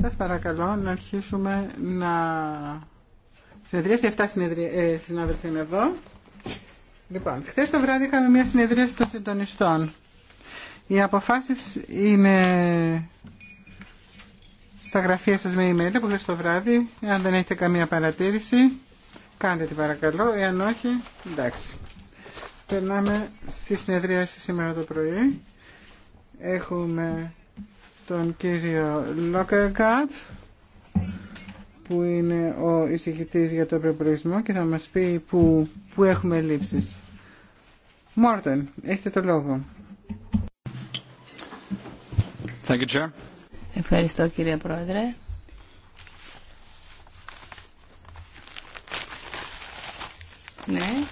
Σας παρακαλώ να αρχίσουμε να συνεδρίασει. 7 ε, συνάδελφοι είναι εδώ. Λοιπόν, χθες το βράδυ είχαμε μια συνεδρίαση των συντονιστών. Οι αποφάσεις είναι στα γραφεία σας με email που χθες το βράδυ. Αν δεν έχετε καμία παρατήρηση, κάντε την παρακαλώ. Εάν όχι, εντάξει. Περνάμε στη συνεδρίαση σήμερα το πρωί. Έχουμε τον κύριο Λόκεργκάτ, που είναι ο εισηγητής για το προπολογισμό και θα μας πει που, που έχουμε λήψεις. Μόρτεν, έχετε το λόγο. Thank you, Chair. Ευχαριστώ κύριε Πρόεδρε. Ναι,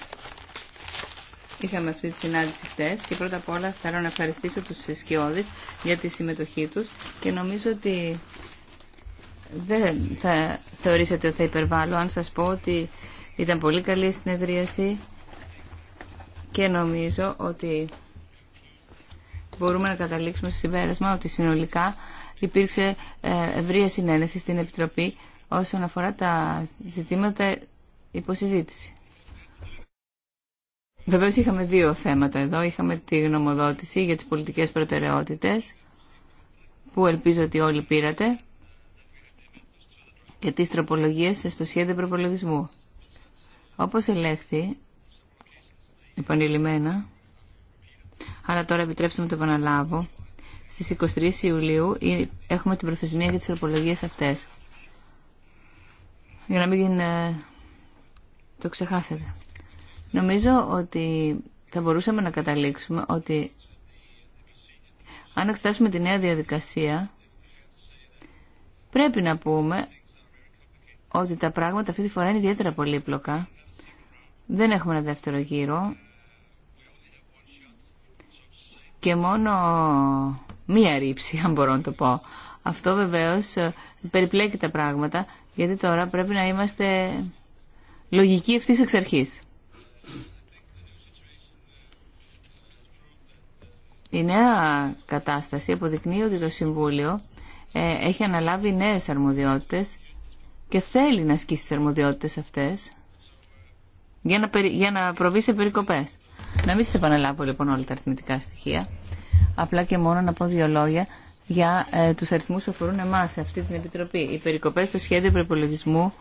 Είχαμε αυτή τη συνάντηση χθε και πρώτα απ' όλα θέλω να ευχαριστήσω τους σκιώδης για τη συμμετοχή τους και νομίζω ότι δεν θα θεωρήσετε ότι θα υπερβάλλω αν σας πω ότι ήταν πολύ καλή η συνεδρίαση και νομίζω ότι μπορούμε να καταλήξουμε στο συμπέρασμα ότι συνολικά υπήρξε ε, ευρεία συνένεση στην Επιτροπή όσον αφορά τα ζητήματα υποσυζήτηση. Βεβαίως είχαμε δύο θέματα εδώ. Είχαμε τη γνωμοδότηση για τις πολιτικές προτεραιότητες που ελπίζω ότι όλοι πήρατε και τις τροπολογίες στο σχέδιο προπολογισμού. Όπως ελέγχθη, επανειλημμένα, αλλά τώρα επιτρέψτε μου το επαναλάβω, στις 23 Ιουλίου έχουμε την προθεσμία για τις τροπολογίες αυτές. Για να μην ε, το ξεχάσετε. Νομίζω ότι θα μπορούσαμε να καταλήξουμε ότι αν εξετάσουμε τη νέα διαδικασία, πρέπει να πούμε ότι τα πράγματα αυτή τη φορά είναι ιδιαίτερα πολύπλοκα. Δεν έχουμε ένα δεύτερο γύρο και μόνο μία ρήψη, αν μπορώ να το πω. Αυτό βεβαίως περιπλέκει τα πράγματα, γιατί τώρα πρέπει να είμαστε λογικοί ευθύς εξ αρχής. Η νέα κατάσταση αποδεικνύει ότι το Συμβούλιο ε, έχει αναλάβει νέες αρμοδιότητες και θέλει να ασκήσει τις αρμοδιότητες αυτές για να, για να προβεί σε περικοπές. Να μην σας επαναλάβω λοιπόν όλα τα αριθμητικά στοιχεία. Απλά και μόνο να πω δύο λόγια για ε, τους αριθμούς που αφορούν εμάς, αυτή την Επιτροπή. Οι περικοπές στο σχέδιο προπολογισμού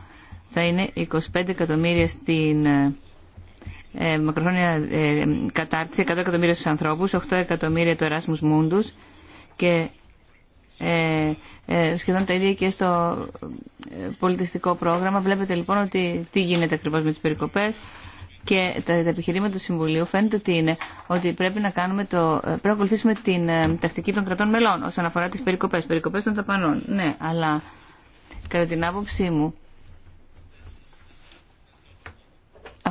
θα είναι 25 εκατομμύρια στην ε, ε, μακροχρόνια ε, κατάρτιση 100 εκατομμύρια στους ανθρώπους, 8 εκατομμύρια του Erasmus Mundus και ε, ε, σχεδόν τα ίδια και στο ε, πολιτιστικό πρόγραμμα. Βλέπετε λοιπόν ότι τι γίνεται ακριβώς με τις περικοπές και τα, τα επιχειρήματα του Συμβουλίου φαίνεται ότι είναι ότι πρέπει να, κάνουμε το, πρέπει να ακολουθήσουμε την ε, τακτική των κρατών μελών όσον αφορά τις περικοπές, περικοπές των ταπανών. Ναι, αλλά κατά την άποψή μου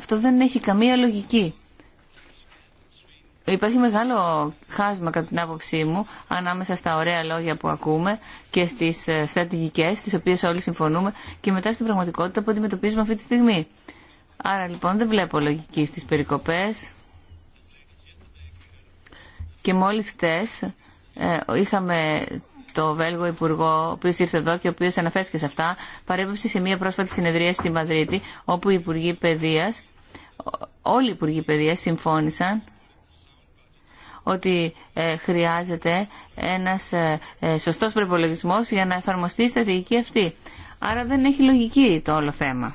Αυτό δεν έχει καμία λογική. Υπάρχει μεγάλο χάσμα κατά την άποψή μου ανάμεσα στα ωραία λόγια που ακούμε και στις ε, στρατηγικές τις οποίες όλοι συμφωνούμε και μετά στην πραγματικότητα που αντιμετωπίζουμε αυτή τη στιγμή. Άρα λοιπόν δεν βλέπω λογική στις περικοπές και μόλις χτες ε, είχαμε το Βέλγο Υπουργό, ο οποίο ήρθε εδώ και ο οποίο αναφέρθηκε σε αυτά, παρέμβασε σε μία πρόσφατη συνεδρία στη Μαδρίτη, όπου η Υπουργοί Παιδεία όλοι οι Υπουργοί Παιδείας συμφώνησαν ότι ε, χρειάζεται ένας ε, ε, σωστός προπολογισμό για να εφαρμοστεί η στρατηγική αυτή. Άρα δεν έχει λογική το όλο θέμα.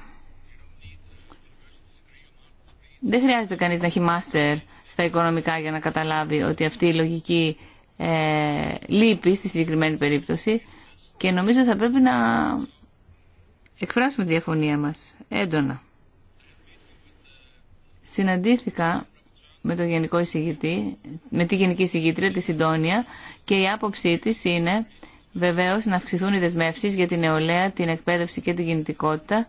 Δεν χρειάζεται κανείς να έχει μάστερ στα οικονομικά για να καταλάβει ότι αυτή η λογική ε, λείπει στη συγκεκριμένη περίπτωση και νομίζω θα πρέπει να εκφράσουμε τη διαφωνία μας έντονα συναντήθηκα με, το γενικό εισηγητή, με τη Γενική Εισηγήτρια, τη Συντόνια, και η άποψή τη είναι βεβαίω να αυξηθούν οι δεσμεύσει για την νεολαία, την εκπαίδευση και την κινητικότητα.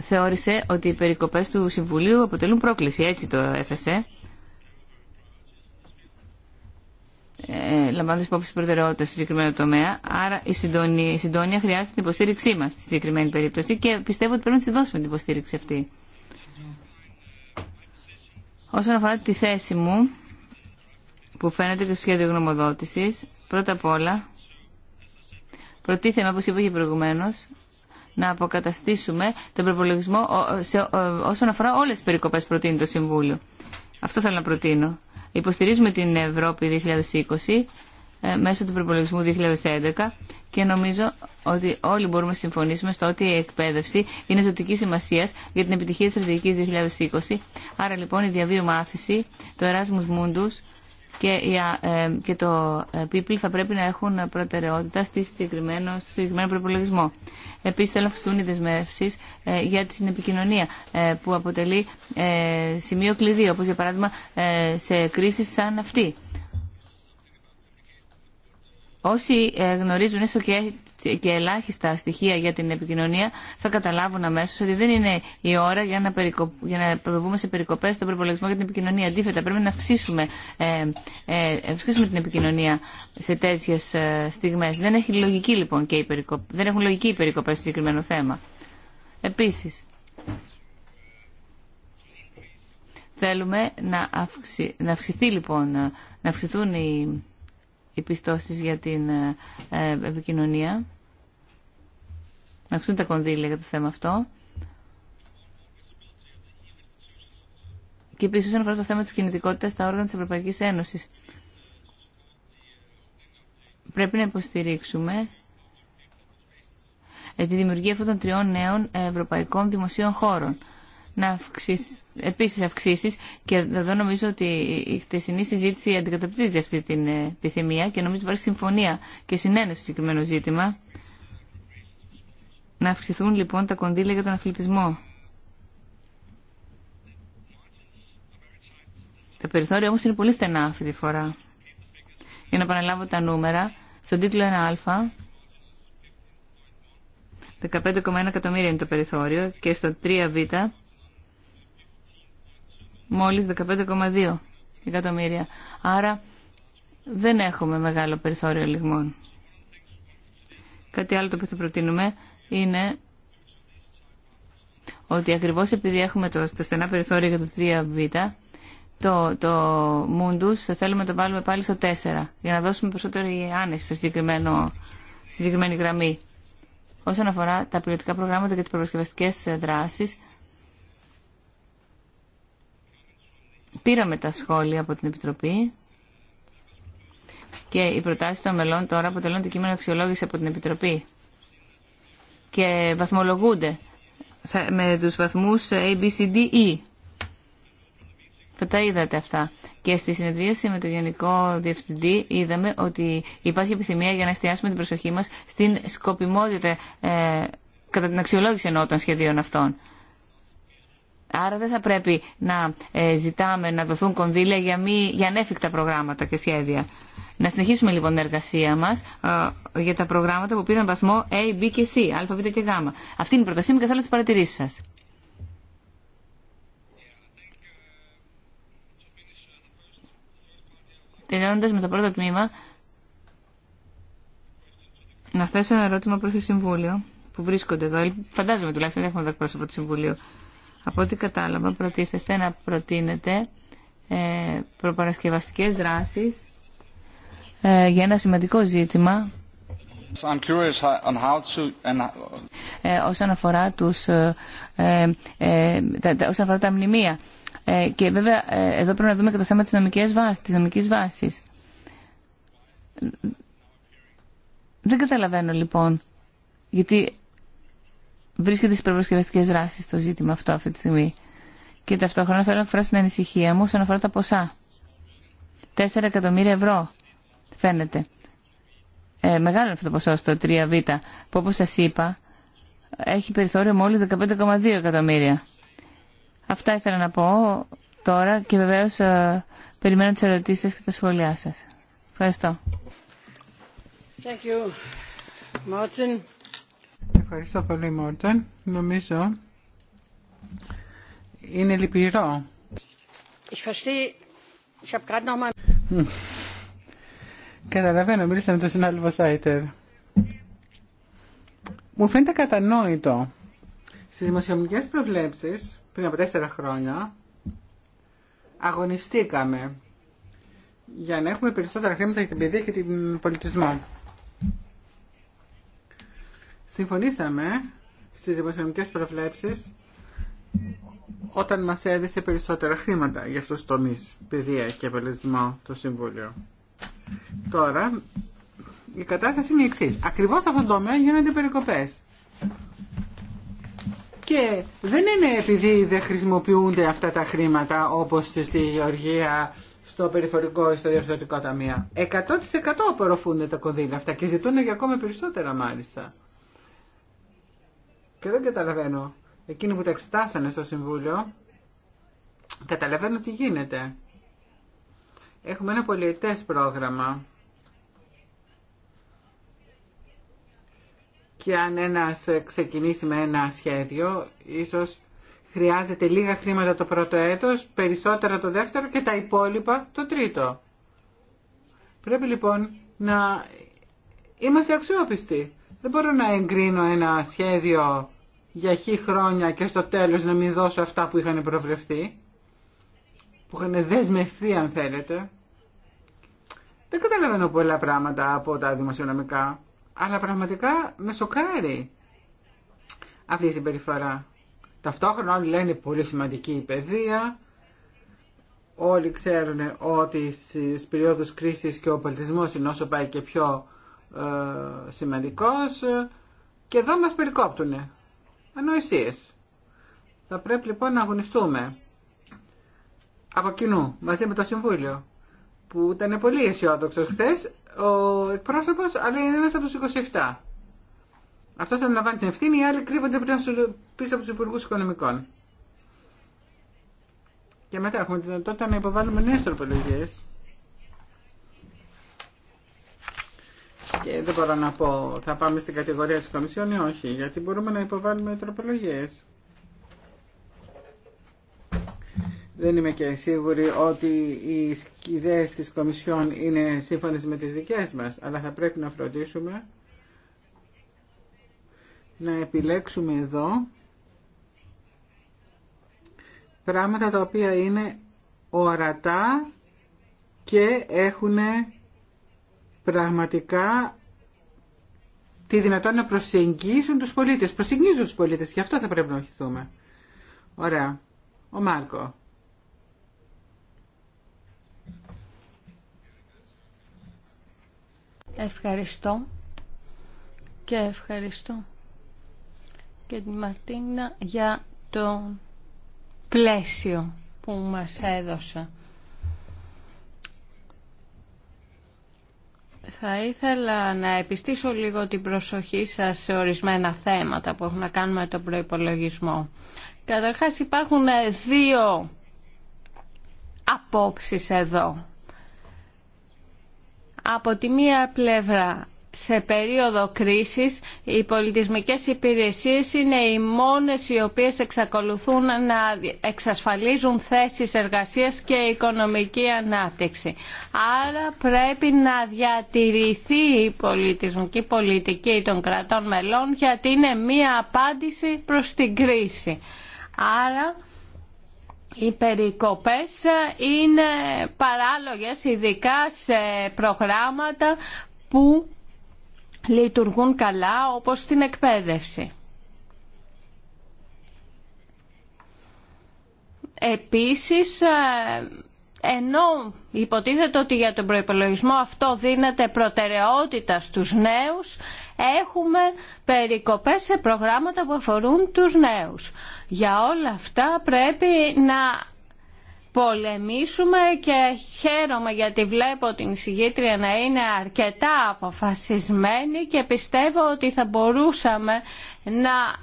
Θεώρησε ότι οι περικοπές του Συμβουλίου αποτελούν πρόκληση, έτσι το έφεσε. Ε, λαμβάνοντα υπόψη προτεραιότητα στο συγκεκριμένο τομέα. Άρα η συντόνια, η συντόνια χρειάζεται την υποστήριξή μα στη συγκεκριμένη περίπτωση και πιστεύω ότι πρέπει να τη δώσουμε την υποστήριξη αυτή. Όσον αφορά τη θέση μου, που φαίνεται το σχέδιο γνωμοδότησης, πρώτα απ' όλα, προτίθεμαι, όπως είπα και προηγουμένως, να αποκαταστήσουμε τον προπολογισμό όσον αφορά όλες τις περικοπές προτείνει το Συμβούλιο. Αυτό θέλω να προτείνω. Υποστηρίζουμε την Ευρώπη 2020 ε, μέσω του προπολογισμού 2011 και νομίζω ότι όλοι μπορούμε να συμφωνήσουμε στο ότι η εκπαίδευση είναι ζωτική σημασία για την επιτυχία της στρατηγικής 2020. Άρα λοιπόν η διαβίου μάθηση, το Erasmus Mundus και, ε, το ε, People θα πρέπει να έχουν προτεραιότητα στη συγκεκριμένο, στο συγκεκριμένο προπολογισμό. Επίσης να αυξηθούν οι δεσμεύσεις για την επικοινωνία που αποτελεί σημείο κλειδί, όπως για παράδειγμα σε κρίσεις σαν αυτή. Όσοι ε, γνωρίζουν έστω και ελάχιστα στοιχεία για την επικοινωνία θα καταλάβουν αμέσω ότι δεν είναι η ώρα για να, περικο... για να προβούμε σε περικοπές στον προπολογισμό για την επικοινωνία. Αντίθετα, πρέπει να αυξήσουμε, ε, ε, αυξήσουμε την επικοινωνία σε τέτοιε στιγμέ. Δεν, λοιπόν, δεν έχουν λογική οι περικοπέ στο συγκεκριμένο θέμα. Επίση, θέλουμε να, να λοιπόν, να αυξηθούν οι οι πιστώσεις για την ε, ε, επικοινωνία. Να αυξούν τα κονδύλια για το θέμα αυτό. Και επίση όσον αφορά το θέμα τη κινητικότητα στα όργανα τη Ευρωπαϊκή Ένωση. Πρέπει να υποστηρίξουμε ε, τη δημιουργία αυτών των τριών νέων ευρωπαϊκών δημοσίων χώρων. Να αυξηθεί επίσης αυξήσεις και εδώ νομίζω ότι η χτεσινή συζήτηση αντικατοπτρίζει αυτή την επιθυμία και νομίζω ότι υπάρχει συμφωνία και συνένεση στο συγκεκριμένο ζήτημα να αυξηθούν λοιπόν τα κονδύλια για τον αθλητισμό. Τα περιθώρια όμως είναι πολύ στενά αυτή τη φορά. Για να επαναλάβω τα νούμερα, στον τίτλο 1α 15,1 εκατομμύρια είναι το περιθώριο και στο 3β μόλις 15,2 εκατομμύρια. Άρα δεν έχουμε μεγάλο περιθώριο λιγμών. Κάτι άλλο το οποίο θα προτείνουμε είναι ότι ακριβώς επειδή έχουμε το, το στενά περιθώριο για το 3β, το, το θα θέλουμε να το βάλουμε πάλι στο 4 για να δώσουμε περισσότερη άνεση στο συγκεκριμένο, στη συγκεκριμένη γραμμή. Όσον αφορά τα πιλωτικά προγράμματα και τις προσκευαστικές ε, δράσεις, Πήραμε τα σχόλια από την Επιτροπή και οι προτάσει των μελών τώρα αποτελούν το κείμενο αξιολόγηση από την Επιτροπή και βαθμολογούνται με τους βαθμούς A, B, C, D, E. Θα τα είδατε αυτά. Και στη συνεδρίαση με τον Γενικό Διευθυντή είδαμε ότι υπάρχει επιθυμία για να εστιάσουμε την προσοχή μας στην σκοπιμότητα ε, κατά την αξιολόγηση ενώ των σχεδίων αυτών. Άρα δεν θα πρέπει να ε, ζητάμε να δοθούν κονδύλια για, μη, για ανέφικτα προγράμματα και σχέδια. Να συνεχίσουμε λοιπόν την εργασία μα ε, για τα προγράμματα που πήραν βαθμό A, B και C, Α, Β και Γ. Αυτή είναι η πρότασή μου και θέλω τι παρατηρήσει σα. Τελειώνοντας με το πρώτο τμήμα, να θέσω ένα ερώτημα προς το Συμβούλιο, που βρίσκονται εδώ. Φαντάζομαι τουλάχιστον δεν έχουμε εδώ εκπρόσωπο του Συμβουλίου. Από ό,τι κατάλαβα, προτίθεστε να προτείνετε ε, προπαρασκευαστικές δράσεις ε, για ένα σημαντικό ζήτημα όσον, αφορά τους, ε, ε, τα, μνημεία. και βέβαια εδώ πρέπει να δούμε και το θέμα της νομικής βάσης. Της νομικής βάσης. Δεν καταλαβαίνω λοιπόν γιατί βρίσκεται στι προπαρασκευαστικέ δράσει το ζήτημα αυτό αυτή τη στιγμή. Και ταυτόχρονα θέλω να εκφράσω την ανησυχία μου όσον αφορά τα ποσά. 4 εκατομμύρια ευρώ φαίνεται. Ε, μεγάλο αυτό το ποσό στο 3β που όπω σας είπα έχει περιθώριο μόλις 15,2 εκατομμύρια. Αυτά ήθελα να πω τώρα και βεβαίω ε, περιμένω τι ερωτήσει σας και τα σχόλιά σα. Ευχαριστώ. Thank you, Martin. Ευχαριστώ πολύ Μόρτεν. Νομίζω είναι λυπηρό. Καταλαβαίνω, μίλησα με τον συνάδελφο Σάιτερ. Μου φαίνεται κατανόητο. στι δημοσιονομικές προβλέψει, πριν από τέσσερα χρόνια, αγωνιστήκαμε για να έχουμε περισσότερα χρήματα για την παιδεία και την πολιτισμό συμφωνήσαμε στις δημοσιονομικές προβλέψεις όταν μας έδισε περισσότερα χρήματα για αυτούς τους τομείς, παιδεία και απελεσμό το Συμβούλιο. Τώρα, η κατάσταση είναι η εξής. Ακριβώς σε το τον τομέα γίνονται περικοπές. Και δεν είναι επειδή δεν χρησιμοποιούνται αυτά τα χρήματα όπως στη Γεωργία, στο περιφορικό ή στο διορθωτικό ταμείο. 100% απορροφούνται τα κονδύλια αυτά και ζητούν για ακόμα περισσότερα μάλιστα. Και δεν καταλαβαίνω. Εκείνοι που τα εξετάσανε στο Συμβούλιο, καταλαβαίνουν τι γίνεται. Έχουμε ένα πολιετές πρόγραμμα. Και αν ένας ξεκινήσει με ένα σχέδιο, ίσως χρειάζεται λίγα χρήματα το πρώτο έτος, περισσότερα το δεύτερο και τα υπόλοιπα το τρίτο. Πρέπει λοιπόν να είμαστε αξιόπιστοι. Δεν μπορώ να εγκρίνω ένα σχέδιο για χι χρόνια και στο τέλος να μην δώσω αυτά που είχαν προβλεφθεί, που είχαν δεσμευθεί αν θέλετε. Δεν καταλαβαίνω πολλά πράγματα από τα δημοσιονομικά, αλλά πραγματικά με σοκάρει αυτή η συμπεριφορά. Ταυτόχρονα όλοι λένε πολύ σημαντική η παιδεία, όλοι ξέρουν ότι στις περιόδους κρίσης και ο πολιτισμός είναι όσο πάει και πιο ε, σημαντικός και εδώ μας περικόπτουνε. Ανοησίες. Θα πρέπει λοιπόν να αγωνιστούμε από κοινού, μαζί με το Συμβούλιο, που ήταν πολύ αισιόδοξο χθε ο εκπρόσωπο, αλλά είναι ένα από του 27. Αυτό αναλαμβάνει την ευθύνη, οι άλλοι κρύβονται πίσω από του Υπουργού Οικονομικών. Και μετά έχουμε τη δυνατότητα να υποβάλουμε νέε τροπολογίε. Και δεν μπορώ να πω θα πάμε στην κατηγορία της Κομισιόν ή όχι, γιατί μπορούμε να υποβάλουμε τροπολογίες. Δεν είμαι και σίγουρη ότι οι ιδέες της Κομισιόν είναι σύμφωνες με τις δικές μας, αλλά θα πρέπει να φροντίσουμε να επιλέξουμε εδώ πράγματα τα οποία είναι ορατά και έχουν πραγματικά τη δυνατότητα να προσεγγίσουν τους πολίτες. Προσεγγίζουν τους πολίτες, γι' αυτό θα πρέπει να οχηθούμε. Ωραία. Ο Μάρκο. Ευχαριστώ και ευχαριστώ και τη Μαρτίνα για το πλαίσιο που μας έδωσε. Θα ήθελα να επιστήσω λίγο την προσοχή σας σε ορισμένα θέματα που έχουν να κάνουν με τον προϋπολογισμό. Καταρχάς υπάρχουν ε, δύο απόψεις εδώ. Από τη μία πλευρά σε περίοδο κρίσης οι πολιτισμικές υπηρεσίες είναι οι μόνες οι οποίες εξακολουθούν να εξασφαλίζουν θέσεις εργασίας και οικονομική ανάπτυξη. Άρα πρέπει να διατηρηθεί η πολιτισμική πολιτική των κρατών μελών γιατί είναι μία απάντηση προς την κρίση. Άρα οι περικοπές είναι παράλογες ειδικά σε προγράμματα που λειτουργούν καλά όπως στην εκπαίδευση. Επίσης, ε, ενώ υποτίθεται ότι για τον προϋπολογισμό αυτό δίνεται προτεραιότητα στους νέους, έχουμε περικοπές σε προγράμματα που αφορούν τους νέους. Για όλα αυτά πρέπει να πολεμήσουμε και χαίρομαι γιατί βλέπω την συγγήτρια να είναι αρκετά αποφασισμένη και πιστεύω ότι θα μπορούσαμε να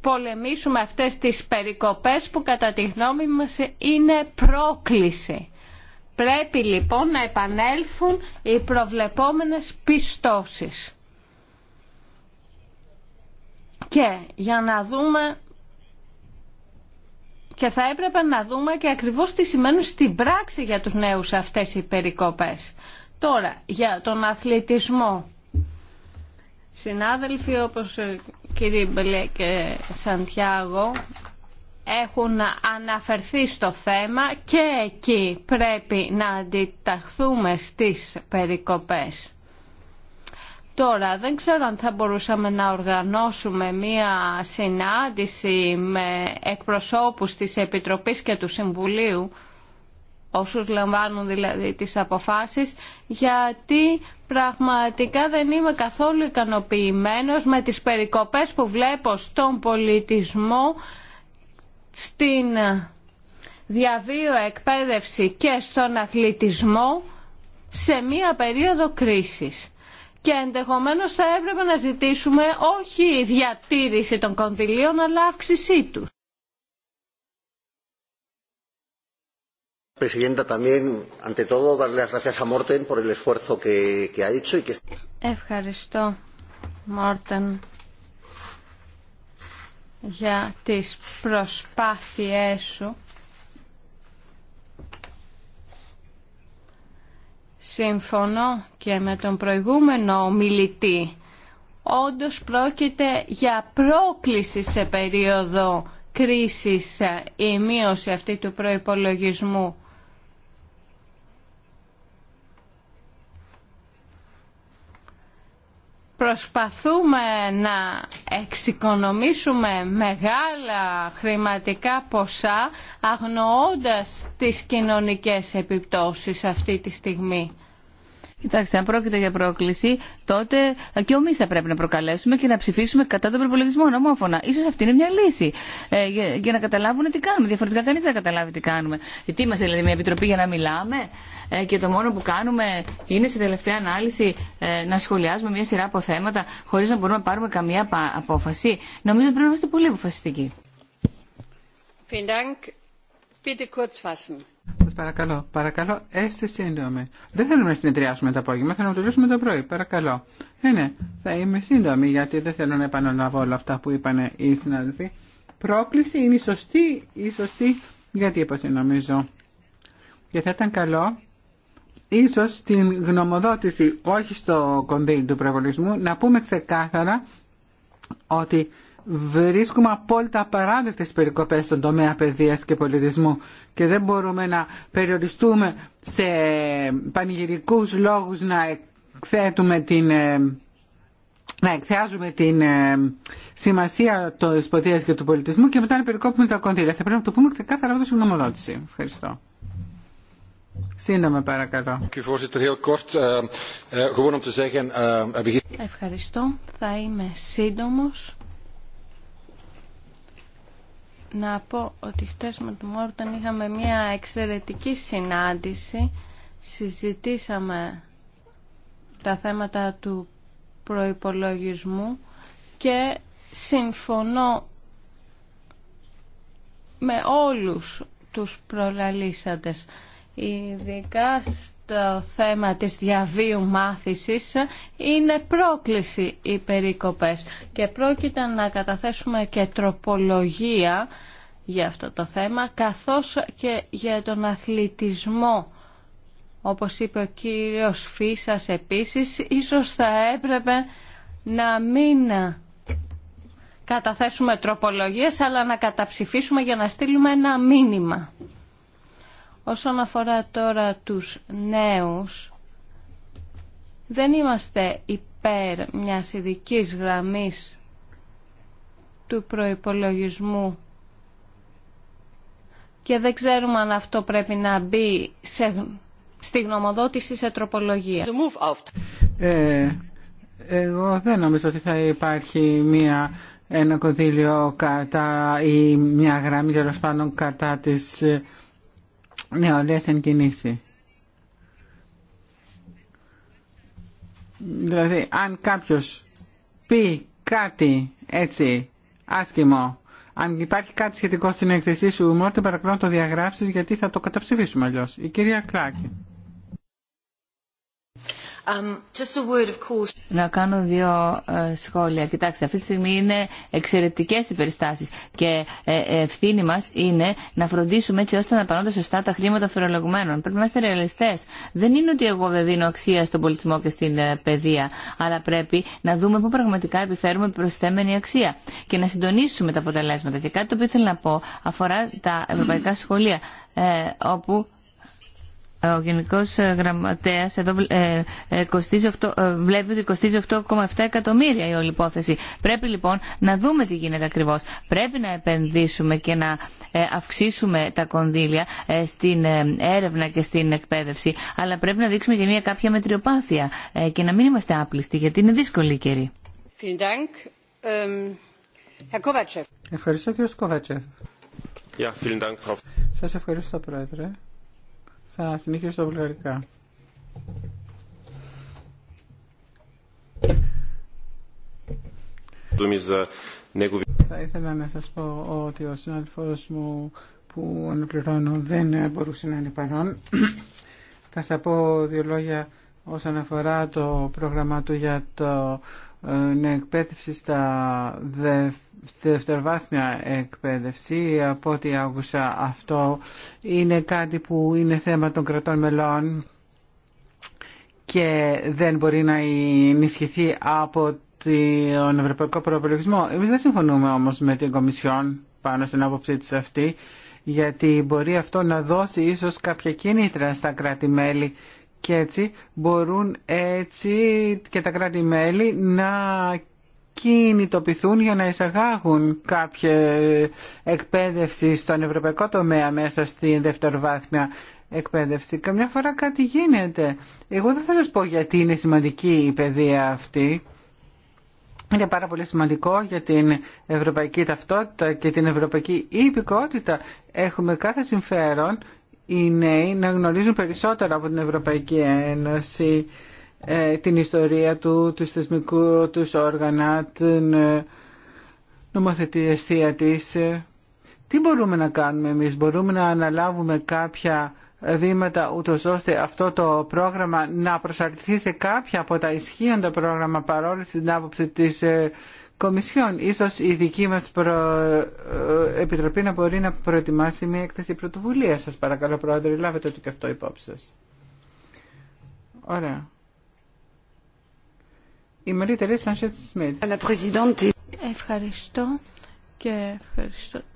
πολεμήσουμε αυτές τις περικοπές που κατά τη γνώμη μας είναι πρόκληση. Πρέπει λοιπόν να επανέλθουν οι προβλεπόμενες πιστώσεις. Και για να δούμε και θα έπρεπε να δούμε και ακριβώς τι σημαίνουν στην πράξη για τους νέους αυτές οι περικοπές. Τώρα, για τον αθλητισμό. Συνάδελφοι όπως ε, κύριε Μπελέ και Σαντιάγο έχουν αναφερθεί στο θέμα και εκεί πρέπει να αντιταχθούμε στις περικοπές. Τώρα δεν ξέρω αν θα μπορούσαμε να οργανώσουμε μία συνάντηση με εκπροσώπους της Επιτροπής και του Συμβουλίου, όσους λαμβάνουν δηλαδή τις αποφάσεις, γιατί πραγματικά δεν είμαι καθόλου ικανοποιημένος με τις περικοπές που βλέπω στον πολιτισμό, στην διαβίω εκπαίδευση και στον αθλητισμό σε μία περίοδο κρίσης και ενδεχομένως θα έπρεπε να ζητήσουμε όχι διατήρηση των κοντιλίων, αλλά αύξησή του. Ευχαριστώ, Μόρτεν, για τις προσπάθειές σου Συμφωνώ και με τον προηγούμενο μιλητή. Όντως πρόκειται για πρόκληση σε περίοδο κρίσης ε, η μείωση αυτή του προϋπολογισμού. Προσπαθούμε να εξοικονομήσουμε μεγάλα χρηματικά ποσά αγνοώντας τις κοινωνικές επιπτώσεις αυτή τη στιγμή. Κοιτάξτε, αν πρόκειται για πρόκληση, τότε και εμεί θα πρέπει να προκαλέσουμε και να ψηφίσουμε κατά τον προπολογισμό ομόφωνα. σω αυτή είναι μια λύση. Ε, για, να καταλάβουν τι κάνουμε. Διαφορετικά κανεί δεν καταλάβει τι κάνουμε. Ε, τι είμαστε, δηλαδή, μια επιτροπή για να μιλάμε ε, και το μόνο που κάνουμε είναι σε τελευταία ανάλυση ε, να σχολιάζουμε μια σειρά από θέματα χωρί να μπορούμε να πάρουμε καμία απόφαση. Νομίζω πρέπει να είμαστε πολύ αποφασιστικοί. Vielen Dank. Bitte kurz fassen. Σα παρακαλώ, παρακαλώ, έστε σύντομοι. Δεν θέλουμε να συνεδριάσουμε το απόγευμα, θέλουμε να λύσουμε το πρωί. Παρακαλώ. Ναι, ναι, θα είμαι σύντομη γιατί δεν θέλω να επαναλάβω όλα αυτά που είπαν οι συνάδελφοι. Πρόκληση είναι η σωστή, η σωστή γιατί έπασε νομίζω. Και θα ήταν καλό ίσω στην γνωμοδότηση, όχι στο κονδύλι του προβολισμού, να πούμε ξεκάθαρα ότι βρίσκουμε απόλυτα απαράδεκτες περικοπές στον τομέα παιδείας και πολιτισμού και δεν μπορούμε να περιοριστούμε σε πανηγυρικούς λόγους να εκθέτουμε την ε, να εκθεάζουμε την ε, σημασία των ποδία και του πολιτισμού και μετά να περικόπουμε τα κονδύλια. Θα πρέπει να το πούμε ξεκάθαρα αυτό τη συγγνωμοδότηση. Ευχαριστώ. Σύντομα, παρακαλώ. Eh, eh, eh, Ευχαριστώ. Θα είμαι σύντομος να πω ότι χτες με τον Μόρταν είχαμε μια εξαιρετική συνάντηση. Συζητήσαμε τα θέματα του προϋπολογισμού και συμφωνώ με όλους τους προλαλήσαντες ειδικά στο θέμα της διαβίου μάθησης είναι πρόκληση οι περίκοπες και πρόκειται να καταθέσουμε και τροπολογία για αυτό το θέμα καθώς και για τον αθλητισμό όπως είπε ο κύριος Φίσας επίσης ίσως θα έπρεπε να μην καταθέσουμε τροπολογίες αλλά να καταψηφίσουμε για να στείλουμε ένα μήνυμα Όσον αφορά τώρα τους νέους, δεν είμαστε υπέρ μιας ειδική γραμμής του προϋπολογισμού και δεν ξέρουμε αν αυτό πρέπει να μπει σε, στη γνωμοδότηση σε τροπολογία. Ε, εγώ δεν νομίζω ότι θα υπάρχει μια, ένα κονδύλιο κατά, ή μια γραμμή τέλο πάντων κατά της ωραία, ναι, εν κινήσει. Δηλαδή, αν κάποιος πει κάτι έτσι άσχημο, αν υπάρχει κάτι σχετικό στην έκθεσή σου, μόνο το παρακαλώ να το διαγράψεις γιατί θα το καταψηφίσουμε αλλιώς. Η κυρία Κλάκη. Um, να κάνω δύο ε, σχόλια. Κοιτάξτε, αυτή τη στιγμή είναι εξαιρετικέ οι περιστάσει και ε, ευθύνη μα είναι να φροντίσουμε έτσι ώστε να πανώνται σωστά τα χρήματα φορολογουμένων. Πρέπει να είμαστε ρεαλιστέ. Δεν είναι ότι εγώ δεν δίνω αξία στον πολιτισμό και στην ε, παιδεία, αλλά πρέπει να δούμε πού πραγματικά επιφέρουμε προσθέμενη αξία και να συντονίσουμε τα αποτελέσματα. Και κάτι το οποίο ήθελα να πω αφορά τα ευρωπαϊκά σχολεία, όπου ε, ο Γενικό ε, Γραμματέα εδώ ε, ε, βλέπει ότι κοστίζει 8,7 εκατομμύρια η όλη υπόθεση. Πρέπει λοιπόν να δούμε τι γίνεται ακριβώ. Πρέπει να επενδύσουμε και να αυξήσουμε τα κονδύλια στην έρευνα και στην εκπαίδευση, αλλά πρέπει να δείξουμε και μια κάποια μετριοπάθεια και να μην είμαστε άπλιστοι, γιατί είναι δύσκολη η καιρή. Ähm, ευχαριστώ, Σα ευχαριστώ, Πρόεδρε. Θα συνεχίσω στα βουλγαρικά. Θα ήθελα να σας πω ότι ο συνάδελφός μου που αναπληρώνω δεν μπορούσε να είναι παρόν. Θα σας πω δύο λόγια όσον αφορά το πρόγραμμα του για το ε, εκπαίδευση στα δεύτερα δευτεροβάθμια εκπαίδευση, από ό,τι άκουσα αυτό, είναι κάτι που είναι θέμα των κρατών μελών και δεν μπορεί να ενισχυθεί από τον Ευρωπαϊκό Προπολογισμό. Εμείς δεν συμφωνούμε όμως με την Κομισιόν πάνω στην άποψή της αυτή, γιατί μπορεί αυτό να δώσει ίσως κάποια κίνητρα στα κράτη-μέλη και έτσι μπορούν έτσι και τα κράτη-μέλη να κινητοποιηθούν για να εισαγάγουν κάποια εκπαίδευση στον ευρωπαϊκό τομέα μέσα στη δευτεροβάθμια εκπαίδευση. Καμιά φορά κάτι γίνεται. Εγώ δεν θα σας πω γιατί είναι σημαντική η παιδεία αυτή. Είναι πάρα πολύ σημαντικό για την ευρωπαϊκή ταυτότητα και την ευρωπαϊκή υπηκότητα. Έχουμε κάθε συμφέρον οι νέοι να γνωρίζουν περισσότερο από την Ευρωπαϊκή Ένωση ε, την ιστορία του, του θεσμικού του όργανα, την ε, νομοθετησία της. Ε, τι μπορούμε να κάνουμε εμείς, μπορούμε να αναλάβουμε κάποια βήματα ούτω ώστε αυτό το πρόγραμμα να προσαρτηθεί σε κάποια από τα ισχύοντα πρόγραμμα παρόλη την άποψη της Κομισιόν. Ίσως η δική μας Επιτροπή να μπορεί να προετοιμάσει μια έκθεση πρωτοβουλία σας παρακαλώ Πρόεδρε, λάβετε το και αυτό υπόψη Ωραία. Ευχαριστώ και ευχαριστώ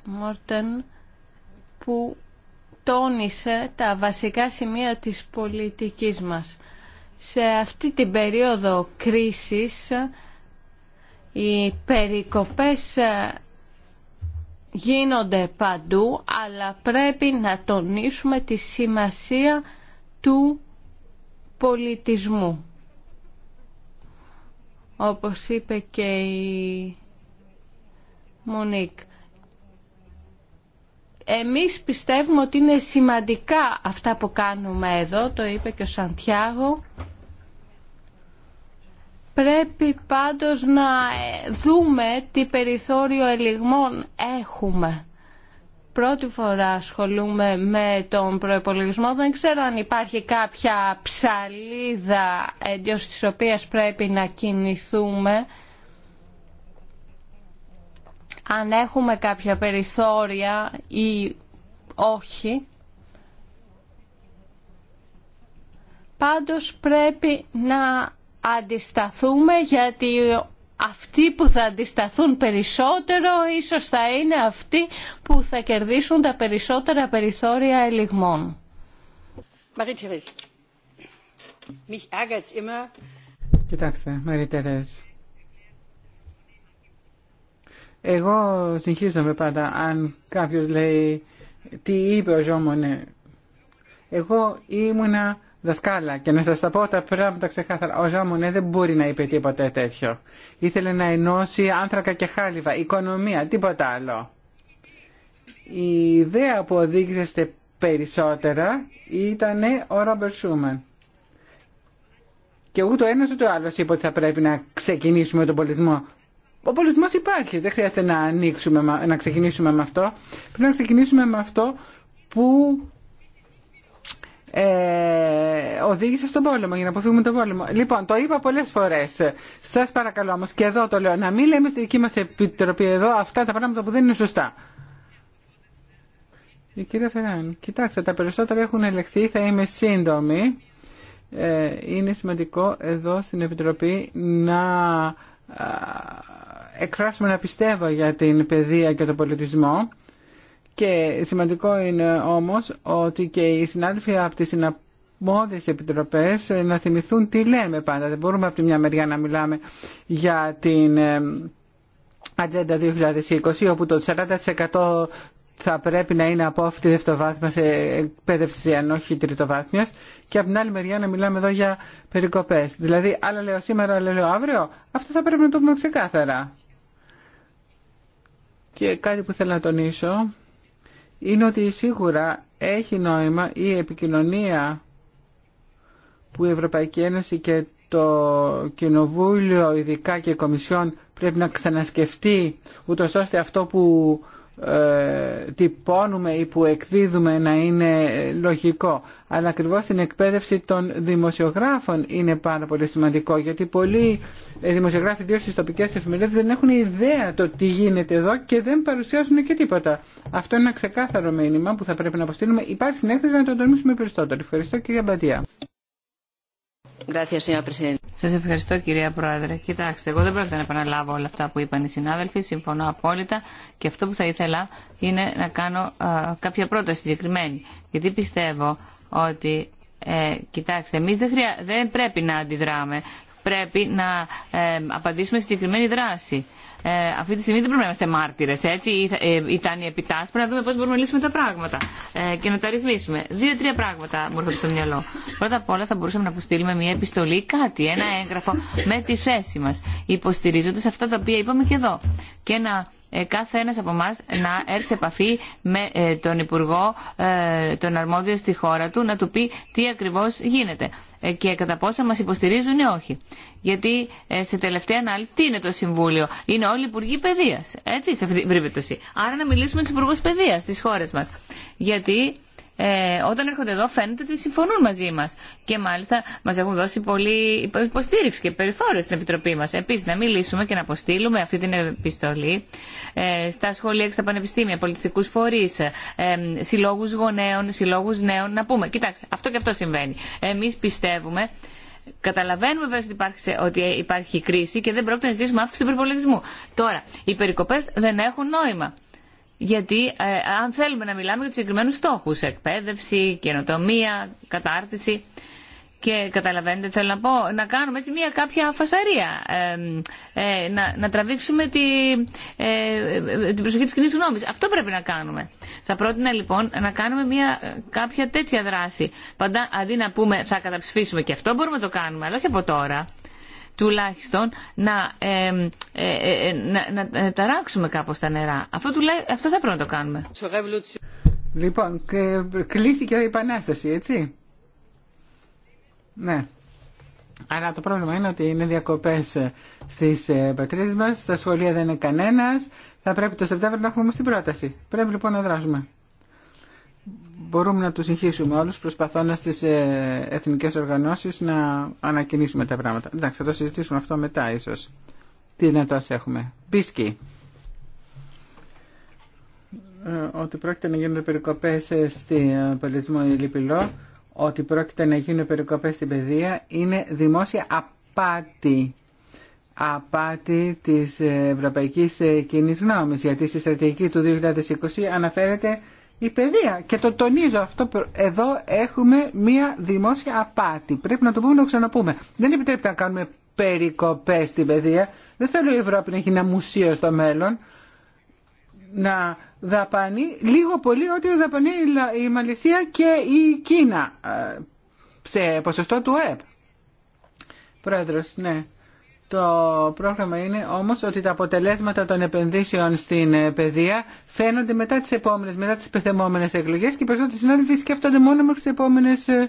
Μόρτεν που τόνισε τα βασικά σημεία της πολιτικής μας. Σε αυτή την περίοδο κρίσης οι περικοπές γίνονται παντού αλλά πρέπει να τονίσουμε τη σημασία του πολιτισμού όπως είπε και η Μονίκ. Εμείς πιστεύουμε ότι είναι σημαντικά αυτά που κάνουμε εδώ, το είπε και ο Σαντιάγο. Πρέπει πάντως να δούμε τι περιθώριο ελιγμών έχουμε πρώτη φορά ασχολούμαι με τον προϋπολογισμό. Δεν ξέρω αν υπάρχει κάποια ψαλίδα εντός της οποία πρέπει να κινηθούμε. Αν έχουμε κάποια περιθώρια ή όχι. Πάντως πρέπει να αντισταθούμε γιατί αυτοί που θα αντισταθούν περισσότερο ίσως θα είναι αυτοί που θα κερδίσουν τα περισσότερα περιθώρια ελιγμών. Κοιτάξτε, Μαρή Εγώ συγχύζομαι πάντα αν κάποιος λέει τι είπε ο Ζώμονε. Εγώ ήμουνα δασκάλα και να σας τα πω τα πράγματα ξεκάθαρα. Ο Ζαμονέ δεν μπορεί να είπε τίποτε τέτοιο. Ήθελε να ενώσει άνθρακα και χάλιβα, οικονομία, τίποτα άλλο. Η ιδέα που οδήγησε περισσότερα ήταν ο Ρόμπερ Σούμαν. Και ούτε ο ένας ούτε ο άλλος είπε ότι θα πρέπει να ξεκινήσουμε τον πολιτισμό. Ο πολιτισμός υπάρχει, δεν χρειάζεται να, ανοίξουμε, να ξεκινήσουμε με αυτό. Πρέπει να ξεκινήσουμε με αυτό που ε, οδήγησε στον πόλεμο για να αποφύγουμε τον πόλεμο. Λοιπόν, το είπα πολλέ φορέ. Σα παρακαλώ όμω και εδώ το λέω να μην λέμε στη δική μα επιτροπή εδώ αυτά τα πράγματα που δεν είναι σωστά. Η κυρία Φεράν, κοιτάξτε, τα περισσότερα έχουν ελεγχθεί, θα είμαι σύντομη. Ε, είναι σημαντικό εδώ στην Επιτροπή να εκφράσουμε να πιστεύω για την παιδεία και τον πολιτισμό και σημαντικό είναι όμως ότι και οι συνάδελφοι από τις συναμόδιες επιτροπές ε, να θυμηθούν τι λέμε πάντα. Δεν μπορούμε από τη μια μεριά να μιλάμε για την ε, Ατζέντα 2020 όπου το 40% θα πρέπει να είναι από αυτή τη δευτοβάθμια σε εκπαίδευση, αν όχι τριτοβάθμια, και από την άλλη μεριά να μιλάμε εδώ για περικοπέ. Δηλαδή, άλλα λέω σήμερα, άλλα λέω αύριο. Αυτό θα πρέπει να το πούμε ξεκάθαρα. Και κάτι που θέλω να τονίσω είναι ότι σίγουρα έχει νόημα η επικοινωνία που η Ευρωπαϊκή Ένωση και το Κοινοβούλιο ειδικά και η Κομισιόν πρέπει να ξανασκεφτεί ούτως ώστε αυτό που ε, τυπώνουμε ή που εκδίδουμε να είναι λογικό. Αλλά ακριβώς την εκπαίδευση των δημοσιογράφων είναι πάρα πολύ σημαντικό γιατί πολλοί ε, δημοσιογράφοι ιδίως στις τοπικές εφημερίδες δεν έχουν ιδέα το τι γίνεται εδώ και δεν παρουσιάζουν και τίποτα. Αυτό είναι ένα ξεκάθαρο μήνυμα που θα πρέπει να αποστείλουμε. Υπάρχει συνέχεια να το τονίσουμε περισσότερο. Ευχαριστώ κυρία Μπατία. Σα ευχαριστώ κυρία Πρόεδρε. Κοιτάξτε, εγώ δεν πρόκειται να επαναλάβω όλα αυτά που είπαν οι συνάδελφοι, συμφωνώ απόλυτα και αυτό που θα ήθελα είναι να κάνω κάποια πρόταση συγκεκριμένη. Γιατί πιστεύω ότι, ε, κοιτάξτε, εμεί δεν, πρέπει να αντιδράμε, πρέπει να ε, απαντήσουμε συγκεκριμένη δράση. Ε, αυτή τη στιγμή δεν πρέπει να είμαστε μάρτυρε, έτσι. Ε, ήταν η επιτάση. Πρέπει να δούμε πώ μπορούμε να λύσουμε τα πράγματα ε, και να τα ρυθμίσουμε. Δύο-τρία πράγματα μου έρχονται στο μυαλό. Πρώτα απ' όλα θα μπορούσαμε να αποστείλουμε μια επιστολή, κάτι, ένα έγγραφο με τη θέση μα, υποστηρίζοντα αυτά τα οποία είπαμε και εδώ. Και ε, κάθε ένας από εμά να έρθει σε επαφή με ε, τον Υπουργό, ε, τον αρμόδιο στη χώρα του, να του πει τι ακριβώς γίνεται και κατά πόσα μας υποστηρίζουν ή όχι. Γιατί σε τελευταία ανάλυση τι είναι το Συμβούλιο. Είναι όλοι οι Υπουργοί Παιδείας, έτσι, σε αυτή την περίπτωση. Άρα να μιλήσουμε με τους Υπουργούς Παιδείας της χώρας μας. Γιατί ε, όταν έρχονται εδώ φαίνεται ότι συμφωνούν μαζί μας Και μάλιστα μας έχουν δώσει πολύ υποστήριξη και περιθώριο στην Επιτροπή μας. Επίσης, να μιλήσουμε και να αποστείλουμε αυτή την επιστολή ε, στα σχολεία και στα πανεπιστήμια, πολιτιστικού φορεί, ε, συλλόγου γονέων, συλλόγους νέων, να πούμε, κοιτάξτε, αυτό και αυτό συμβαίνει. Εμεί πιστεύουμε Καταλαβαίνουμε βέβαια ότι υπάρχει, ότι υπάρχει κρίση και δεν πρόκειται να ζητήσουμε αύξηση του προπολογισμού. Τώρα, οι περικοπέ δεν έχουν νόημα. Γιατί ε, αν θέλουμε να μιλάμε για τους συγκεκριμένους στόχους, εκπαίδευση, καινοτομία, κατάρτιση και καταλαβαίνετε θέλω να πω, να κάνουμε έτσι μια κάποια φασαρία, ε, ε, να, να τραβήξουμε τη, ε, την προσοχή της κοινή γνώμης. Αυτό πρέπει να κάνουμε. Θα πρότεινα λοιπόν να κάνουμε μια κάποια τέτοια δράση. Παντά, αντί να πούμε θα καταψηφίσουμε και αυτό μπορούμε να το κάνουμε, αλλά όχι από τώρα τουλάχιστον να, ε, ε, ε, να, να, να ταράξουμε κάπως τα νερά. Αυτό, αυτό θα πρέπει να το κάνουμε. Λοιπόν, κλείθηκε η επανάσταση, έτσι. Ναι. Αλλά το πρόβλημα είναι ότι είναι διακοπές στις πατρίδες μας, στα σχολεία δεν είναι κανένας. Θα πρέπει το Σεπτέμβριο να έχουμε όμως την πρόταση. Πρέπει λοιπόν να δράσουμε μπορούμε να τους συγχύσουμε όλους προσπαθώντας στις ε, εθνικές οργανώσεις να ανακοινήσουμε τα πράγματα. Εντάξει, θα το συζητήσουμε αυτό μετά ίσως. Τι ας έχουμε. Μπίσκι. Ε, ότι πρόκειται να γίνουν περικοπές ε, στην πολιτισμό Λιπηλό, ότι πρόκειται να γίνουν περικοπές στην παιδεία, είναι δημόσια απάτη απάτη της Ευρωπαϊκής Κοινής Γνώμης, γιατί στη στρατηγική του 2020 αναφέρεται η παιδεία. Και το τονίζω αυτό. Εδώ έχουμε μία δημόσια απάτη. Πρέπει να το πούμε να το ξαναπούμε. Δεν επιτρέπεται να κάνουμε περικοπέ στην παιδεία. Δεν θέλω η Ευρώπη να έχει ένα μουσείο στο μέλλον. Να δαπανεί λίγο πολύ ό,τι δαπανεί η Μαλαισία και η Κίνα ε, σε ποσοστό του ΕΠ. Πρόεδρος, ναι. Το πρόγραμμα είναι όμως ότι τα αποτελέσματα των επενδύσεων στην ε, παιδεία φαίνονται μετά τις επόμενες, μετά τις πεθεμόμενες εκλογές και οι περισσότεροι συνάδελφοι σκέφτονται μόνο μέχρι τις επόμενες ε,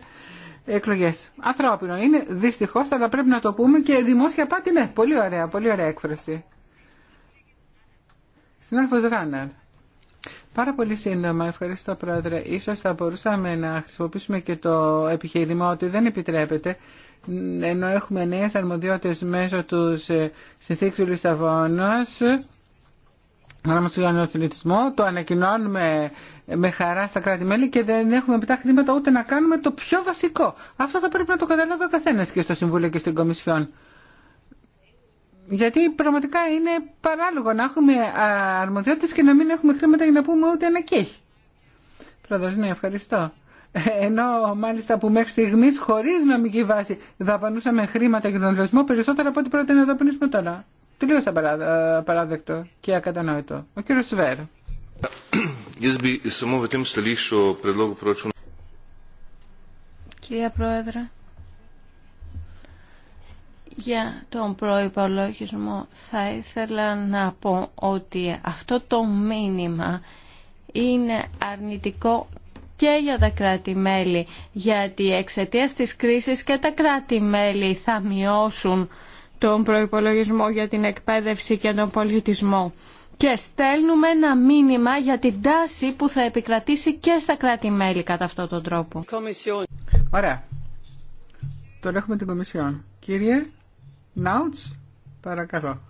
εκλογές. Ανθρώπινο είναι, δυστυχώς, αλλά πρέπει να το πούμε και δημόσια πάτη, ναι, πολύ ωραία, πολύ ωραία έκφραση. Συνάδελφος Ράναρ. Πάρα πολύ σύντομα, ευχαριστώ πρόεδρε. Ίσως θα μπορούσαμε να χρησιμοποιήσουμε και το επιχείρημα ότι δεν επιτρέπεται ενώ έχουμε νέες αρμοδιότητες μέσω ε, του συνθήκη του Λισαβόνας το ανακοινώνουμε με χαρά στα κράτη-μέλη και δεν έχουμε μετά χρήματα ούτε να κάνουμε το πιο βασικό. Αυτό θα πρέπει να το καταλάβει ο καθένας και στο Συμβούλιο και στην Κομισιόν. Γιατί πραγματικά είναι παράλογο να έχουμε αρμοδιότητες και να μην έχουμε χρήματα για να πούμε ούτε ένα κέχι. Πρόεδρος, ναι, ευχαριστώ ενώ μάλιστα που μέχρι στιγμής χωρίς νομική βάση δαπανούσαμε χρήματα για τον λογισμό περισσότερα από ό,τι πρέπει να δαπανίσουμε τώρα. Τελείω απαράδεκτο και ακατανόητο. Ο κύριο Σβέρ. Κυρία Πρόεδρε, για τον προϋπολογισμό θα ήθελα να πω ότι αυτό το μήνυμα είναι αρνητικό και για τα κράτη-μέλη, γιατί εξαιτίας της κρίσης και τα κράτη-μέλη θα μειώσουν τον προϋπολογισμό για την εκπαίδευση και τον πολιτισμό. Και στέλνουμε ένα μήνυμα για την τάση που θα επικρατήσει και στα κράτη-μέλη κατά αυτόν τον τρόπο. Ωραία. Τώρα έχουμε την Κομισιόν. Κύριε Νάουτς, παρακαλώ.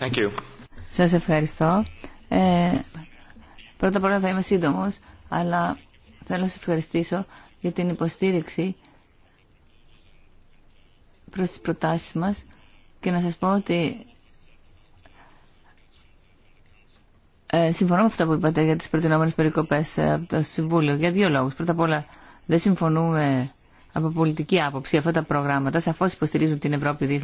Thank you. Σας ευχαριστώ. Ε, Πρώτα απ' όλα θα είμαι σύντομο, αλλά θέλω να σα ευχαριστήσω για την υποστήριξη προς τις προτάσεις μας και να σας πω ότι ε, συμφωνώ με αυτά που είπατε για τις προτινόμενες περικοπές ε, από το Συμβούλιο για δύο λόγους. Πρώτα απ' όλα δεν συμφωνούμε από πολιτική άποψη αυτά τα προγράμματα σαφώ υποστηρίζουν την Ευρώπη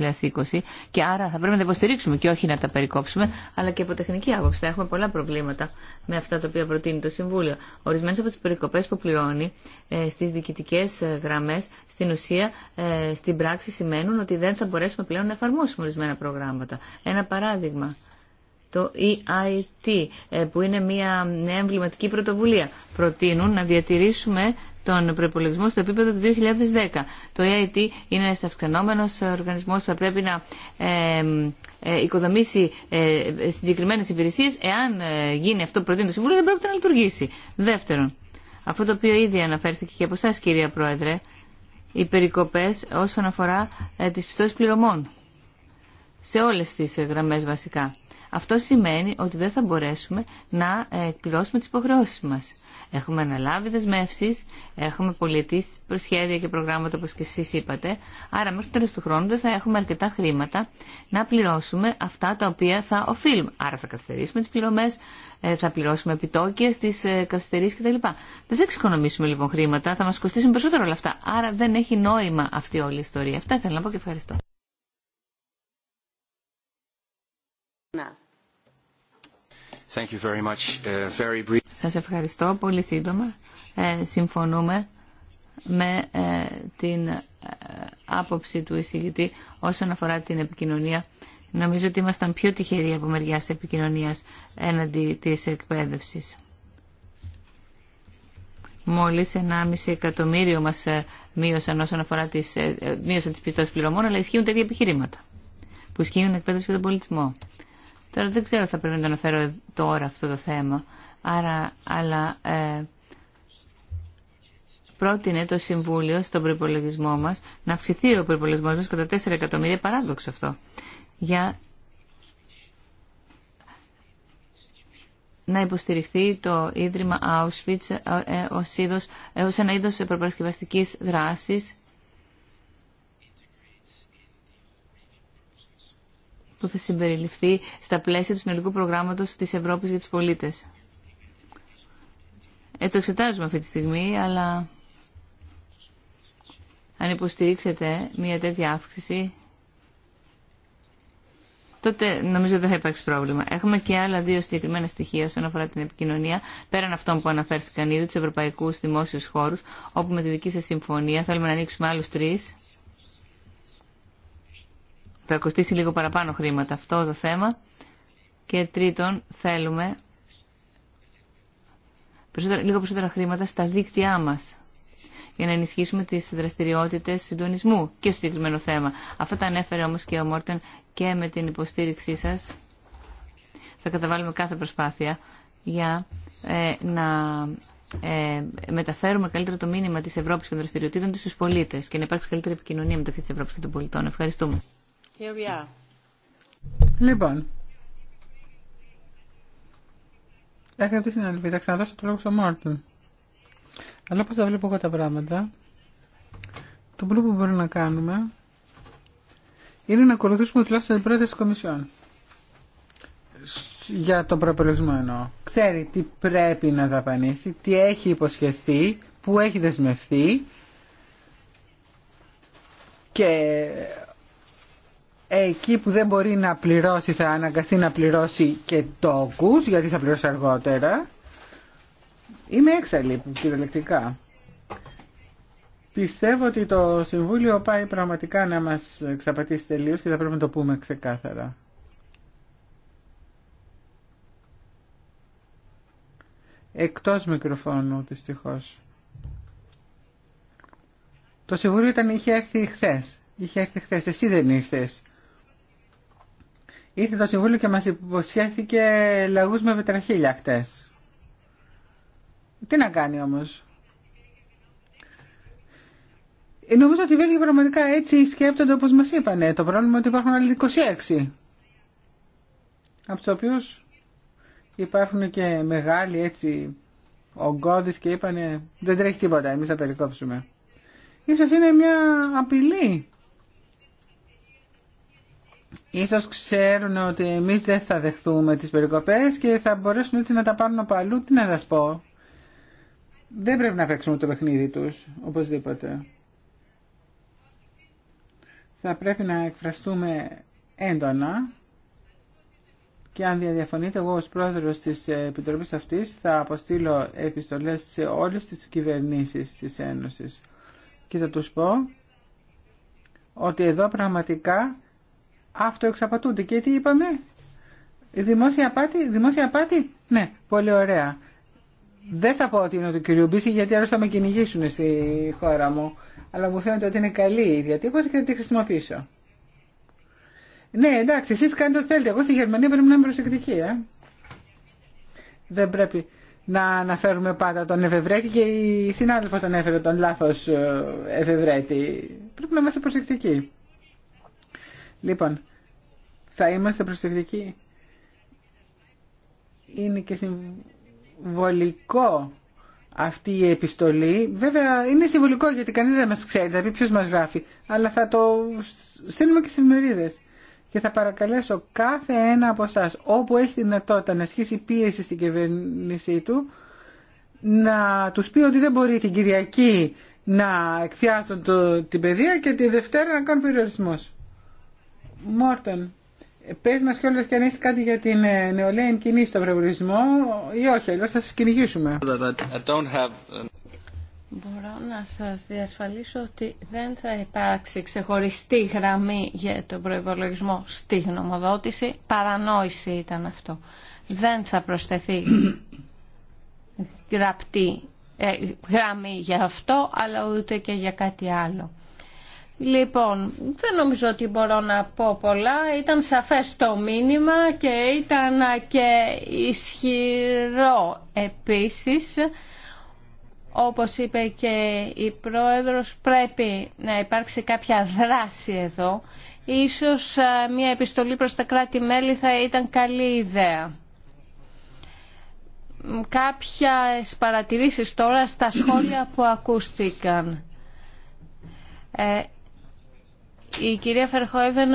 2020 και άρα θα πρέπει να τα υποστηρίξουμε και όχι να τα περικόψουμε, αλλά και από τεχνική άποψη θα έχουμε πολλά προβλήματα με αυτά τα οποία προτείνει το Συμβούλιο. Ορισμένε από τις περικοπές που πληρώνει ε, στις διοικητικές ε, γραμμές, στην ουσία, ε, στην πράξη σημαίνουν ότι δεν θα μπορέσουμε πλέον να εφαρμόσουμε ορισμένα προγράμματα. Ένα παράδειγμα το EIT, ε, που είναι μια νέα εμβληματική πρωτοβουλία. Προτείνουν να διατηρήσουμε τον προπολογισμό στο επίπεδο του 2010. Το EIT είναι ένα αυξανόμενο οργανισμό που θα πρέπει να ε, οικοδομήσει ε, συγκεκριμένε υπηρεσίε. Εάν γίνει αυτό που προτείνει το Συμβούλιο, δεν πρόκειται να λειτουργήσει. Δεύτερον, αυτό το οποίο ήδη αναφέρθηκε και από εσά, κυρία Πρόεδρε, οι περικοπές όσον αφορά τις πιστώσεις πληρωμών. Σε όλες τις γραμμές βασικά. Αυτό σημαίνει ότι δεν θα μπορέσουμε να ε, εκπληρώσουμε τις υποχρεώσεις μας. Έχουμε αναλάβει δεσμεύσει, έχουμε πολιτεί προσχέδια και προγράμματα όπω και εσεί είπατε. Άρα, μέχρι το τέλο του χρόνου δεν θα έχουμε αρκετά χρήματα να πληρώσουμε αυτά τα οποία θα οφείλουμε. Άρα, θα καθυστερήσουμε τι πληρωμέ, ε, θα πληρώσουμε επιτόκια στι ε, καθυστερήσει κτλ. Δεν θα εξοικονομήσουμε λοιπόν χρήματα, θα μα κοστίσουν περισσότερο όλα αυτά. Άρα, δεν έχει νόημα αυτή όλη η ιστορία. Αυτά ήθελα να πω και ευχαριστώ. Thank uh, Σας ευχαριστώ πολύ σύντομα. Ε, συμφωνούμε με ε, την ε, άποψη του εισηγητή όσον αφορά την επικοινωνία. Νομίζω ότι ήμασταν πιο τυχεροί από μεριά επικοινωνία έναντι της εκπαίδευσης. Μόλις 1,5 εκατομμύριο μας μείωσαν όσον αφορά τις, μείωσαν τις πιστώσεις πληρωμών, αλλά ισχύουν τέτοια επιχειρήματα που ισχύουν εκπαίδευση και τον πολιτισμό. Τώρα δεν ξέρω θα πρέπει να το αναφέρω τώρα αυτό το θέμα. Άρα, αλλά ε, πρότεινε το Συμβούλιο στον προπολογισμό μας να αυξηθεί ο προπολογισμό μα κατά 4 εκατομμύρια, παράδοξο αυτό, για να υποστηριχθεί το Ίδρυμα Auschwitz ε, ε, ως, ε, ως ένα είδος προπαρασκευαστικής δράσης που θα συμπεριληφθεί στα πλαίσια του συνολικού προγράμματος της Ευρώπης για τους πολίτες. Ε, το εξετάζουμε αυτή τη στιγμή, αλλά αν υποστηρίξετε μια τέτοια αύξηση, τότε νομίζω δεν θα υπάρξει πρόβλημα. Έχουμε και άλλα δύο συγκεκριμένα στοιχεία όσον αφορά την επικοινωνία, πέραν αυτών που αναφέρθηκαν ήδη, του ευρωπαϊκού δημόσιου χώρου, όπου με τη δική σα συμφωνία θέλουμε να ανοίξουμε άλλου τρει θα κοστίσει λίγο παραπάνω χρήματα αυτό το θέμα. Και τρίτον, θέλουμε περισσότερα, λίγο περισσότερα χρήματα στα δίκτυά μας για να ενισχύσουμε τις δραστηριότητες συντονισμού και στο συγκεκριμένο θέμα. Αυτά τα ανέφερε όμως και ο Μόρτεν και με την υποστήριξή σας θα καταβάλουμε κάθε προσπάθεια για ε, να ε, μεταφέρουμε καλύτερα το μήνυμα της Ευρώπης και των δραστηριοτήτων στους πολίτες και να υπάρξει καλύτερη επικοινωνία μεταξύ της Ευρώπης και των πολιτών. Ευχαριστούμε. Λοιπόν, we are. Λοιπόν, Αγαπητοί συνάδελφοι, ξαναδώσω το λόγο στον Μάρτιν. Αλλά όπως τα βλέπω εγώ τα πράγματα, το πρώτο που μπορούμε να κάνουμε είναι να ακολουθήσουμε τουλάχιστον την πρόταση της Κομισιόν. Για τον προπολογισμό εννοώ. Ξέρει τι πρέπει να δαπανίσει, τι έχει υποσχεθεί, που έχει δεσμευθεί και εκεί που δεν μπορεί να πληρώσει θα αναγκαστεί να πληρώσει και τόκους γιατί θα πληρώσει αργότερα είμαι έξαλλη κυριολεκτικά πιστεύω ότι το Συμβούλιο πάει πραγματικά να μας εξαπατήσει τελείως και θα πρέπει να το πούμε ξεκάθαρα εκτός μικροφώνου δυστυχώς το Συμβούλιο ήταν, είχε έρθει χθες. Είχε έρθει χθε. Εσύ δεν ήρθε. Ήρθε το Συμβούλιο και μας υποσχέθηκε λαγούς με πετραχίλια χτες. Τι να κάνει όμως. Ε, νομίζω ότι οι πραγματικά έτσι σκέπτονται όπως μας είπανε. Το πρόβλημα είναι ότι υπάρχουν άλλοι 26. Από τους οποίους υπάρχουν και μεγάλοι έτσι ογκώδεις και είπανε δεν τρέχει τίποτα, εμείς θα περικόψουμε. Ίσως είναι μια απειλή ίσως ξέρουν ότι εμείς δεν θα δεχθούμε τις περικοπές και θα μπορέσουν έτσι να τα πάρουν από αλλού. Τι να σας πω. Δεν πρέπει να παίξουμε το παιχνίδι τους, οπωσδήποτε. Θα πρέπει να εκφραστούμε έντονα και αν διαδιαφωνείτε εγώ ως πρόεδρος της Επιτροπής αυτής θα αποστείλω επιστολές σε όλες τις κυβερνήσεις της Ένωσης και θα τους πω ότι εδώ πραγματικά αυτοεξαπατούνται. Και τι είπαμε, δημόσια απάτη, δημόσια απάτη, ναι, πολύ ωραία. Δεν θα πω ότι είναι του κυρίου Μπίση γιατί άλλως θα με κυνηγήσουν στη χώρα μου. Αλλά μου φαίνεται ότι είναι καλή η διατύπωση και θα τη χρησιμοποιήσω. Ναι, εντάξει, εσείς κάνετε ό,τι θέλετε. Εγώ στη Γερμανία πρέπει να είμαι προσεκτική, ε. Δεν πρέπει να αναφέρουμε πάντα τον Εφευρέτη και η συνάδελφος ανέφερε τον λάθος ε, Εφευρέτη. Πρέπει να είμαστε προσεκτικοί. Λοιπόν, θα είμαστε προσεκτικοί. Είναι και συμβολικό αυτή η επιστολή. Βέβαια είναι συμβολικό γιατί κανείς δεν μας ξέρει, θα πει ποιος μας γράφει. Αλλά θα το στείλουμε και στις μερίδες. Και θα παρακαλέσω κάθε ένα από εσά όπου έχει δυνατότητα να ασχίσει πίεση στην κυβέρνησή του, να τους πει ότι δεν μπορεί την Κυριακή να εκθιάσουν το, την παιδεία και τη Δευτέρα να κάνουν περιορισμός. Μόρτον, πες μας κιόλας κι αν έχεις κάτι για την ε, νεολαία κινή στον προορισμό ή όχι, αλλιώς θα σας κυνηγήσουμε. Μπορώ να σας διασφαλίσω ότι δεν θα υπάρξει ξεχωριστή γραμμή για τον προϋπολογισμό στη γνωμοδότηση. Παρανόηση ήταν αυτό. Δεν θα προσθεθεί γραπτή ε, γραμμή για αυτό, αλλά ούτε και για κάτι άλλο. Λοιπόν, δεν νομίζω ότι μπορώ να πω πολλά. Ήταν σαφές το μήνυμα και ήταν και ισχυρό επίσης. Όπως είπε και η Πρόεδρος, πρέπει να υπάρξει κάποια δράση εδώ. Ίσως ε, μια επιστολή προς τα κράτη-μέλη θα ήταν καλή ιδέα κάποιες παρατηρήσεις τώρα στα σχόλια που ακούστηκαν. Ε, η κυρία Φερχόιβεν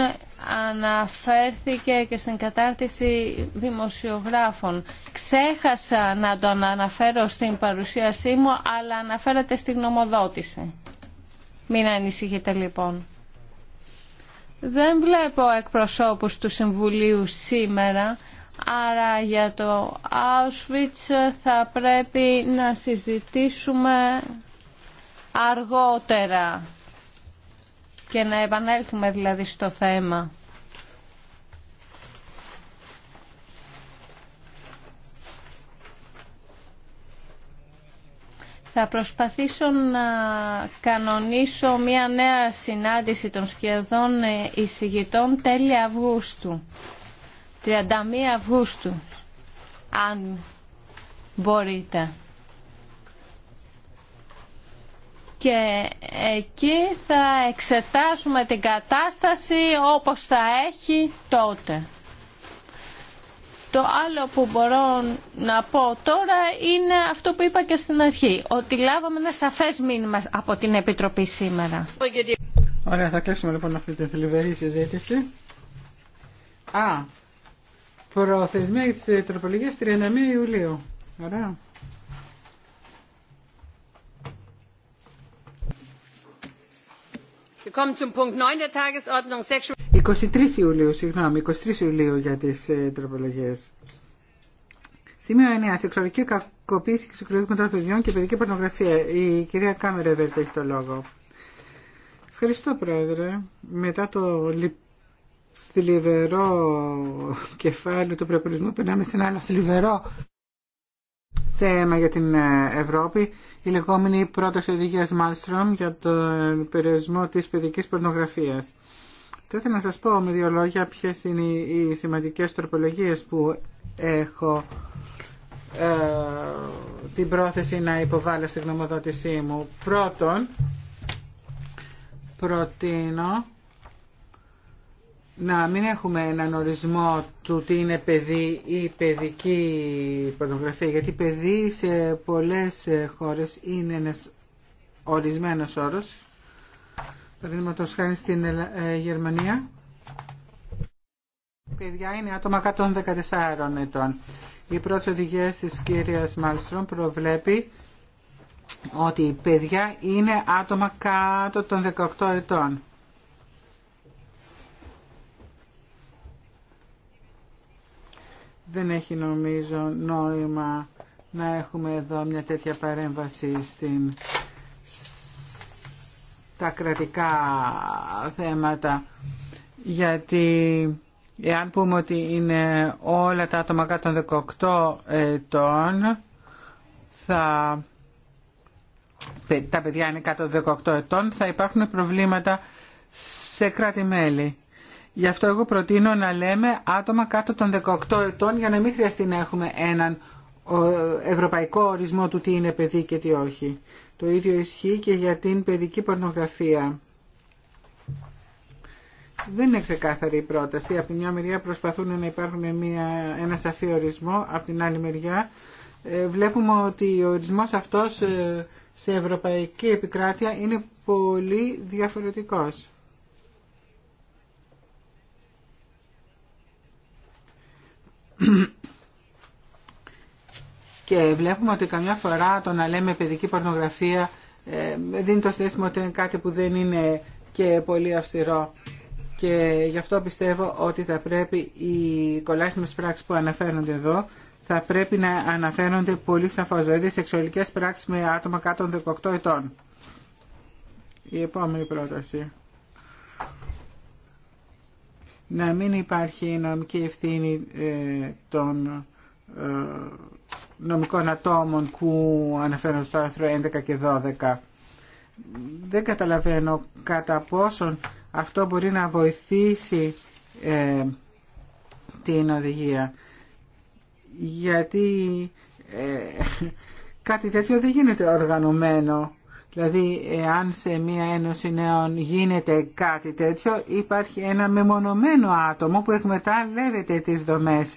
αναφέρθηκε και στην κατάρτιση δημοσιογράφων. Ξέχασα να τον αναφέρω στην παρουσίασή μου, αλλά αναφέρεται στη γνωμοδότηση. Μην ανησυχείτε λοιπόν. Δεν βλέπω εκπροσώπους του Συμβουλίου σήμερα, άρα για το Auschwitz θα πρέπει να συζητήσουμε αργότερα και να επανέλθουμε δηλαδή στο θέμα. Θα προσπαθήσω να κανονίσω μια νέα συνάντηση των σχεδόν εισηγητών τέλη Αυγούστου. 31 Αυγούστου, αν μπορείτε. και εκεί θα εξετάσουμε την κατάσταση όπως θα έχει τότε. Το άλλο που μπορώ να πω τώρα είναι αυτό που είπα και στην αρχή, ότι λάβαμε ένα σαφές μήνυμα από την Επιτροπή σήμερα. Ωραία, θα κλείσουμε λοιπόν αυτή την θλιβερή συζήτηση. Α, προθεσμία της τις 31 Ιουλίου. Ωραία. 23 Ιουλίου, συγγνώμη, 23 Ιουλίου για τις ε, τροπολογίες. Σημείο 9. Σεξουαλική κακοποίηση και σεξουαλική των παιδιών και παιδική πορνογραφία. Η κυρία Κάμερα δεν έχει το λόγο. Ευχαριστώ, Πρόεδρε. Μετά το θλιβερό κεφάλαιο του προπολισμού περνάμε σε ένα άλλο θλιβερό θέμα για την ε, Ευρώπη η λεγόμενη πρόταση οδηγία Μάλστρομ για τον περιορισμό της παιδικής πορνογραφία. Θα ήθελα να σα πω με δύο λόγια ποιε είναι οι σημαντικές τροπολογίες που έχω ε, την πρόθεση να υποβάλω στη γνωμοδότησή μου. Πρώτον, προτείνω να μην έχουμε έναν ορισμό του τι είναι παιδί ή παιδική πορνογραφία, γιατί παιδί σε πολλές χώρες είναι ένας ορισμένος όρος. Παραδείγματο χάρη στην ε, Γερμανία, παιδιά είναι άτομα 114 ετών. Η πρώτη οδηγία της κυρίας Μάλστρομ προβλέπει ότι παιδιά είναι άτομα κάτω των 18 ετών. Δεν έχει νομίζω νόημα να έχουμε εδώ μια τέτοια παρέμβαση στην, στα κρατικά θέματα γιατί εάν πούμε ότι είναι όλα τα άτομα κάτω των 18 ετών θα, τα παιδιά είναι κάτω των 18 ετών θα υπάρχουν προβλήματα σε κράτη-μέλη. Γι' αυτό εγώ προτείνω να λέμε άτομα κάτω των 18 ετών για να μην χρειαστεί να έχουμε έναν ευρωπαϊκό ορισμό του τι είναι παιδί και τι όχι. Το ίδιο ισχύει και για την παιδική πορνογραφία. Δεν είναι ξεκάθαρη η πρόταση. Από μια μεριά προσπαθούν να υπάρχουν μια, ένα σαφή ορισμό, από την άλλη μεριά ε, βλέπουμε ότι ο ορισμός αυτός ε, σε ευρωπαϊκή επικράτεια είναι πολύ διαφορετικός. Και βλέπουμε ότι καμιά φορά το να λέμε παιδική πορνογραφία ε, δίνει το συνέστημα ότι είναι κάτι που δεν είναι και πολύ αυστηρό. Και γι' αυτό πιστεύω ότι θα πρέπει οι κολάσιμες πράξεις που αναφέρονται εδώ θα πρέπει να αναφέρονται πολύ σαφώς, δηλαδή σεξουαλικές πράξεις με άτομα κάτω των 18 ετών. Η επόμενη πρόταση να μην υπάρχει νομική ευθύνη ε, των ε, νομικών ατόμων που αναφέρονται στο άρθρο 11 και 12. Δεν καταλαβαίνω κατά πόσον αυτό μπορεί να βοηθήσει ε, την οδηγία. Γιατί ε, κάτι τέτοιο δεν γίνεται οργανωμένο. Δηλαδή, εάν σε μία ένωση νέων γίνεται κάτι τέτοιο, υπάρχει ένα μεμονωμένο άτομο που εκμεταλλεύεται τις δομές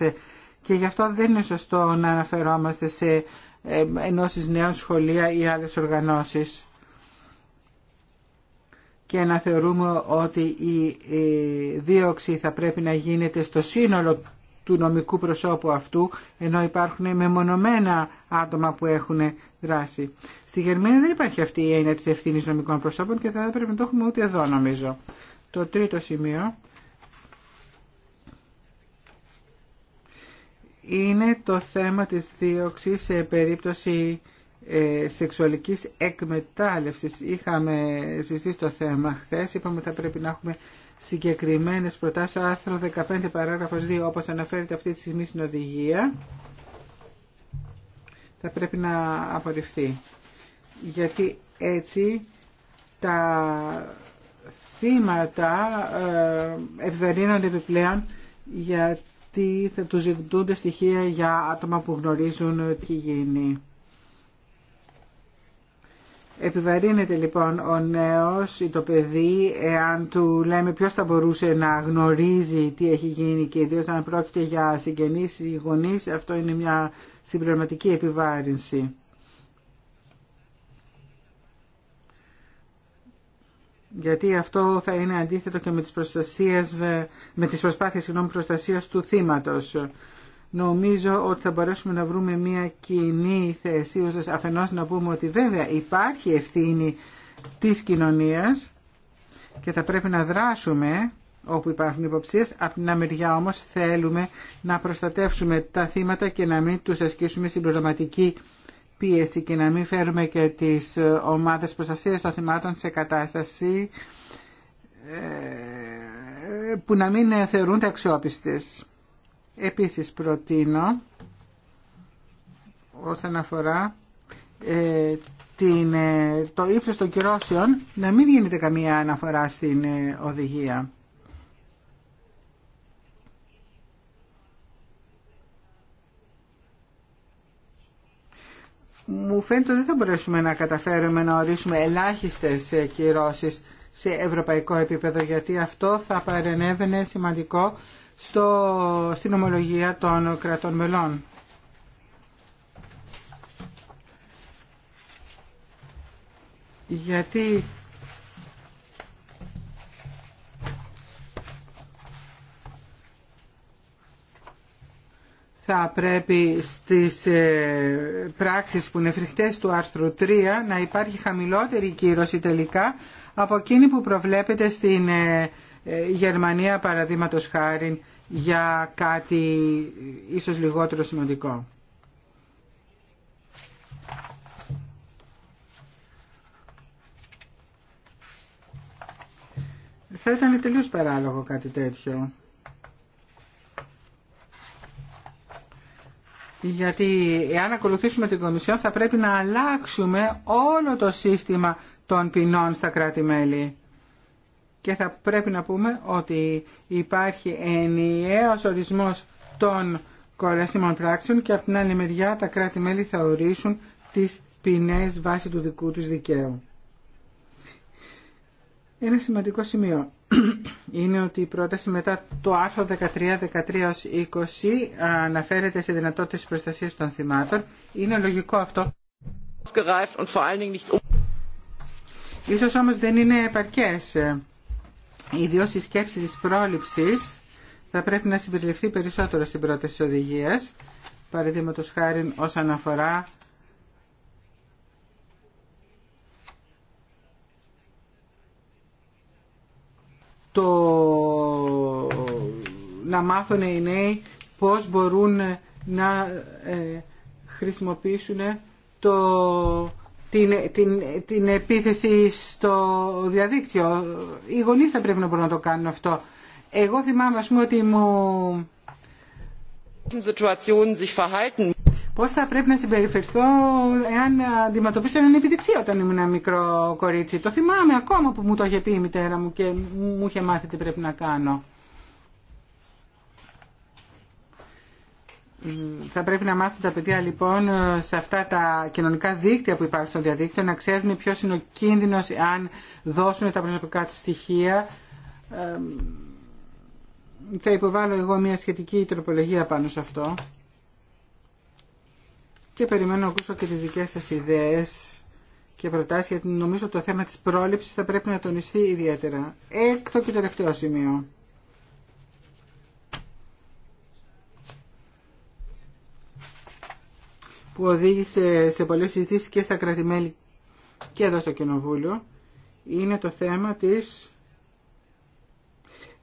και γι' αυτό δεν είναι σωστό να αναφερόμαστε σε ε, ενώσεις νέων σχολεία ή άλλες οργανώσεις και να θεωρούμε ότι η δίωξη θα πρέπει να γίνεται στο σύνολο του νομικού προσώπου αυτού, ενώ υπάρχουν μεμονωμένα άτομα που έχουν δράσει. Στη Γερμανία δεν υπάρχει αυτή η έννοια της ευθύνη νομικών προσώπων και θα πρέπει να το έχουμε ούτε εδώ νομίζω. Το τρίτο σημείο είναι το θέμα της δίωξης σε περίπτωση ε, σεξουαλικής εκμετάλλευσης. Είχαμε συζητήσει το θέμα χθες, είπαμε ότι θα πρέπει να έχουμε συγκεκριμένες προτάσεις στο άρθρο 15 παράγραφος 2 όπως αναφέρεται αυτή τη στιγμή στην οδηγία θα πρέπει να απορριφθεί γιατί έτσι τα θύματα ευδερίνονται επιπλέον γιατί θα τους ζητούνται στοιχεία για άτομα που γνωρίζουν τι γίνει. Επιβαρύνεται λοιπόν ο νέος ή το παιδί εάν του λέμε ποιος θα μπορούσε να γνωρίζει τι έχει γίνει και ιδίως αν πρόκειται για συγγενείς ή γονείς αυτό είναι μια συμπληρωματική επιβάρυνση. Γιατί αυτό θα είναι αντίθετο και με τις, με τις προσπάθειες συγγνώμη, προστασίας του θύματος νομίζω ότι θα μπορέσουμε να βρούμε μια κοινή θέση ώστε αφενός να πούμε ότι βέβαια υπάρχει ευθύνη της κοινωνίας και θα πρέπει να δράσουμε όπου υπάρχουν υποψίες. Από την αμεριά όμως θέλουμε να προστατεύσουμε τα θύματα και να μην τους ασκήσουμε συμπληρωματική πίεση και να μην φέρουμε και τις ομάδες προστασία των θυμάτων σε κατάσταση ε, που να μην θεωρούνται αξιόπιστες. Επίσης προτείνω όσον αφορά ε, την, ε, το ύψος των κυρώσεων να μην γίνεται καμία αναφορά στην ε, οδηγία. Μου φαίνεται ότι δεν θα μπορέσουμε να καταφέρουμε να ορίσουμε ελάχιστες κυρώσεις σε ευρωπαϊκό επίπεδο γιατί αυτό θα παρενέβαινε σημαντικό στο, στην ομολογία των κρατών μελών. Γιατί θα πρέπει στις ε, πράξεις που είναι φρικτές του άρθρου 3 να υπάρχει χαμηλότερη κύρωση τελικά από εκείνη που προβλέπεται στην ε, η ε, Γερμανία παραδείγματο χάρη για κάτι ίσως λιγότερο σημαντικό. Θα ήταν τελείως παράλογο κάτι τέτοιο. Γιατί εάν ακολουθήσουμε την Κομισιόν θα πρέπει να αλλάξουμε όλο το σύστημα των ποινών στα κράτη-μέλη και θα πρέπει να πούμε ότι υπάρχει ενιαίος ορισμός των κορέσιμων πράξεων και από την άλλη μεριά τα κράτη-μέλη θα ορίσουν τις ποινές βάσει του δικού τους δικαίου. Ένα σημαντικό σημείο είναι ότι η πρόταση μετά το άρθρο 13, 13 20 αναφέρεται σε δυνατότητες προστασίας των θυμάτων. Είναι λογικό αυτό. Um- Ίσως όμως δεν είναι επαρκές ιδίω η σκέψη τη πρόληψη θα πρέπει να συμπεριληφθεί περισσότερο στην πρόταση τη οδηγία. Παραδείγματο χάρη όσον αφορά το να μάθουν οι νέοι πώς μπορούν να ε, χρησιμοποιήσουν το την, την, την επίθεση στο διαδίκτυο. Οι γονεί θα πρέπει να μπορούν να το κάνουν αυτό. Εγώ θυμάμαι, α πούμε, ότι μου... Πώς θα πρέπει να συμπεριφερθώ εάν αντιμετωπίσω έναν επιδεξί όταν ήμουν ένα μικρό κορίτσι. Το θυμάμαι ακόμα που μου το είχε πει η μητέρα μου και μου είχε μάθει τι πρέπει να κάνω. θα πρέπει να μάθουν τα παιδιά λοιπόν σε αυτά τα κοινωνικά δίκτυα που υπάρχουν στο διαδίκτυο να ξέρουν ποιο είναι ο κίνδυνο αν δώσουν τα προσωπικά του στοιχεία. Θα υποβάλω εγώ μια σχετική τροπολογία πάνω σε αυτό και περιμένω να ακούσω και τις δικές σας ιδέες και προτάσεις γιατί νομίζω το θέμα της πρόληψης θα πρέπει να τονιστεί ιδιαίτερα. Έκτο και τελευταίο σημείο. που οδήγησε σε πολλές συζητήσεις και στα κρατημέλη και εδώ στο Κοινοβούλιο είναι το θέμα της,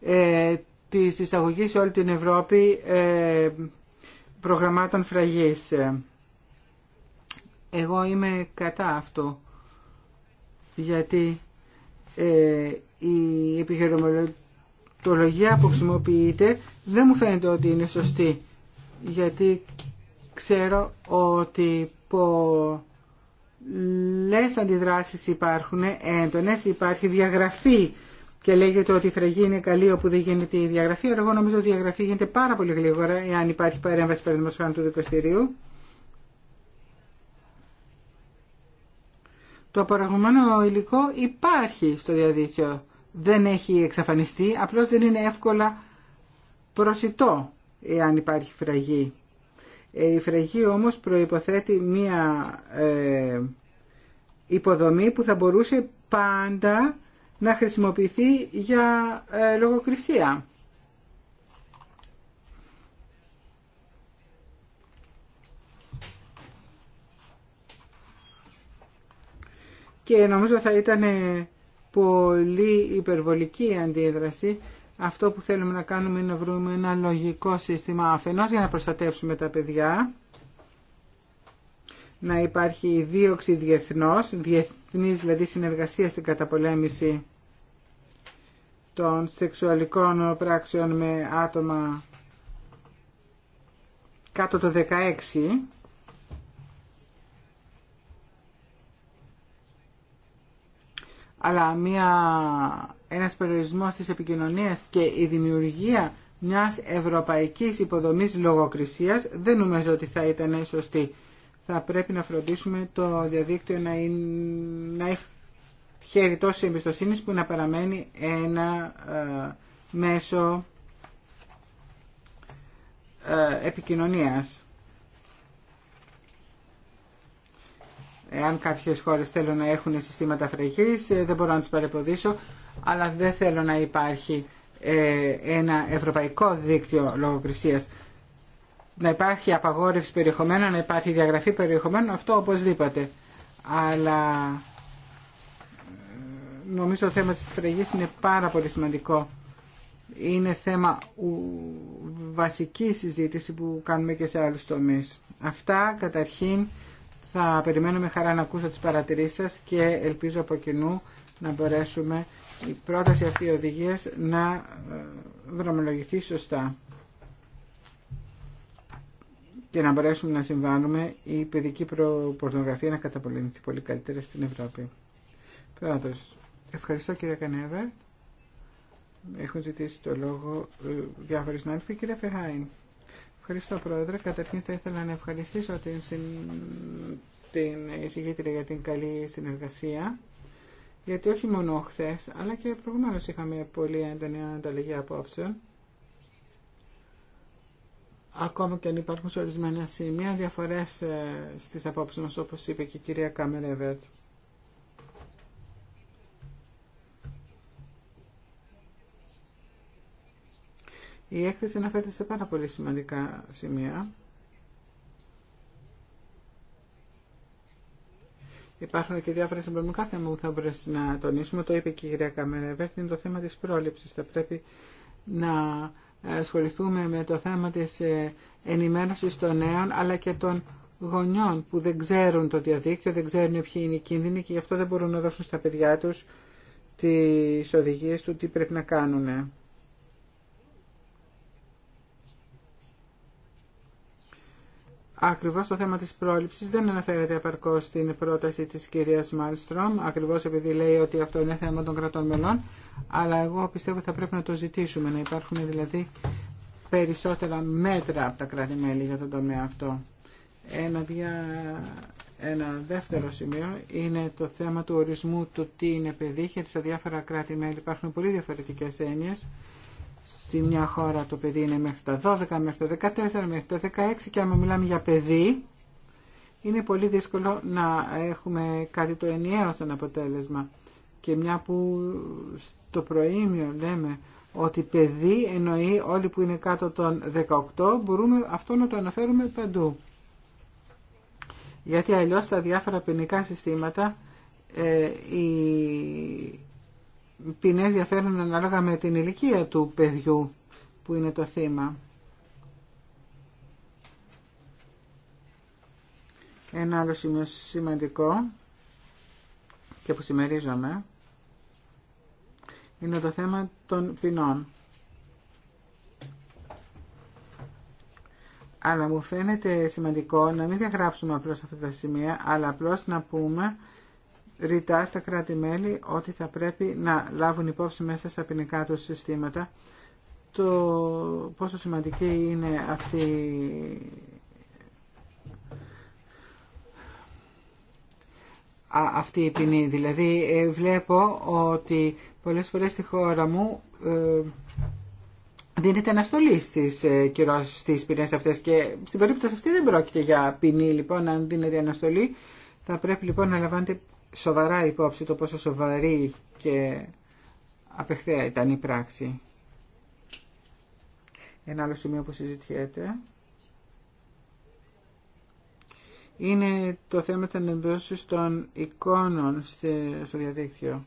ε, της εισαγωγής σε όλη την Ευρώπη ε, προγραμμάτων φραγής. Εγώ είμαι κατά αυτό, γιατί ε, η επιχειρηματολογία που χρησιμοποιείται δεν μου φαίνεται ότι είναι σωστή, γιατί ξέρω ότι πολλές αντιδράσεις υπάρχουν έντονες, υπάρχει διαγραφή και λέγεται ότι η φραγή είναι καλή όπου δεν γίνεται η διαγραφή, αλλά εγώ νομίζω ότι η διαγραφή γίνεται πάρα πολύ γλίγορα εάν υπάρχει παρέμβαση παραδείγματος του δικαστηρίου. Το παραγωγμένο υλικό υπάρχει στο διαδίκτυο. Δεν έχει εξαφανιστεί, απλώς δεν είναι εύκολα προσιτό εάν υπάρχει φραγή. Ε, η φρεγή όμως προϋποθέτει μία ε, υποδομή που θα μπορούσε πάντα να χρησιμοποιηθεί για ε, λογοκρισία. Και νομίζω θα ήταν πολύ υπερβολική αντίδραση αυτό που θέλουμε να κάνουμε είναι να βρούμε ένα λογικό σύστημα αφενός για να προστατεύσουμε τα παιδιά, να υπάρχει δίωξη διεθνώς, διεθνής δηλαδή συνεργασία στην καταπολέμηση των σεξουαλικών πράξεων με άτομα κάτω το 16 αλλά μία ένας περιορισμός της επικοινωνίας και η δημιουργία μιας ευρωπαϊκής υποδομής λογοκρισίας δεν νομίζω ότι θα ήταν σωστή. Θα πρέπει να φροντίσουμε το διαδίκτυο να, είναι, να έχει χέρι τόση εμπιστοσύνης που να παραμένει ένα ε, μέσο ε, επικοινωνίας. Εάν κάποιες χώρες θέλουν να έχουν συστήματα φραγής, ε, δεν μπορώ να τις παρεποδίσω, αλλά δεν θέλω να υπάρχει ε, ένα ευρωπαϊκό δίκτυο λογοκρισίας. Να υπάρχει απαγόρευση περιεχομένου, να υπάρχει διαγραφή περιεχομένου, αυτό οπωσδήποτε. Αλλά ε, νομίζω το θέμα της φραγής είναι πάρα πολύ σημαντικό. Είναι θέμα βασική συζήτηση που κάνουμε και σε άλλους τομείς. Αυτά καταρχήν θα περιμένουμε χαρά να ακούσω τις παρατηρήσεις σας και ελπίζω από κοινού να μπορέσουμε η πρόταση αυτή οδηγίας να ε, δρομολογηθεί σωστά και να μπορέσουμε να συμβάλλουμε η παιδική πορνογραφία να καταπολεμηθεί πολύ καλύτερα στην Ευρώπη. Πρόεδρος, ευχαριστώ κύριε Κανέβερ. Έχουν ζητήσει το λόγο ε, διάφοροι συνάδελφοι. Κύριε Φεχάιν, ευχαριστώ πρόεδρε. Καταρχήν θα ήθελα να ευχαριστήσω την, την εισηγήτρια για την καλή συνεργασία γιατί όχι μόνο χθε, αλλά και προηγουμένω είχαμε πολύ έντονη ανταλλαγή απόψεων. Ακόμα και αν υπάρχουν σε ορισμένα σημεία διαφορές ε, στι απόψεις μα όπω είπε και η κυρία Κάμερεβερτ. Η έκθεση αναφέρεται σε πάρα πολύ σημαντικά σημεία. Υπάρχουν και διάφορα συμπληρωματικά θέματα που θα μπορέσει να τονίσουμε. Το είπε και η κυρία Καμερεβέρτ, είναι το θέμα της πρόληψη. Θα πρέπει να ασχοληθούμε με το θέμα της ε, ενημέρωσης των νέων αλλά και των γονιών που δεν ξέρουν το διαδίκτυο, δεν ξέρουν ποιοι είναι οι κίνδυνοι και γι' αυτό δεν μπορούν να δώσουν στα παιδιά του τι οδηγίε του τι πρέπει να κάνουν. Ακριβώς το θέμα της πρόληψης δεν αναφέρεται απαρκώς στην πρόταση της κυρίας Μάλστρομ, ακριβώς επειδή λέει ότι αυτό είναι θέμα των κρατών μελών, αλλά εγώ πιστεύω θα πρέπει να το ζητήσουμε, να υπάρχουν δηλαδή περισσότερα μέτρα από τα κράτη-μέλη για τον τομέα αυτό. Ένα, Ένα δεύτερο σημείο είναι το θέμα του ορισμού του τι είναι παιδί, γιατί στα διάφορα κράτη-μέλη υπάρχουν πολύ διαφορετικές έννοιες στη μια χώρα το παιδί είναι μέχρι τα 12, μέχρι τα 14, μέχρι τα 16 και άμα μιλάμε για παιδί είναι πολύ δύσκολο να έχουμε κάτι το ενιαίο σαν αποτέλεσμα. Και μια που στο προήμιο λέμε ότι παιδί εννοεί όλοι που είναι κάτω των 18 μπορούμε αυτό να το αναφέρουμε παντού. Γιατί αλλιώς τα διάφορα ποινικά συστήματα ε, ποινές διαφέρουν ανάλογα με την ηλικία του παιδιού που είναι το θύμα. Ένα άλλο σημείο σημαντικό και που συμμερίζομαι είναι το θέμα των ποινών. Αλλά μου φαίνεται σημαντικό να μην διαγράψουμε απλώς αυτά τα σημεία, αλλά απλώς να πούμε ρητά στα κράτη-μέλη ότι θα πρέπει να λάβουν υπόψη μέσα στα ποινικά του συστήματα το πόσο σημαντική είναι αυτή η ποινή. Δηλαδή ε, βλέπω ότι πολλές φορές στη χώρα μου ε, δίνεται αναστολή στις ε, κυρώσεις, στις ποινές αυτές και στην περίπτωση αυτή δεν πρόκειται για ποινή λοιπόν αν δίνεται αναστολή θα πρέπει λοιπόν να λαμβάνετε σοβαρά υπόψη το πόσο σοβαρή και απεχθέα ήταν η πράξη. Ένα άλλο σημείο που συζητιέται είναι το θέμα της ανεμπρόσης των εικόνων στο διαδίκτυο.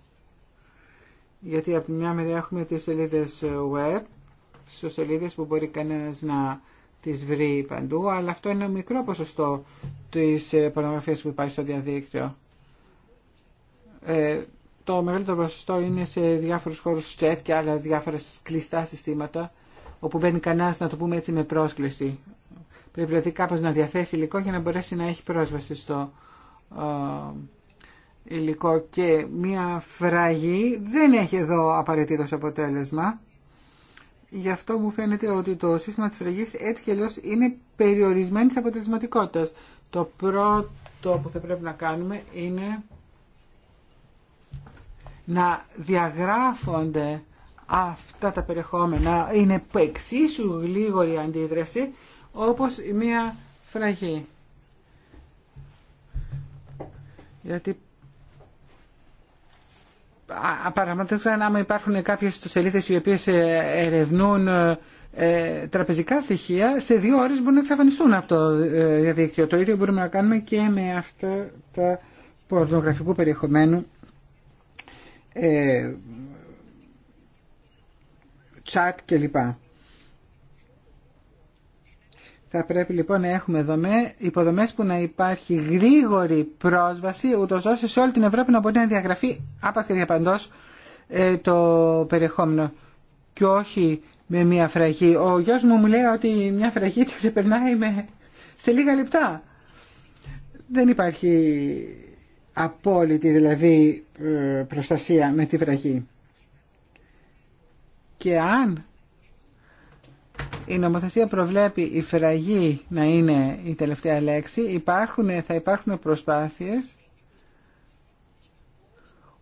Γιατί από μια μεριά έχουμε τις σελίδες web, στις σελίδες που μπορεί κανένας να τις βρει παντού, αλλά αυτό είναι ένα μικρό ποσοστό της ε, πορνογραφίας που υπάρχει στο διαδίκτυο. Ε, το μεγαλύτερο ποσοστό είναι σε διάφορου χώρου chat και άλλα διάφορα κλειστά συστήματα, όπου μπαίνει κανένα να το πούμε έτσι με πρόσκληση. Πρέπει δηλαδή κάπως να διαθέσει υλικό για να μπορέσει να έχει πρόσβαση στο ε, υλικό και μία φραγή δεν έχει εδώ απαραίτητο αποτέλεσμα. Γι' αυτό μου φαίνεται ότι το σύστημα της φραγής έτσι κι αλλιώς είναι περιορισμένης αποτελεσματικότητας. Το πρώτο που θα πρέπει να κάνουμε είναι να διαγράφονται αυτά τα περιεχόμενα είναι εξίσου γλίγορη αντίδραση όπως μια φραγή. Γιατί παραμένουν αν υπάρχουν κάποιες σελίδες οι οποίες ε, ερευνούν ε, ε, τραπεζικά στοιχεία, σε δύο ώρες μπορούν να εξαφανιστούν από το διαδίκτυο. Το ίδιο μπορούμε να κάνουμε και με αυτά τα πορνογραφικού περιεχομένου ε, chat κλπ. Θα πρέπει λοιπόν να έχουμε δομέ, υποδομές που να υπάρχει γρήγορη πρόσβαση ούτως ώστε σε όλη την Ευρώπη να μπορεί να διαγραφεί άπαξ διαπαντός ε, το περιεχόμενο και όχι με μια φραγή. Ο γιος μου μου λέει ότι μια φραγή τη ξεπερνάει με... σε λίγα λεπτά. Δεν υπάρχει απόλυτη δηλαδή ε, προστασία με τη φραγή Και αν η νομοθεσία προβλέπει η φραγή να είναι η τελευταία λέξη, υπάρχουν, θα υπάρχουν προσπάθειες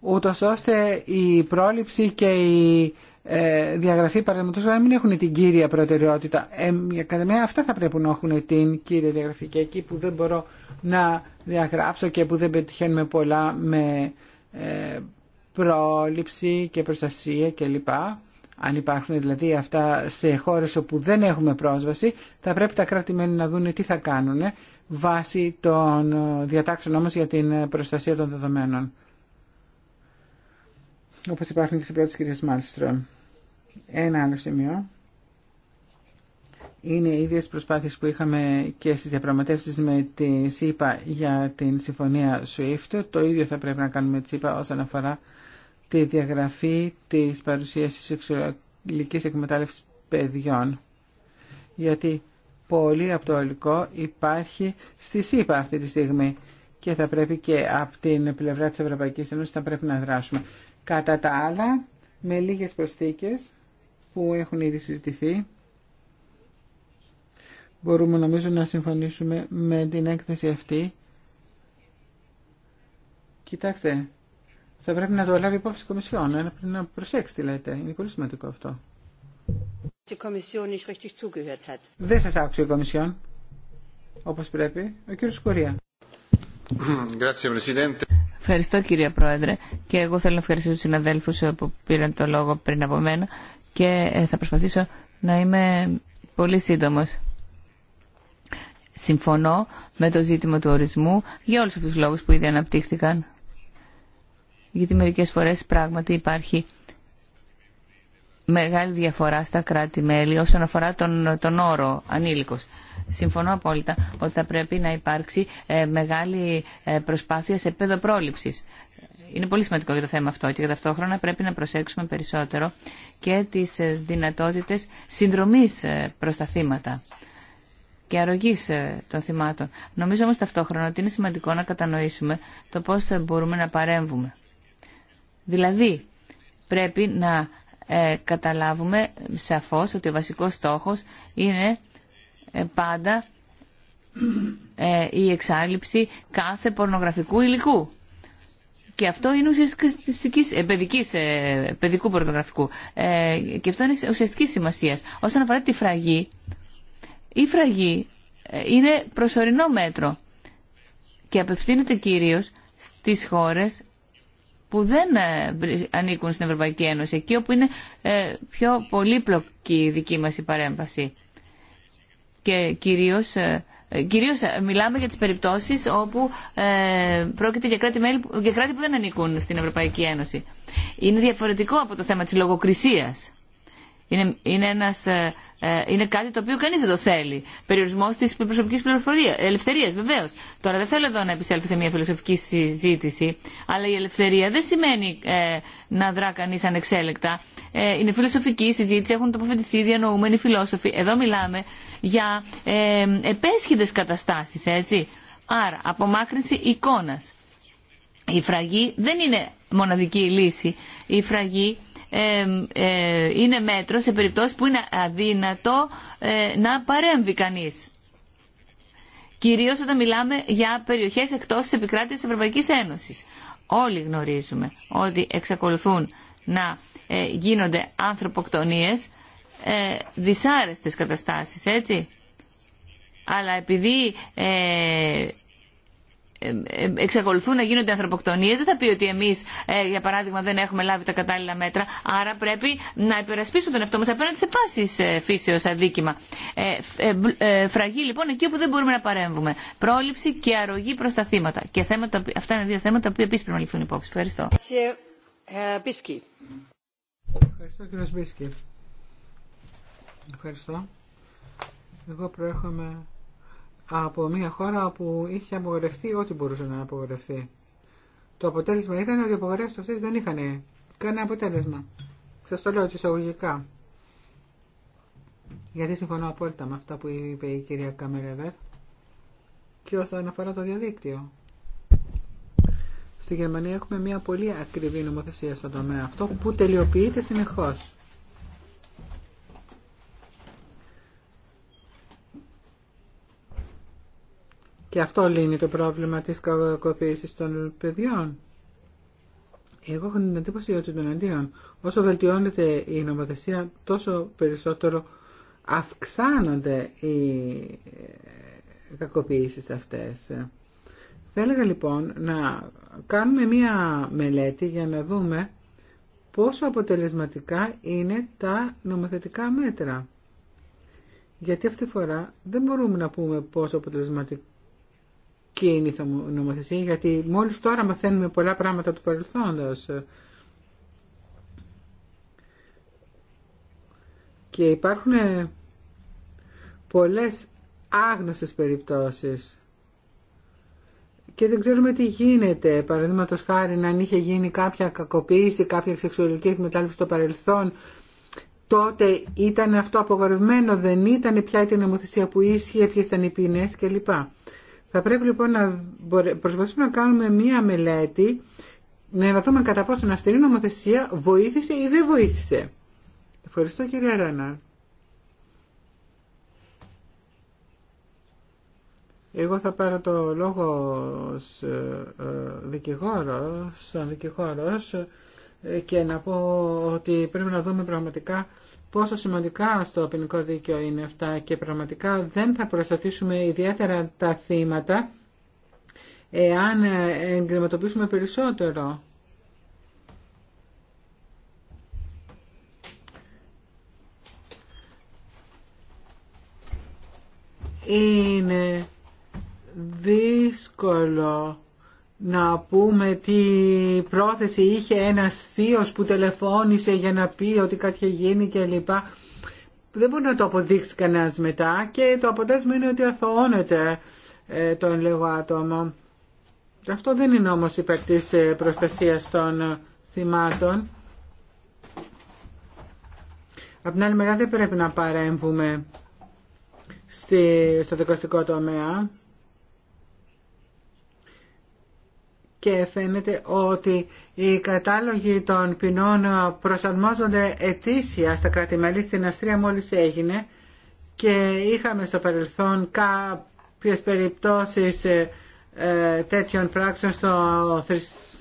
ούτως ώστε η πρόληψη και η ε, διαγραφή παραδείγματο να μην έχουν την κύρια προτεραιότητα. Ε, αυτά θα πρέπει να έχουν την κύρια διαγραφή και εκεί που δεν μπορώ να διαγράψω και που δεν πετυχαίνουμε πολλά με ε, πρόληψη και προστασία κλπ. Αν υπάρχουν δηλαδή αυτά σε χώρες όπου δεν έχουμε πρόσβαση, θα πρέπει τα κρατη να δουν τι θα κάνουν βάσει των διατάξεων όμως για την προστασία των δεδομένων. Όπως υπάρχουν και σε πρώτες κυρίες Μάλστρομ. Ένα άλλο σημείο είναι οι ίδιες προσπάθειες που είχαμε και στις διαπραγματεύσεις με τη ΣΥΠΑ για την συμφωνία SWIFT. Το ίδιο θα πρέπει να κάνουμε τη ΣΥΠΑ όσον αφορά τη διαγραφή της παρουσίας της σεξουαλικής εκμετάλλευσης παιδιών. Γιατί πολύ από το ολικό υπάρχει στη ΣΥΠΑ αυτή τη στιγμή και θα πρέπει και από την πλευρά της Ευρωπαϊκής Ένωσης θα πρέπει να δράσουμε. Κατά τα άλλα, με λίγες προσθήκες, που έχουν ήδη συζητηθεί. Μπορούμε νομίζω να συμφωνήσουμε με την έκθεση αυτή. Κοιτάξτε, θα πρέπει να το λάβει υπόψη η Κομισιόν, ε, να προσέξει τι λέτε. Είναι πολύ σημαντικό αυτό. Δεν σας άκουσε η Κομισιόν, όπως πρέπει. Ο κύριος Κορία. Ευχαριστώ κύριε Πρόεδρε και εγώ θέλω να ευχαριστήσω τους συναδέλφους που πήραν το λόγο πριν από μένα και ε, θα προσπαθήσω να είμαι πολύ σύντομος. Συμφωνώ με το ζήτημα του ορισμού για όλους αυτούς τους λόγους που ήδη αναπτύχθηκαν. Γιατί μερικές φορές πράγματι υπάρχει μεγάλη διαφορά στα κράτη-μέλη όσον αφορά τον, τον όρο ανήλικος. Συμφωνώ απόλυτα ότι θα πρέπει να υπάρξει ε, μεγάλη ε, προσπάθεια σε επίπεδο πρόληψης είναι πολύ σημαντικό για το θέμα αυτό και ταυτόχρονα πρέπει να προσέξουμε περισσότερο και τις ε, δυνατότητες συνδρομής ε, προς τα θύματα και αρρωγής ε, των θυμάτων. Νομίζω όμως ταυτόχρονα ότι είναι σημαντικό να κατανοήσουμε το πώς μπορούμε να παρέμβουμε. Δηλαδή, πρέπει να καταλάβουμε σαφώς ότι ο βασικός στόχος είναι πάντα η εξάλληψη κάθε πορνογραφικού υλικού. Και αυτό είναι ουσιαστική επιδικής ε, παιδικού πορτογραφικού. Ε, και αυτό είναι ουσιαστική σημασία. Όσον αφορά τη φραγή, η φραγή ε, είναι προσωρινό μέτρο και απευθύνεται κυρίως στις χώρες που δεν ανήκουν στην Ευρωπαϊκή Ένωση, εκεί όπου είναι πιο πολύπλοκη η δική μας η παρέμβαση. Και κυρίως Κυρίως ε, μιλάμε για τις περιπτώσεις όπου ε, πρόκειται για κράτη, για κράτη που δεν ανήκουν στην Ευρωπαϊκή Ένωση. Είναι διαφορετικό από το θέμα της λογοκρισίας. Είναι, είναι, ένας, ε, ε, είναι κάτι το οποίο κανείς δεν το θέλει. Περιορισμός της προσωπική ελευθερία, βεβαίω. Τώρα δεν θέλω εδώ να επισέλθω σε μια φιλοσοφική συζήτηση, αλλά η ελευθερία δεν σημαίνει ε, να δρά κανεί ανεξέλεκτα. είναι φιλοσοφική συζήτηση, έχουν τοποθετηθεί διανοούμενοι φιλόσοφοι. Εδώ μιλάμε για ε, καταστάσεις, έτσι. Άρα, απομάκρυνση εικόνα. Η φραγή δεν είναι μοναδική λύση. Η φραγή ε, είναι μέτρο σε περιπτώσεις που είναι αδύνατο ε, να παρέμβει κανεί. Κυρίως όταν μιλάμε για περιοχές εκτός τη επικράτειας της Ευρωπαϊκής Ένωσης. Όλοι γνωρίζουμε ότι εξακολουθούν να ε, γίνονται ανθρωποκτονίες, δυσάρεστες καταστάσεις, έτσι. Αλλά επειδή εξακολουθούν να γίνονται ανθρωποκτονίε, δεν θα πει ότι εμεί, ε, για παράδειγμα, δεν έχουμε λάβει τα κατάλληλα μέτρα. Άρα πρέπει να υπερασπίσουμε τον εαυτό μα απέναντι σε πάση ε, φύσεω αδίκημα. Ε, φραγή λοιπόν εκεί όπου δεν μπορούμε να παρέμβουμε. Πρόληψη και αρρωγή προ τα θύματα. Και θέματα, αυτά είναι δύο θέματα που επίση πρέπει να ληφθούν υπόψη. Ευχαριστώ. Ευχαριστώ κύριε Ευχαριστώ. Εγώ προέρχομαι από μια χώρα που είχε απογορευτεί ό,τι μπορούσε να απογορευτεί. Το αποτέλεσμα ήταν ότι οι απογορεύσει αυτέ δεν είχαν κανένα αποτέλεσμα. Σα το λέω εισαγωγικά. Γιατί συμφωνώ απόλυτα με αυτά που είπε η κυρία Καμερεβέρ και όσον αφορά το διαδίκτυο. Στη Γερμανία έχουμε μια πολύ ακριβή νομοθεσία στον τομέα αυτό που τελειοποιείται συνεχώς. Και αυτό λύνει το πρόβλημα της κακοποίησης των παιδιών. Εγώ έχω την εντύπωση ότι των αντίον, όσο βελτιώνεται η νομοθεσία, τόσο περισσότερο αυξάνονται οι ε, κακοποίησεις αυτές. Θα έλεγα λοιπόν να κάνουμε μία μελέτη για να δούμε πόσο αποτελεσματικά είναι τα νομοθετικά μέτρα. Γιατί αυτή τη φορά δεν μπορούμε να πούμε πόσο αποτελεσματικά είναι η νομοθεσία, γιατί μόλις τώρα μαθαίνουμε πολλά πράγματα του παρελθόντος. Και υπάρχουν ε, πολλές άγνωστες περιπτώσεις. Και δεν ξέρουμε τι γίνεται. Παραδείγματο χάρη, αν είχε γίνει κάποια κακοποίηση, κάποια σεξουαλική εκμετάλλευση στο παρελθόν, τότε ήταν αυτό απογορευμένο, δεν ήταν, πια ήταν η νομοθεσία που ίσχυε, ποιε ήταν οι ποινέ κλπ. Θα πρέπει λοιπόν να προσπαθήσουμε να κάνουμε μία μελέτη, να δούμε κατά πόσο να αυστηρή νομοθεσία βοήθησε ή δεν βοήθησε. Ευχαριστώ κύριε Ρένα. Εγώ θα πάρω το λόγο ως ε, ε, δικηγόρος, σαν δικηγόρος και να πω ότι πρέπει να δούμε πραγματικά πόσο σημαντικά στο ποινικό δίκαιο είναι αυτά και πραγματικά δεν θα προστατήσουμε ιδιαίτερα τα θύματα εάν εγκληματοποιήσουμε περισσότερο. Είναι δύσκολο να πούμε τι πρόθεση είχε ένας θείος που τηλεφώνησε για να πει ότι κάτι είχε γίνει λοιπά. Δεν μπορεί να το αποδείξει κανένας μετά και το αποτέλεσμα είναι ότι αθωώνεται ε, το εν άτομο. Αυτό δεν είναι όμως υπέρ της ε, προστασίας των ε, θυμάτων. Απ' την άλλη μεριά δεν πρέπει να παρέμβουμε στη, στο δικαστικό τομέα. και φαίνεται ότι οι κατάλογοι των ποινών προσαρμόζονται ετήσια στα κρατη Στην Αυστρία μόλις έγινε και είχαμε στο παρελθόν κάποιες περιπτώσεις ε, τέτοιων πράξεων στο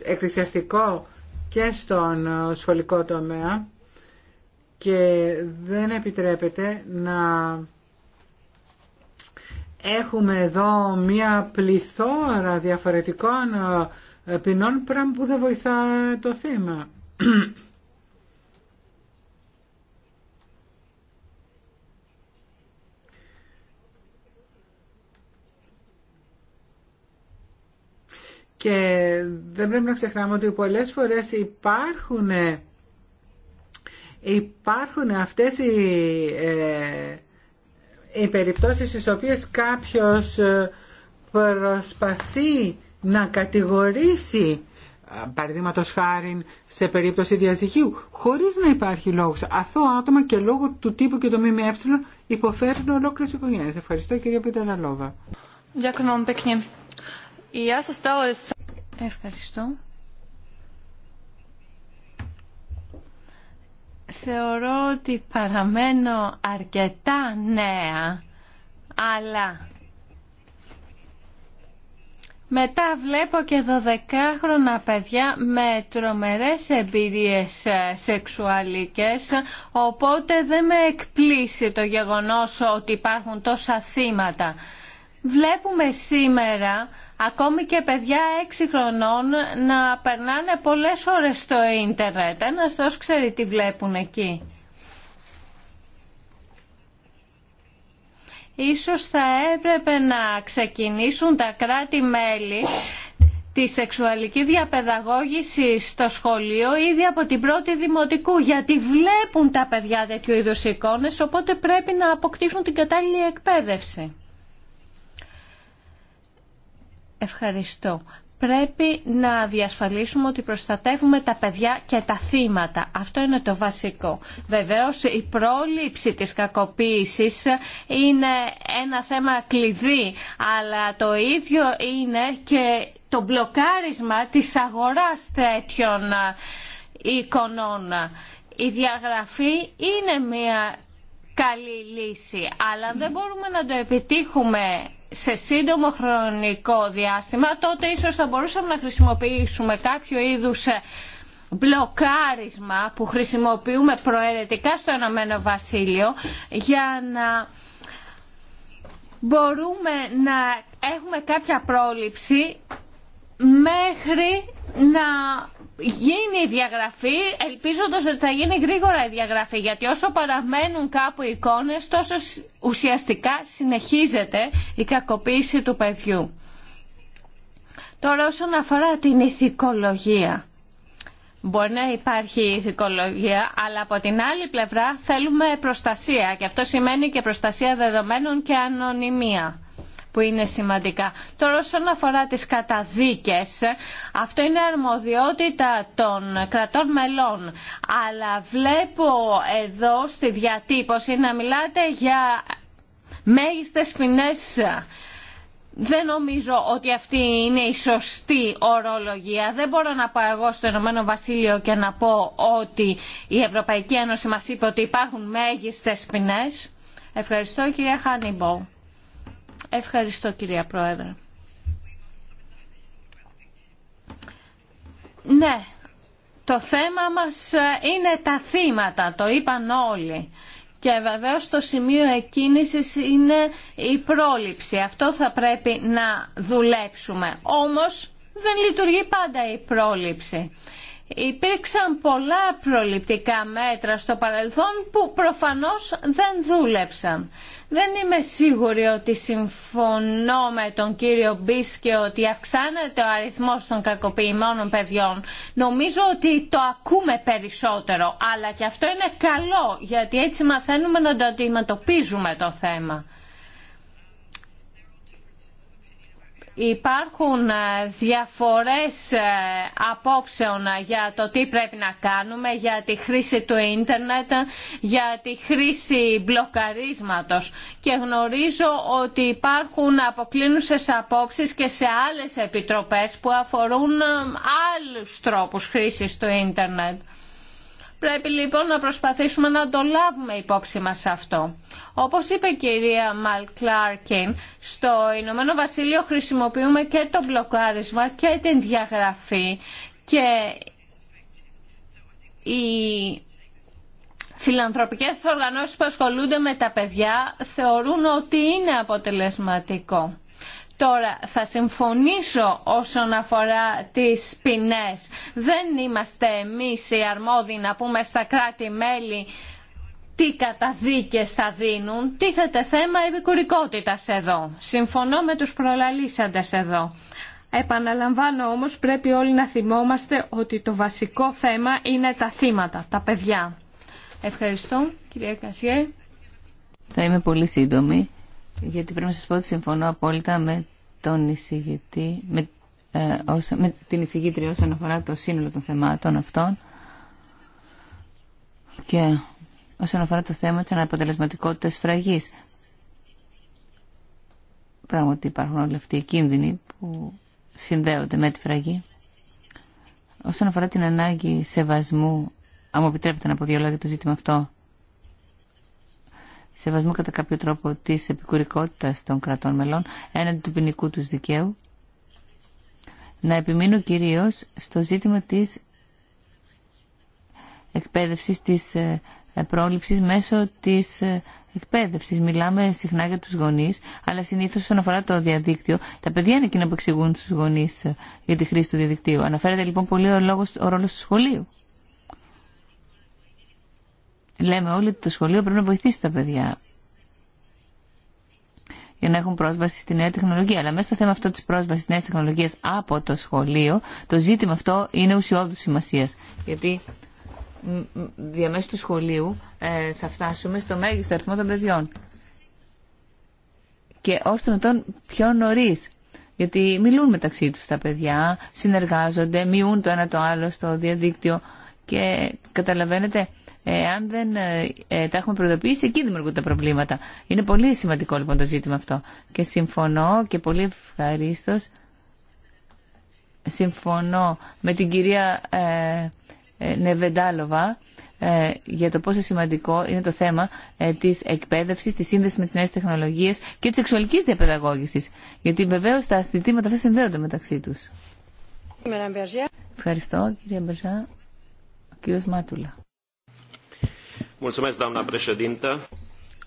εκκλησιαστικό και στον ε, σχολικό τομέα και δεν επιτρέπεται να έχουμε εδώ μία πληθώρα διαφορετικών ε, ποινών, πράγμα που δεν βοηθά το θέμα. Και δεν πρέπει να ξεχνάμε ότι πολλές φορές υπάρχουν, υπάρχουν αυτές οι, ε, οι περιπτώσεις στις οποίες κάποιος ε, προσπαθεί να κατηγορήσει παραδείγματο χάρη σε περίπτωση διαζυγίου, χωρίς να υπάρχει λόγος. Αυτό άτομα και λόγω του τύπου και του ΜΜΕ υποφέρουν ολόκληρε οικογένειε. Ευχαριστώ κυρία Πινταναλόβα. Ευχαριστώ. Θεωρώ ότι παραμένω αρκετά νέα, αλλά μετά βλέπω και 12χρονα παιδιά με τρομερές εμπειρίες ε, σεξουαλικές, οπότε δεν με εκπλήσει το γεγονός ότι υπάρχουν τόσα θύματα. Βλέπουμε σήμερα ακόμη και παιδιά 6 χρονών να περνάνε πολλές ώρες στο ίντερνετ. Ένας τόσο ξέρει τι βλέπουν εκεί. Ίσως θα έπρεπε να ξεκινήσουν τα κράτη-μέλη τη σεξουαλική διαπαιδαγώγηση στο σχολείο ήδη από την πρώτη δημοτικού γιατί βλέπουν τα παιδιά τέτοιου είδους εικόνε, οπότε πρέπει να αποκτήσουν την κατάλληλη εκπαίδευση. Ευχαριστώ πρέπει να διασφαλίσουμε ότι προστατεύουμε τα παιδιά και τα θύματα. Αυτό είναι το βασικό. Βεβαίως η πρόληψη της κακοποίησης είναι ένα θέμα κλειδί, αλλά το ίδιο είναι και το μπλοκάρισμα της αγοράς τέτοιων εικονών. Η διαγραφή είναι μια καλή λύση, αλλά δεν μπορούμε να το επιτύχουμε σε σύντομο χρονικό διάστημα, τότε ίσως θα μπορούσαμε να χρησιμοποιήσουμε κάποιο είδους ε, μπλοκάρισμα που χρησιμοποιούμε προαιρετικά στο Αναμένο Βασίλειο για να μπορούμε να έχουμε κάποια πρόληψη μέχρι να γίνει η διαγραφή ελπίζοντας ότι θα γίνει γρήγορα η διαγραφή γιατί όσο παραμένουν κάπου οι εικόνες τόσο ουσιαστικά συνεχίζεται η κακοποίηση του παιδιού. Τώρα όσον αφορά την ηθικολογία. Μπορεί να υπάρχει ηθικολογία, αλλά από την άλλη πλευρά θέλουμε προστασία και αυτό σημαίνει και προστασία δεδομένων και ανωνυμία που είναι σημαντικά. Τώρα όσον αφορά τις καταδίκες, αυτό είναι αρμοδιότητα των κρατών μελών. Αλλά βλέπω εδώ στη διατύπωση να μιλάτε για μέγιστες ποινές δεν νομίζω ότι αυτή είναι η σωστή ορολογία. Δεν μπορώ να πάω εγώ στο Ηνωμένο Βασίλειο και να πω ότι η Ευρωπαϊκή Ένωση μας είπε ότι υπάρχουν μέγιστες ποινές. Ευχαριστώ κυρία Χάνιμπο. Ευχαριστώ κυρία Πρόεδρε. Ναι, το θέμα μας είναι τα θύματα, το είπαν όλοι. Και βεβαίως το σημείο εκκίνησης είναι η πρόληψη. Αυτό θα πρέπει να δουλέψουμε. Όμως δεν λειτουργεί πάντα η πρόληψη. Υπήρξαν πολλά προληπτικά μέτρα στο παρελθόν που προφανώς δεν δούλεψαν. Δεν είμαι σίγουρη ότι συμφωνώ με τον κύριο Μπίσκε ότι αυξάνεται ο αριθμός των κακοποιημένων παιδιών. Νομίζω ότι το ακούμε περισσότερο, αλλά και αυτό είναι καλό, γιατί έτσι μαθαίνουμε να το αντιμετωπίζουμε το θέμα. Υπάρχουν ε, διαφορές ε, απόψεων ε, για το τι πρέπει να κάνουμε, για τη χρήση του ίντερνετ, για τη χρήση μπλοκαρίσματος και γνωρίζω ότι υπάρχουν αποκλίνουσες απόψεις και σε άλλες επιτροπές που αφορούν άλλους τρόπους χρήσης του ίντερνετ. Πρέπει λοιπόν να προσπαθήσουμε να το λάβουμε υπόψη μας αυτό. Όπως είπε η κυρία Μαλ Κλάρκιν, στο Ηνωμένο Βασίλειο χρησιμοποιούμε και το μπλοκάρισμα και την διαγραφή και οι φιλανθρωπικές οργανώσεις που ασχολούνται με τα παιδιά θεωρούν ότι είναι αποτελεσματικό. Τώρα θα συμφωνήσω όσον αφορά τις ποινές. Δεν είμαστε εμείς οι αρμόδιοι να πούμε στα κράτη-μέλη τι καταδίκες θα δίνουν. Τίθεται θέμα επικουρικότητας εδώ. Συμφωνώ με τους προλαλήσαντες εδώ. Επαναλαμβάνω όμως πρέπει όλοι να θυμόμαστε ότι το βασικό θέμα είναι τα θύματα, τα παιδιά. Ευχαριστώ κυρία Κασιέ. Θα είμαι πολύ σύντομη γιατί πρέπει να σας πω ότι συμφωνώ απόλυτα με τον εισηγητή, με, ε, με την εισηγήτρια όσον αφορά το σύνολο των θεμάτων αυτών και όσον αφορά το θέμα της αναποτελεσματικότητας φραγής. Πράγματι υπάρχουν όλοι αυτοί οι κίνδυνοι που συνδέονται με τη φραγή. Όσον αφορά την ανάγκη σεβασμού, αν μου επιτρέπετε να πω δύο λόγια το ζήτημα αυτό, Σεβασμό κατά κάποιο τρόπο τη επικουρικότητα των κρατών μελών έναντι του ποινικού του δικαίου. Να επιμείνω κυρίω στο ζήτημα της εκπαίδευση, της ε, ε, πρόληψης μέσω της ε, εκπαίδευση. Μιλάμε συχνά για του γονεί, αλλά συνήθως όσον αφορά το διαδίκτυο, τα παιδιά είναι εκείνα που εξηγούν στου γονεί για τη χρήση του διαδικτύου. Αναφέρεται λοιπόν πολύ ο, ο ρόλο του σχολείου. Λέμε όλοι ότι το σχολείο πρέπει να βοηθήσει τα παιδιά για να έχουν πρόσβαση στη νέα τεχνολογία. Αλλά μέσα στο θέμα αυτό τη πρόσβαση τη νέα τεχνολογία από το σχολείο, το ζήτημα αυτό είναι ουσιώδου σημασία. Γιατί διαμέσου του σχολείου ε, θα φτάσουμε στο μέγιστο αριθμό των παιδιών. Και ω το τον πιο νωρί. Γιατί μιλούν μεταξύ του τα παιδιά, συνεργάζονται, μειούν το ένα το άλλο στο διαδίκτυο και καταλαβαίνετε, ε, αν δεν ε, ε, τα έχουμε προειδοποιήσει, εκεί δημιουργούνται τα προβλήματα. Είναι πολύ σημαντικό λοιπόν το ζήτημα αυτό. Και συμφωνώ και πολύ ευχαρίστω. Συμφωνώ με την κυρία Νεβεντάλοβα για το πόσο σημαντικό είναι το θέμα της εκπαίδευσης, της σύνδεσης με τις νέες τεχνολογίες και της σεξουαλικής διαπαιδαγώγησης. Γιατί βεβαίως τα αισθητήματα αυτά συνδέονται μεταξύ τους. Ευχαριστώ κυρία Μπερζά κύριος Μάτουλα.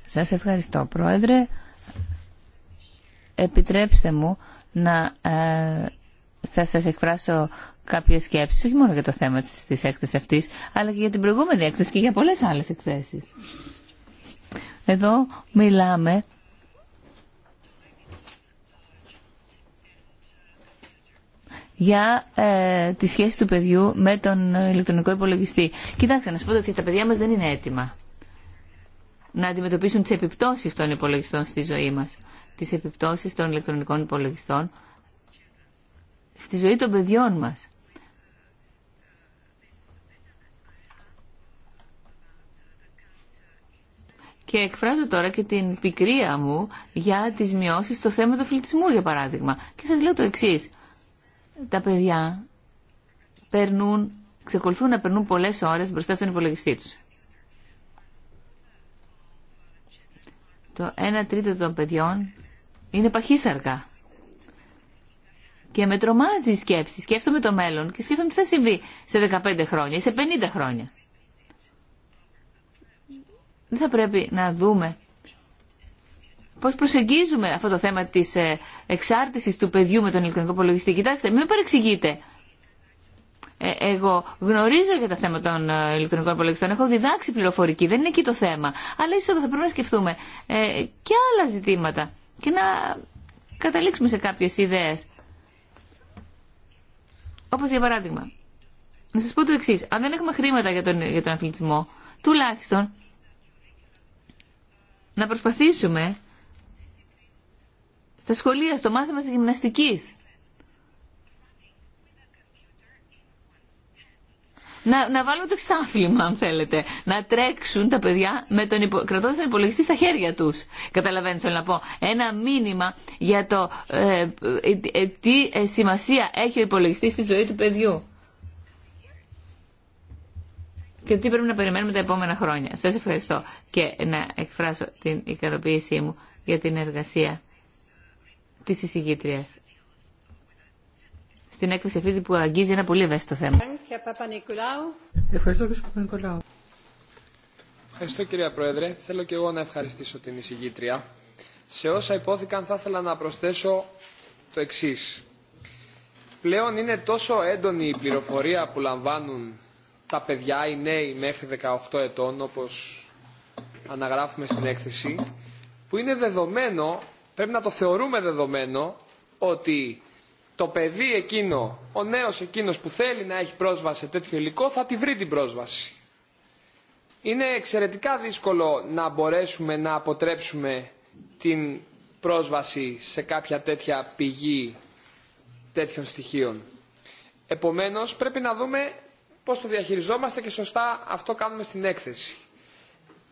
Σας ευχαριστώ, Πρόεδρε. Επιτρέψτε μου να ε, σας, εκφράσω κάποιες σκέψεις, όχι μόνο για το θέμα της, της έκθεσης αυτής, αλλά και για την προηγούμενη έκθεση και για πολλές άλλες εκθέσεις. Εδώ μιλάμε για ε, τη σχέση του παιδιού με τον ηλεκτρονικό υπολογιστή. Κοιτάξτε, να σα πω ότι τα παιδιά μα δεν είναι έτοιμα να αντιμετωπίσουν τι επιπτώσει των υπολογιστών στη ζωή μα, τι επιπτώσει των ηλεκτρονικών υπολογιστών στη ζωή των παιδιών μα. Και εκφράζω τώρα και την πικρία μου για τις μειώσεις στο θέμα του αθλητισμού, για παράδειγμα. Και σας λέω το εξής τα παιδιά περνούν, ξεκολουθούν να περνούν πολλές ώρες μπροστά στον υπολογιστή τους. Το 1 τρίτο των παιδιών είναι παχύσαρκα. Και με τρομάζει η σκέψη. Σκέφτομαι το μέλλον και σκέφτομαι τι θα συμβεί σε 15 χρόνια ή σε 50 χρόνια. Δεν θα πρέπει να δούμε Πώ προσεγγίζουμε αυτό το θέμα της ε, εξάρτηση του παιδιού με τον ηλεκτρονικό υπολογιστή. Κοιτάξτε, μην παρεξηγείτε. Ε, εγώ γνωρίζω για τα θέματα των ε, ηλεκτρονικών υπολογιστών, έχω διδάξει πληροφορική, δεν είναι εκεί το θέμα. Αλλά ίσως θα πρέπει να σκεφτούμε ε, και άλλα ζητήματα και να καταλήξουμε σε κάποιε ιδέε. Όπω για παράδειγμα, να σα πω το εξή. αν δεν έχουμε χρήματα για τον, για τον αθλητισμό, τουλάχιστον να προσπαθήσουμε στα σχολεία, στο μάθημα της γυμναστικής. Να, να βάλουμε το εξάφλημα, αν θέλετε. Να τρέξουν τα παιδιά με τον υπο... κρατώντα τον υπολογιστή στα χέρια τους. Καταλαβαίνετε, θέλω να πω. Ένα μήνυμα για το ε, ε, ε τι ε, σημασία έχει ο υπολογιστή στη ζωή του παιδιού. Και τι πρέπει να περιμένουμε τα επόμενα χρόνια. Σας ευχαριστώ και να εκφράσω την ικανοποίησή μου για την εργασία Τη εισηγήτριας. Στην έκθεση αυτή που αγγίζει ένα πολύ ευαίσθητο θέμα. Ευχαριστώ κύριε Παπα-Νικολάου. Ευχαριστώ κύριε Πρόεδρε. Θέλω και εγώ να ευχαριστήσω την εισηγήτρια. Σε όσα υπόθηκαν θα ήθελα να προσθέσω το εξή. Πλέον είναι τόσο έντονη η πληροφορία που λαμβάνουν τα παιδιά, οι νέοι μέχρι 18 ετών, όπως αναγράφουμε στην έκθεση, που είναι δεδομένο πρέπει να το θεωρούμε δεδομένο ότι το παιδί εκείνο, ο νέος εκείνος που θέλει να έχει πρόσβαση σε τέτοιο υλικό θα τη βρει την πρόσβαση. Είναι εξαιρετικά δύσκολο να μπορέσουμε να αποτρέψουμε την πρόσβαση σε κάποια τέτοια πηγή τέτοιων στοιχείων. Επομένως πρέπει να δούμε πώς το διαχειριζόμαστε και σωστά αυτό κάνουμε στην έκθεση.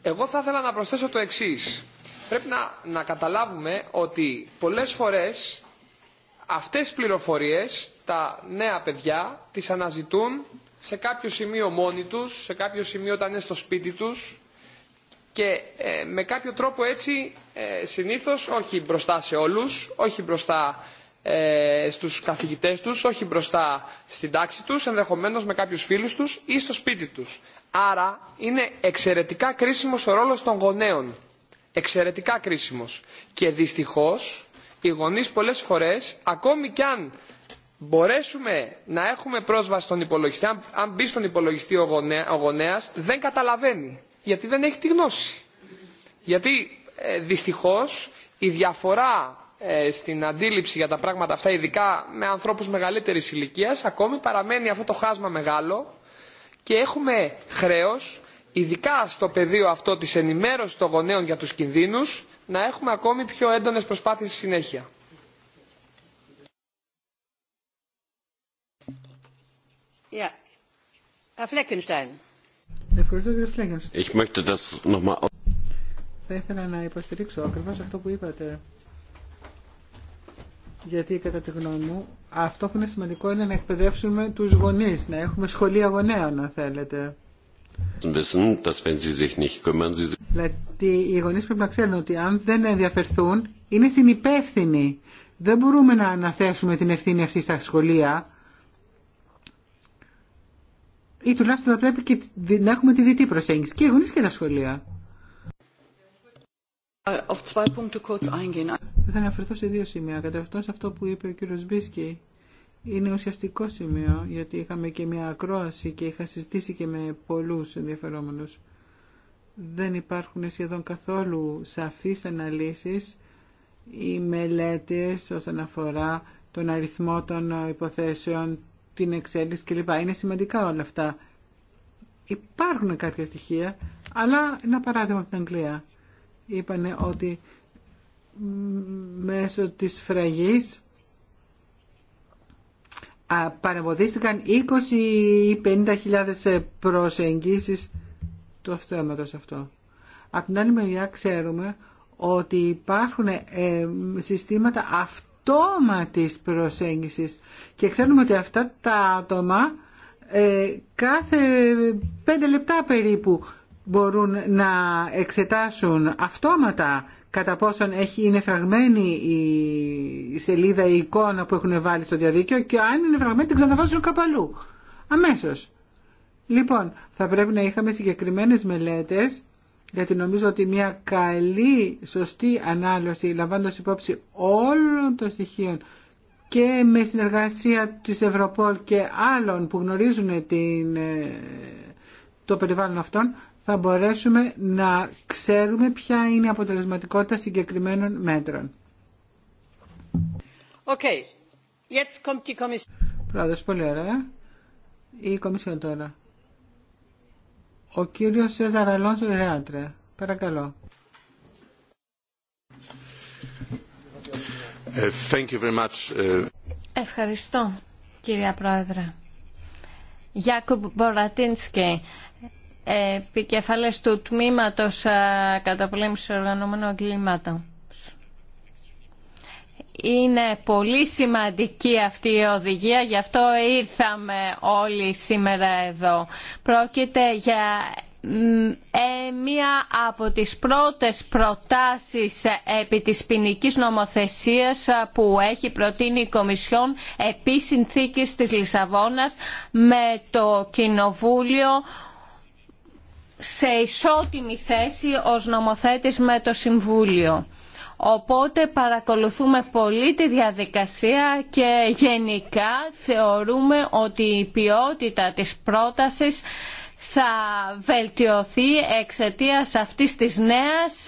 Εγώ θα ήθελα να προσθέσω το εξής πρέπει να, καταλάβουμε ότι πολλές φορές αυτές τις πληροφορίες τα νέα παιδιά τις αναζητούν σε κάποιο σημείο μόνοι τους, σε κάποιο σημείο όταν είναι στο σπίτι τους και ε, με κάποιο τρόπο έτσι ε, συνήθως όχι μπροστά σε όλους, όχι μπροστά ε, στους καθηγητές τους, όχι μπροστά στην τάξη τους, ενδεχομένως με κάποιους φίλους τους ή στο σπίτι τους. Άρα είναι εξαιρετικά κρίσιμος ο ρόλος των γονέων εξαιρετικά κρίσιμος. Και δυστυχώς οι γονείς πολλές φορές, ακόμη κι αν μπορέσουμε να έχουμε πρόσβαση στον υπολογιστή, αν, μπει στον υπολογιστή ο, γονέας, δεν καταλαβαίνει, γιατί δεν έχει τη γνώση. Γιατί ε, δυστυχώς η διαφορά ε, στην αντίληψη για τα πράγματα αυτά, ειδικά με ανθρώπους μεγαλύτερης ηλικίας, ακόμη παραμένει αυτό το χάσμα μεγάλο και έχουμε χρέος ειδικά στο πεδίο αυτό της ενημέρωσης των γονέων για τους κινδύνους, να έχουμε ακόμη πιο έντονες προσπάθειες στη συνέχεια. Ich möchte das Θα ήθελα να υποστηρίξω ακριβώς αυτό που είπατε. Γιατί κατά τη γνώμη μου αυτό που είναι σημαντικό είναι να εκπαιδεύσουμε τους γονείς, να έχουμε σχολεία γονέων αν θέλετε. Δηλαδή οι γονείς πρέπει να ξέρουν ότι αν δεν ενδιαφερθούν είναι συνυπεύθυνοι. Δεν μπορούμε να αναθέσουμε την ευθύνη αυτή στα σχολεία ή τουλάχιστον θα πρέπει και να έχουμε τη διτή προσέγγιση και οι γονείς και τα σχολεία. Θα αναφερθώ σε δύο σημεία. Καταρχήν σε αυτό που είπε ο κύριος Μπίσκι είναι ουσιαστικό σημείο γιατί είχαμε και μια ακρόαση και είχα συζητήσει και με πολλούς ενδιαφερόμενους. Δεν υπάρχουν σχεδόν καθόλου σαφείς αναλύσεις ή μελέτες όσον αφορά τον αριθμό των υποθέσεων, την εξέλιξη κλπ. Είναι σημαντικά όλα αυτά. Υπάρχουν κάποια στοιχεία, αλλά ένα παράδειγμα από την Αγγλία. Είπανε ότι μέσω της φραγής παρεμποδίστηκαν 20 ή 50.000 ε, προσεγγίσεις του θέματος αυτό. Από την άλλη μεριά ξέρουμε ότι υπάρχουν ε, συστήματα αυτόματης προσέγγισης και ξέρουμε ότι αυτά τα άτομα ε, κάθε 5 λεπτά περίπου μπορούν να εξετάσουν αυτόματα κατά πόσον έχει, είναι φραγμένη η σελίδα, η εικόνα που έχουν βάλει στο διαδίκτυο και αν είναι φραγμένη την ξαναβάζουν κάπου αλλού. Αμέσως. Λοιπόν, θα πρέπει να είχαμε συγκεκριμένες μελέτες γιατί νομίζω ότι μια καλή, σωστή ανάλυση λαμβάνοντας υπόψη όλων των στοιχείων και με συνεργασία της Ευρωπόλ και άλλων που γνωρίζουν την, ε, το περιβάλλον αυτών θα μπορέσουμε να ξέρουμε ποια είναι η αποτελεσματικότητα συγκεκριμένων μέτρων. Okay. Jetzt kommt die Πρόεδρος, πολύ ωραία. Η Κομισιόν τώρα. Ο κύριος Σέζαρ Αλόνσο Ρεάτρε. Παρακαλώ. Ε, thank you very much. Ε. Ευχαριστώ, κύριε Πρόεδρε. Γιάκουμ Μπορατίνσκι, επικεφαλές του τμήματος καταπολέμησης οργανωμένων κλίματων. Είναι πολύ σημαντική αυτή η οδηγία, γι' αυτό ήρθαμε όλοι σήμερα εδώ. Πρόκειται για ε, μία από τις πρώτες προτάσεις ε, επί της ποινική νομοθεσίας ε, που έχει προτείνει η Κομισιόν επί συνθήκης της Λισαβόνας με το Κοινοβούλιο σε ισότιμη θέση ως νομοθέτης με το Συμβούλιο. Οπότε παρακολουθούμε πολύ τη διαδικασία και γενικά θεωρούμε ότι η ποιότητα της πρότασης θα βελτιωθεί εξαιτίας αυτής της νέας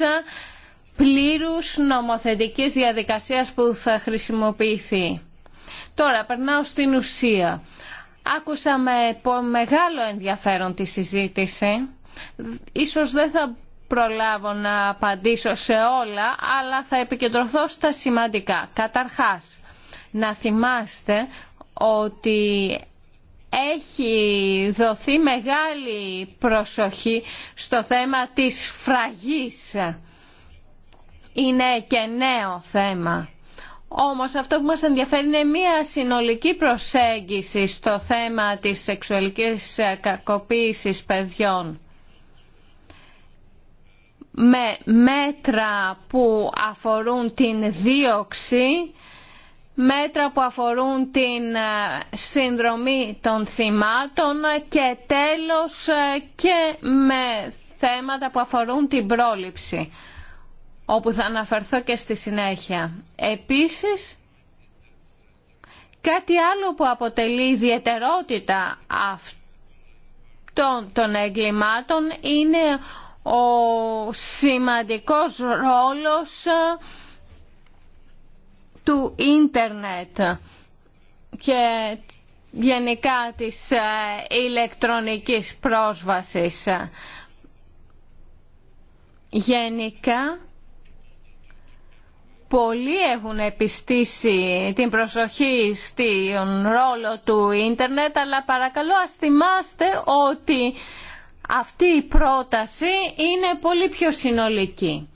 πλήρους νομοθετικής διαδικασίας που θα χρησιμοποιηθεί. Τώρα περνάω στην ουσία. Άκουσα με μεγάλο ενδιαφέρον τη συζήτηση Ίσως δεν θα προλάβω να απαντήσω σε όλα, αλλά θα επικεντρωθώ στα σημαντικά. Καταρχάς, να θυμάστε ότι έχει δοθεί μεγάλη προσοχή στο θέμα της φραγής. Είναι και νέο θέμα. Όμως αυτό που μας ενδιαφέρει είναι μια συνολική προσέγγιση στο θέμα της σεξουαλικής κακοποίησης παιδιών με μέτρα που αφορούν την δίωξη, μέτρα που αφορούν την ε, συνδρομή των θυμάτων και τέλος ε, και με θέματα που αφορούν την πρόληψη, όπου θα αναφερθώ και στη συνέχεια. Επίσης, κάτι άλλο που αποτελεί ιδιαιτερότητα αυτών των εγκλημάτων είναι ο σημαντικός ρόλος ε, του ίντερνετ και γενικά της ε, ηλεκτρονικής πρόσβασης. Γενικά, πολλοί έχουν επιστήσει την προσοχή στον ρόλο του ίντερνετ, αλλά παρακαλώ ας θυμάστε ότι αυτή η πρόταση είναι πολύ πιο συνολική.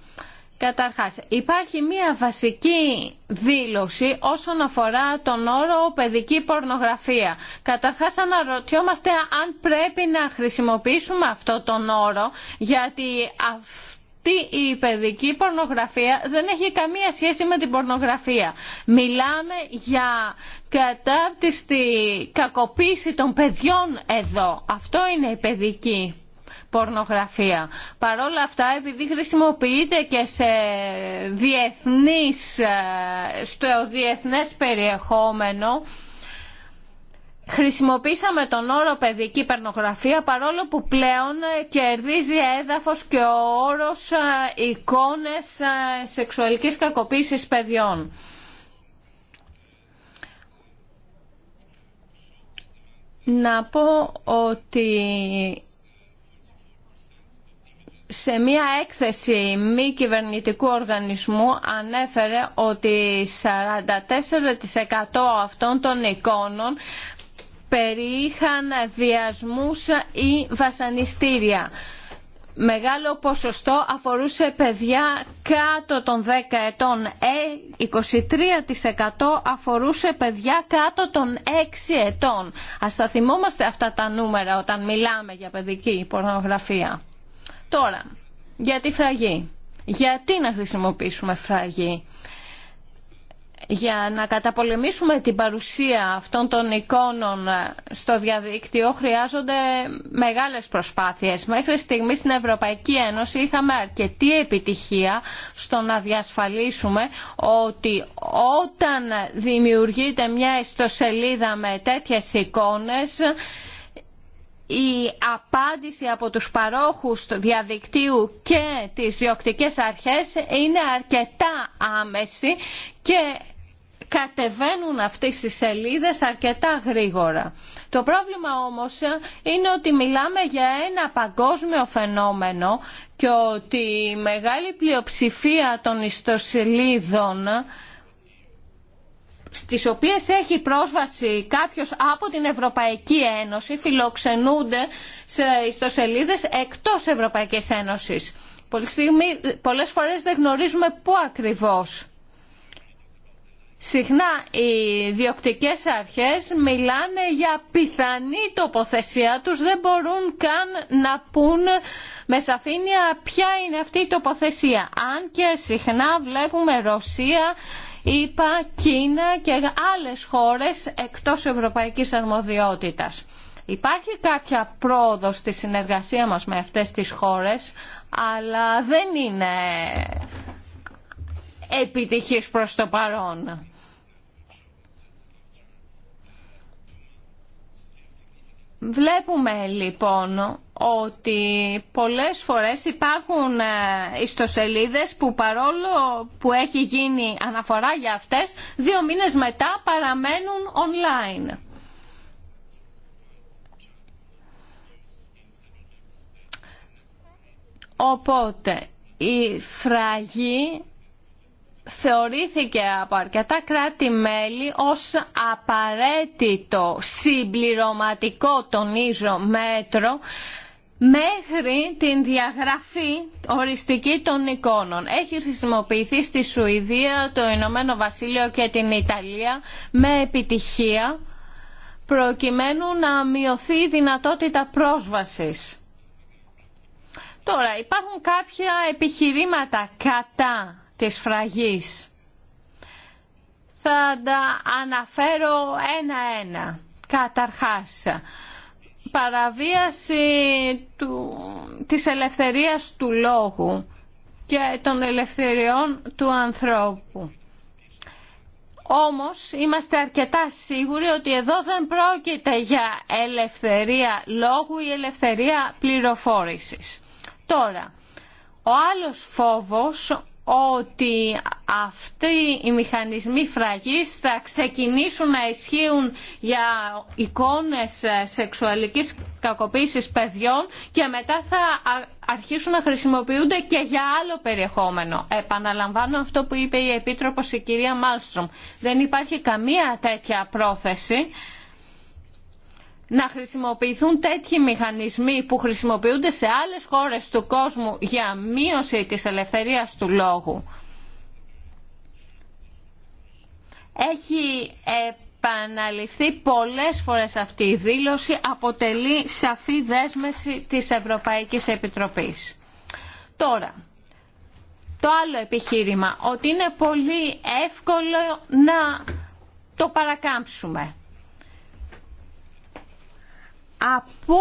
Καταρχάς, υπάρχει μία βασική δήλωση όσον αφορά τον όρο παιδική πορνογραφία. Καταρχάς αναρωτιόμαστε αν πρέπει να χρησιμοποιήσουμε αυτό τον όρο, γιατί αυτή η παιδική πορνογραφία δεν έχει καμία σχέση με την πορνογραφία. Μιλάμε για κατάπτυστη κακοποίηση των παιδιών εδώ. Αυτό είναι η παιδική πορνογραφία. Παρόλα αυτά, επειδή χρησιμοποιείται και σε διεθνής, ε, στο διεθνές περιεχόμενο, χρησιμοποίησαμε τον όρο παιδική πορνογραφία παρόλο που πλέον ε, κερδίζει έδαφος και ο όρος ε, εικόνες σεξουαλικής κακοποίησης παιδιών. Να πω ότι σε μία έκθεση μη κυβερνητικού οργανισμού ανέφερε ότι 44% αυτών των εικόνων περιείχαν βιασμούς ή βασανιστήρια. Μεγάλο ποσοστό αφορούσε παιδιά κάτω των 10 ετών. 23% ε, αφορούσε παιδιά κάτω των 6 ετών. Ας τα θυμόμαστε αυτά τα νούμερα όταν μιλάμε για παιδική πορνογραφία. Τώρα, για τη φραγή. Γιατί να χρησιμοποιήσουμε φραγή. Για να καταπολεμήσουμε την παρουσία αυτών των εικόνων στο διαδίκτυο χρειάζονται μεγάλες προσπάθειες. Μέχρι στιγμή στην Ευρωπαϊκή Ένωση είχαμε αρκετή επιτυχία στο να διασφαλίσουμε ότι όταν δημιουργείται μια ιστοσελίδα με τέτοιες εικόνες η απάντηση από τους παρόχους του διαδικτύου και τις διοκτικές αρχές είναι αρκετά άμεση και κατεβαίνουν αυτές οι σελίδες αρκετά γρήγορα. Το πρόβλημα όμως είναι ότι μιλάμε για ένα παγκόσμιο φαινόμενο και ότι η μεγάλη πλειοψηφία των ιστοσελίδων στις οποίες έχει πρόσβαση κάποιος από την Ευρωπαϊκή Ένωση φιλοξενούνται σε ιστοσελίδες εκτός Ευρωπαϊκής Ένωσης. Πολλές φορές δεν γνωρίζουμε πού ακριβώς. Συχνά οι διοκτικές αρχές μιλάνε για πιθανή τοποθεσία τους, δεν μπορούν καν να πούν με σαφήνεια ποια είναι αυτή η τοποθεσία. Αν και συχνά βλέπουμε Ρωσία Είπα, Κίνα και άλλες χώρες εκτός ευρωπαϊκής αρμοδιότητας. Υπάρχει κάποια πρόοδο στη συνεργασία μας με αυτές τις χώρες, αλλά δεν είναι επιτυχής προς το παρόν. Βλέπουμε λοιπόν ότι πολλές φορές υπάρχουν ε, ιστοσελίδες που παρόλο που έχει γίνει αναφορά για αυτές, δύο μήνες μετά παραμένουν online. Οπότε, η φραγή θεωρήθηκε από αρκετά κράτη-μέλη ως απαραίτητο συμπληρωματικό τονίζω μέτρο μέχρι την διαγραφή οριστική των εικόνων. Έχει χρησιμοποιηθεί στη Σουηδία, το Ηνωμένο Βασίλειο και την Ιταλία με επιτυχία προκειμένου να μειωθεί η δυνατότητα πρόσβασης. Τώρα υπάρχουν κάποια επιχειρήματα κατά της φραγής. Θα τα αναφέρω ένα-ένα. Καταρχάς, παραβίαση του, της ελευθερίας του λόγου και των ελευθεριών του ανθρώπου. Όμως είμαστε αρκετά σίγουροι ότι εδώ δεν πρόκειται για ελευθερία λόγου ή ελευθερία πληροφόρησης. Τώρα, ο άλλος φόβος ότι αυτοί οι μηχανισμοί φραγής θα ξεκινήσουν να ισχύουν για εικόνες σεξουαλικής κακοποίησης παιδιών και μετά θα αρχίσουν να χρησιμοποιούνται και για άλλο περιεχόμενο. Επαναλαμβάνω αυτό που είπε η Επίτροπος η κυρία Μάλστρομ. Δεν υπάρχει καμία τέτοια πρόθεση να χρησιμοποιηθούν τέτοιοι μηχανισμοί που χρησιμοποιούνται σε άλλες χώρες του κόσμου για μείωση της ελευθερίας του λόγου. Έχει επαναληφθεί πολλές φορές αυτή η δήλωση, αποτελεί σαφή δέσμευση της Ευρωπαϊκής Επιτροπής. Τώρα, το άλλο επιχείρημα, ότι είναι πολύ εύκολο να το παρακάμψουμε. Από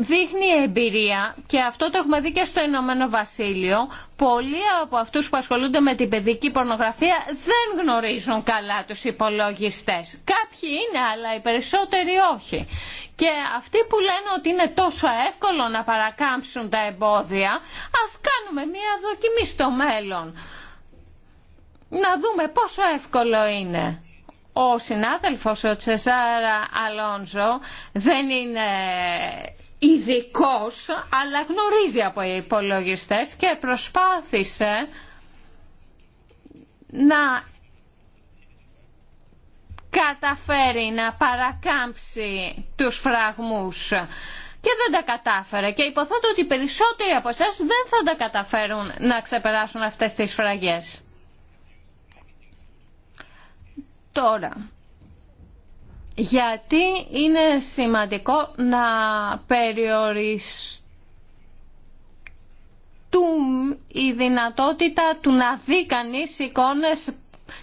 δείχνει εμπειρία και αυτό το έχουμε δει και στο Ηνωμένο Βασίλειο πολλοί από αυτούς που ασχολούνται με την παιδική πορνογραφία δεν γνωρίζουν καλά τους υπολογιστές κάποιοι είναι αλλά οι περισσότεροι όχι και αυτοί που λένε ότι είναι τόσο εύκολο να παρακάμψουν τα εμπόδια ας κάνουμε μια δοκιμή στο μέλλον να δούμε πόσο εύκολο είναι ο συνάδελφος ο Τσεσάρα Αλόνζο δεν είναι ειδικό, αλλά γνωρίζει από οι υπολογιστές και προσπάθησε να καταφέρει να παρακάμψει τους φραγμούς και δεν τα κατάφερε και υποθέτω ότι περισσότεροι από εσάς δεν θα τα καταφέρουν να ξεπεράσουν αυτές τις φραγές. Τώρα, γιατί είναι σημαντικό να περιοριστούμε η δυνατότητα του να δει κανείς εικόνες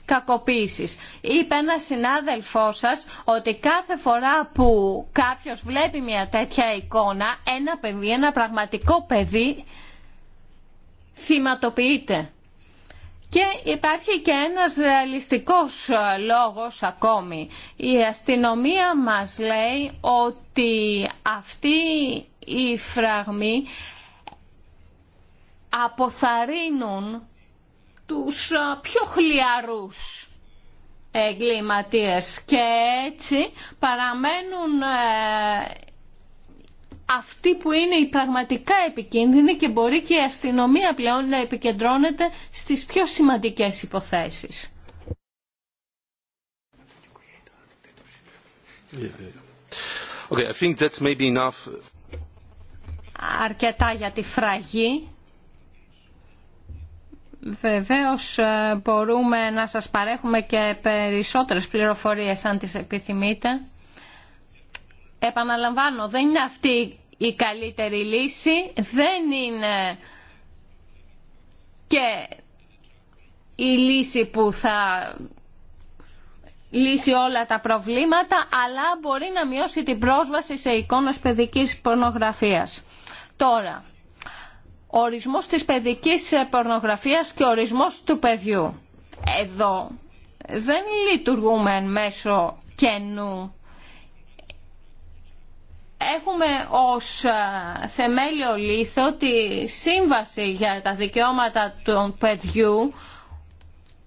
κακοποίησης. Είπε ένα συνάδελφό σας ότι κάθε φορά που κάποιος βλέπει μια τέτοια εικόνα, ένα παιδί, ένα πραγματικό παιδί, θυματοποιείται. Και υπάρχει και ένας ρεαλιστικός ε, λόγος ακόμη. Η αστυνομία μας λέει ότι αυτή η φραγμή αποθαρρύνουν τους ε, πιο χλιαρούς εγκληματίες και έτσι παραμένουν ε, αυτή που είναι η πραγματικά επικίνδυνη και μπορεί και η αστυνομία πλέον να επικεντρώνεται στις πιο σημαντικές υποθέσεις. Okay, I think Αρκετά για τη φραγή. Βεβαίως ε, μπορούμε να σας παρέχουμε και περισσότερες πληροφορίες αν τις επιθυμείτε επαναλαμβάνω, δεν είναι αυτή η καλύτερη λύση, δεν είναι και η λύση που θα λύσει όλα τα προβλήματα, αλλά μπορεί να μειώσει την πρόσβαση σε εικόνες παιδικής πορνογραφίας. Τώρα, ορισμός της παιδικής πορνογραφίας και ορισμός του παιδιού. Εδώ δεν λειτουργούμε εν μέσω καινού έχουμε ως ε, θεμέλιο λίθο τη σύμβαση για τα δικαιώματα των παιδιού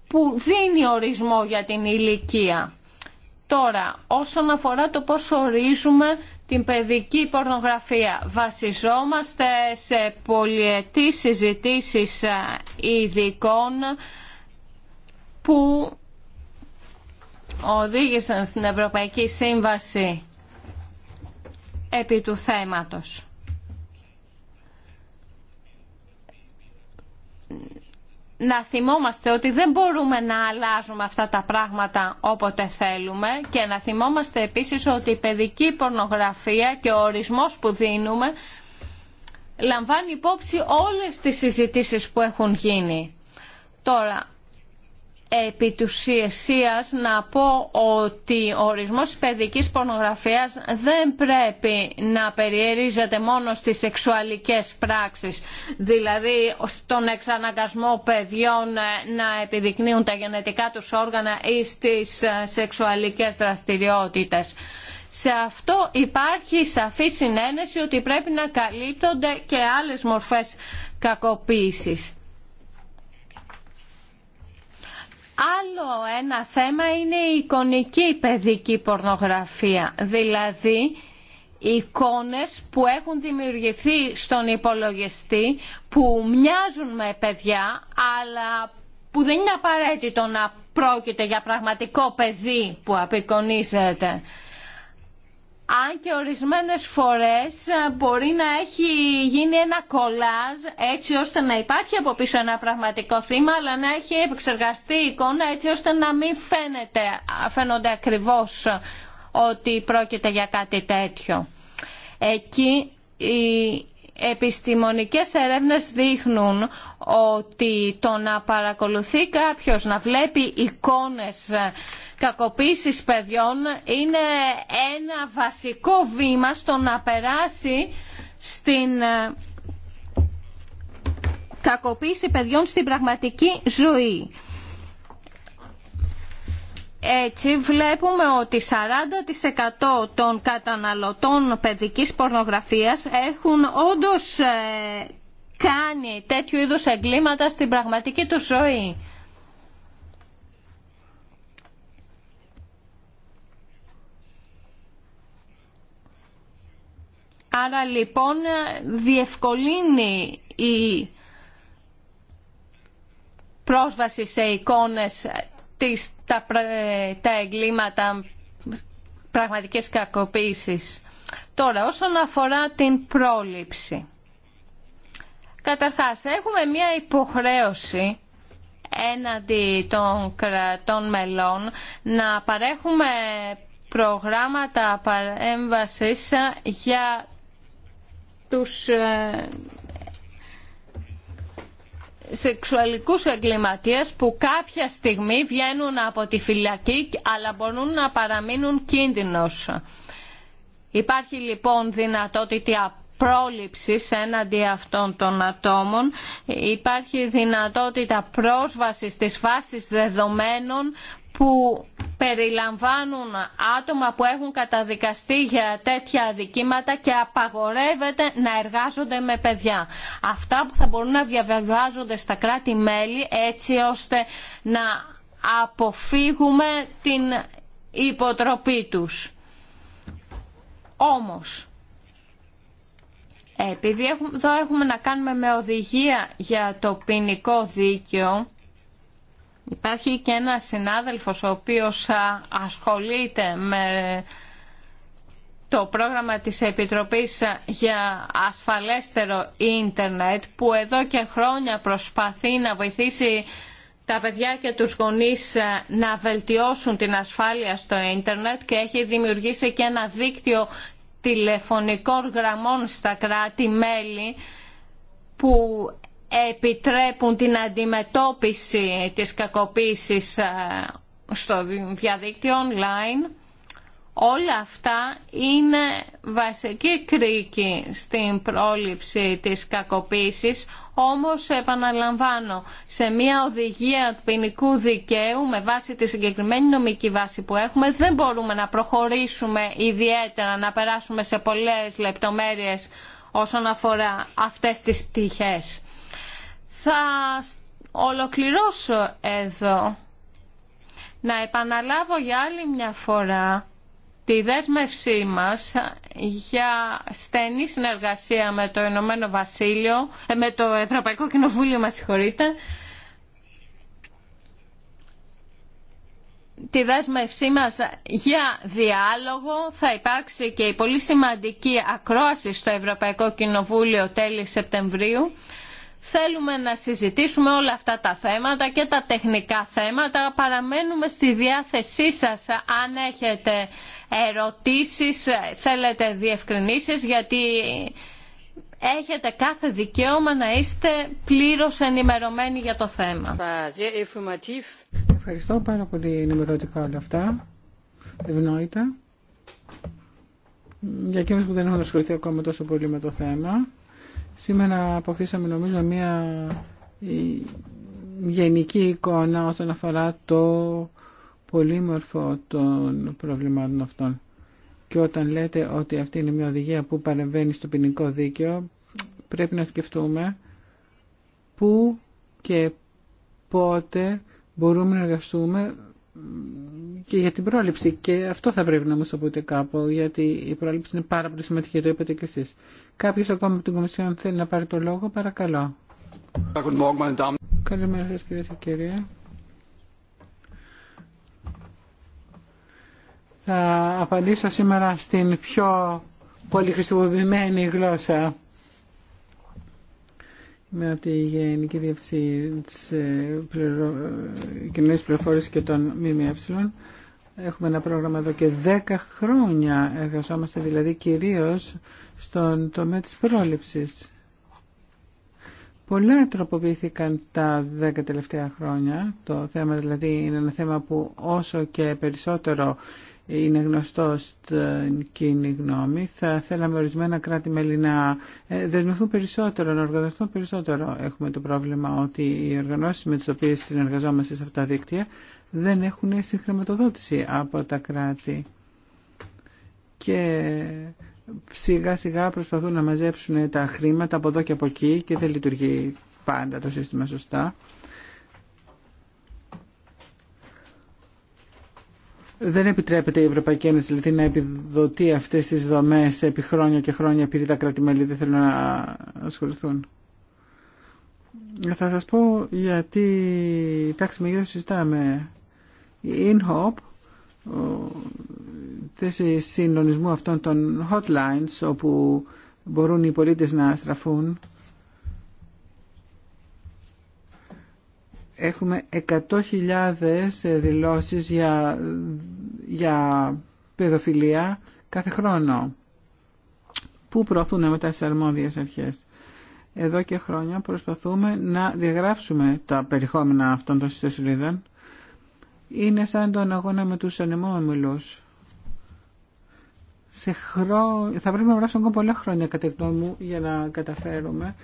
που δίνει ορισμό για την ηλικία. Τώρα, όσον αφορά το πώς ορίζουμε την παιδική πορνογραφία, βασιζόμαστε σε πολυετή συζητήσεις ε, ειδικών που οδήγησαν στην Ευρωπαϊκή Σύμβαση επί του θέματος. να θυμόμαστε ότι δεν μπορούμε να αλλάζουμε αυτά τα πράγματα όποτε θέλουμε και να θυμόμαστε επίσης ότι η παιδική πορνογραφία και ο ορισμός που δίνουμε λαμβάνει υπόψη όλες τις συζητήσεις που έχουν γίνει. Τώρα, επί να πω ότι ο ορισμός της παιδικής πορνογραφίας δεν πρέπει να περιερίζεται μόνο στις σεξουαλικές πράξεις, δηλαδή στον εξαναγκασμό παιδιών ε, να επιδεικνύουν τα γενετικά τους όργανα ή στις ε, σεξουαλικές δραστηριότητες. Σε αυτό υπάρχει σαφή συνένεση ότι πρέπει να καλύπτονται και άλλες μορφές κακοποίησης. Άλλο ένα θέμα είναι η εικονική παιδική πορνογραφία, δηλαδή εικόνες που έχουν δημιουργηθεί στον υπολογιστή που μοιάζουν με παιδιά αλλά που δεν είναι απαραίτητο να πρόκειται για πραγματικό παιδί που απεικονίζεται αν και ορισμένες φορές ε, μπορεί να έχει γίνει ένα κολάζ έτσι ώστε να υπάρχει από πίσω ένα πραγματικό θύμα αλλά να έχει επεξεργαστεί η εικόνα έτσι ώστε να μην φαίνεται, φαίνονται ακριβώς ότι πρόκειται για κάτι τέτοιο. Εκεί οι επιστημονικές ερεύνες δείχνουν ότι το να παρακολουθεί κάποιος να βλέπει εικόνες κακοποίησης παιδιών είναι ένα βασικό βήμα στο να περάσει στην ε, κακοποίηση παιδιών στην πραγματική ζωή. Έτσι βλέπουμε ότι 40% των καταναλωτών παιδικής πορνογραφίας έχουν όντως ε, κάνει τέτοιου είδους εγκλήματα στην πραγματική του ζωή. Άρα λοιπόν διευκολύνει η πρόσβαση σε εικόνες της, τα, τα εγκλήματα πραγματικές κακοποίησης. Τώρα όσον αφορά την πρόληψη. Καταρχάς έχουμε μια υποχρέωση έναντι των κρατών μελών να παρέχουμε προγράμματα παρέμβασης για τους ε, σεξουαλικούς εγκληματίες που κάποια στιγμή βγαίνουν από τη φυλακή αλλά μπορούν να παραμείνουν κίνδυνος. Υπάρχει λοιπόν δυνατότητα πρόληψης έναντι αυτών των ατόμων. Υπάρχει δυνατότητα πρόσβασης στις φάσεις δεδομένων που περιλαμβάνουν άτομα που έχουν καταδικαστεί για τέτοια αδικήματα και απαγορεύεται να εργάζονται με παιδιά. Αυτά που θα μπορούν να διαβεβάζονται στα κράτη-μέλη έτσι ώστε να αποφύγουμε την υποτροπή τους. Όμως, επειδή εδώ έχουμε να κάνουμε με οδηγία για το ποινικό δίκαιο, Υπάρχει και ένα συνάδελφος ο οποίος ασχολείται με το πρόγραμμα της Επιτροπής για ασφαλέστερο ίντερνετ που εδώ και χρόνια προσπαθεί να βοηθήσει τα παιδιά και τους γονείς ε, να βελτιώσουν την ασφάλεια στο ίντερνετ και έχει δημιουργήσει και ένα δίκτυο τηλεφωνικών γραμμών στα κράτη-μέλη που επιτρέπουν την αντιμετώπιση της κακοποίησης ε, στο διαδίκτυο online. Όλα αυτά είναι βασική κρίκη στην πρόληψη της κακοποίησης, όμως επαναλαμβάνω, σε μια οδηγία ποινικού δικαίου με βάση τη συγκεκριμένη νομική βάση που έχουμε δεν μπορούμε να προχωρήσουμε ιδιαίτερα, να περάσουμε σε πολλές λεπτομέρειες όσον αφορά αυτές τις πτυχές. Θα ολοκληρώσω εδώ. Να επαναλάβω για άλλη μια φορά τη δέσμευσή μας για στενή συνεργασία με το Ηνωμένο Βασίλειο, ε, με το Ευρωπαϊκό Κοινοβούλιο, μας συγχωρείτε, τη δέσμευσή μας για διάλογο. Θα υπάρξει και η πολύ σημαντική ακρόαση στο Ευρωπαϊκό Κοινοβούλιο τέλη Σεπτεμβρίου θέλουμε να συζητήσουμε όλα αυτά τα θέματα και τα τεχνικά θέματα. Παραμένουμε στη διάθεσή σας αν έχετε ερωτήσεις, θέλετε διευκρινήσεις, γιατί έχετε κάθε δικαίωμα να είστε πλήρως ενημερωμένοι για το θέμα. Ευχαριστώ πάρα πολύ ενημερωτικά όλα αυτά. Ευνόητα. Για εκείνους που δεν έχουν ασχοληθεί ακόμα τόσο πολύ με το θέμα. Σήμερα αποκτήσαμε νομίζω μια ε, γενική εικόνα όσον αφορά το πολύμορφο των προβλημάτων αυτών. Και όταν λέτε ότι αυτή είναι μια οδηγία που παρεμβαίνει στο ποινικό δίκαιο, πρέπει να σκεφτούμε πού και πότε μπορούμε να εργαστούμε και για την πρόληψη. Και αυτό θα πρέπει να μας το πείτε κάπου, γιατί η πρόληψη είναι πάρα πολύ σημαντική, το είπατε και εσείς. Κάποιος ακόμα από την Κομισιόν θέλει να πάρει το λόγο, παρακαλώ. Καλημέρα σας κυρίες και κύριοι. Θα απαντήσω σήμερα στην πιο πολυχρησιμοποιημένη γλώσσα. Είμαι από τη Γενική Διευθυνσή της Κοινωνικής Πληροφόρησης και των ΜΜΕ. Έχουμε ένα πρόγραμμα εδώ και 10 χρόνια. Εργαζόμαστε δηλαδή κυρίως στον τομέα της πρόληψης. Πολλά τροποποιήθηκαν τα 10 τελευταία χρόνια. Το θέμα δηλαδή είναι ένα θέμα που όσο και περισσότερο είναι γνωστό στην κοινή γνώμη. Θα θέλαμε ορισμένα κράτη-μέλη να ε, δεσμευτούν περισσότερο, να οργανωθούν περισσότερο. Έχουμε το πρόβλημα ότι οι οργανώσει με τι οποίε συνεργαζόμαστε σε αυτά τα δίκτυα δεν έχουν συγχρηματοδότηση από τα κράτη και σιγά σιγά προσπαθούν να μαζέψουν τα χρήματα από εδώ και από εκεί και δεν λειτουργεί πάντα το σύστημα σωστά. Δεν επιτρέπεται η Ευρωπαϊκή Ένωση δηλαδή, να επιδοτεί αυτές τις δομές επί χρόνια και χρόνια επειδή τα κράτη-μέλη δεν θέλουν να ασχοληθούν. Θα σας πω γιατί Εντάξει, τάξη μεγέθους συζητάμε η InHop θέση συντονισμού αυτών των hotlines όπου μπορούν οι πολίτες να στραφούν έχουμε 100.000 δηλώσεις για, για παιδοφιλία κάθε χρόνο που προωθούν μετά τις αρμόδιες αρχές. Εδώ και χρόνια προσπαθούμε να διαγράψουμε τα περιχώμενα αυτών των ιστοσελίδων είναι σαν τον αγώνα με τους ανεμόμυλους. Σε χρό... Θα πρέπει να βράσουμε ακόμα πολλά χρόνια κατά μου για να καταφέρουμε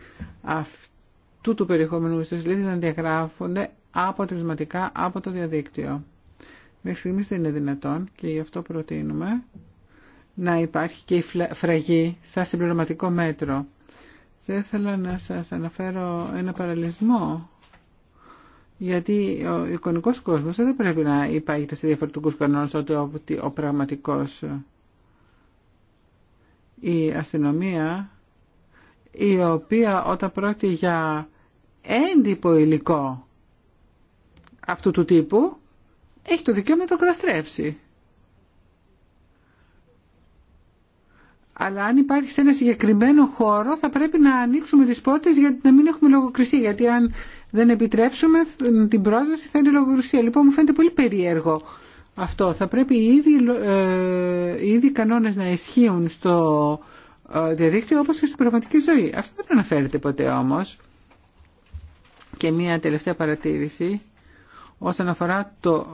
αυτού του περιεχόμενου στις λύσεις να διαγράφονται αποτελεσματικά από το διαδίκτυο. Μέχρι στιγμή δεν είναι δυνατόν και γι' αυτό προτείνουμε να υπάρχει και η φραγή σαν συμπληρωματικό μέτρο. Θα ήθελα να σας αναφέρω ένα παραλυσμό γιατί ο εικονικό κόσμο δεν πρέπει να υπάρχει σε διαφορετικού κανόνε ότι ο πραγματικό, η αστυνομία η οποία όταν πρόκειται για έντυπο υλικό αυτού του τύπου έχει το δικαίωμα να το καταστρέψει. Αλλά αν υπάρχει σε ένα συγκεκριμένο χώρο θα πρέπει να ανοίξουμε τις πόρτες για να μην έχουμε λογοκρισία. Γιατί αν δεν επιτρέψουμε την πρόσβαση θα είναι λογοκρισία. Λοιπόν μου φαίνεται πολύ περίεργο αυτό. Θα πρέπει ήδη ίδιοι, ε, οι κανόνες να ισχύουν στο ε, διαδίκτυο όπως και στην πραγματική ζωή. Αυτό δεν αναφέρεται ποτέ όμως. Και μία τελευταία παρατήρηση όσον αφορά το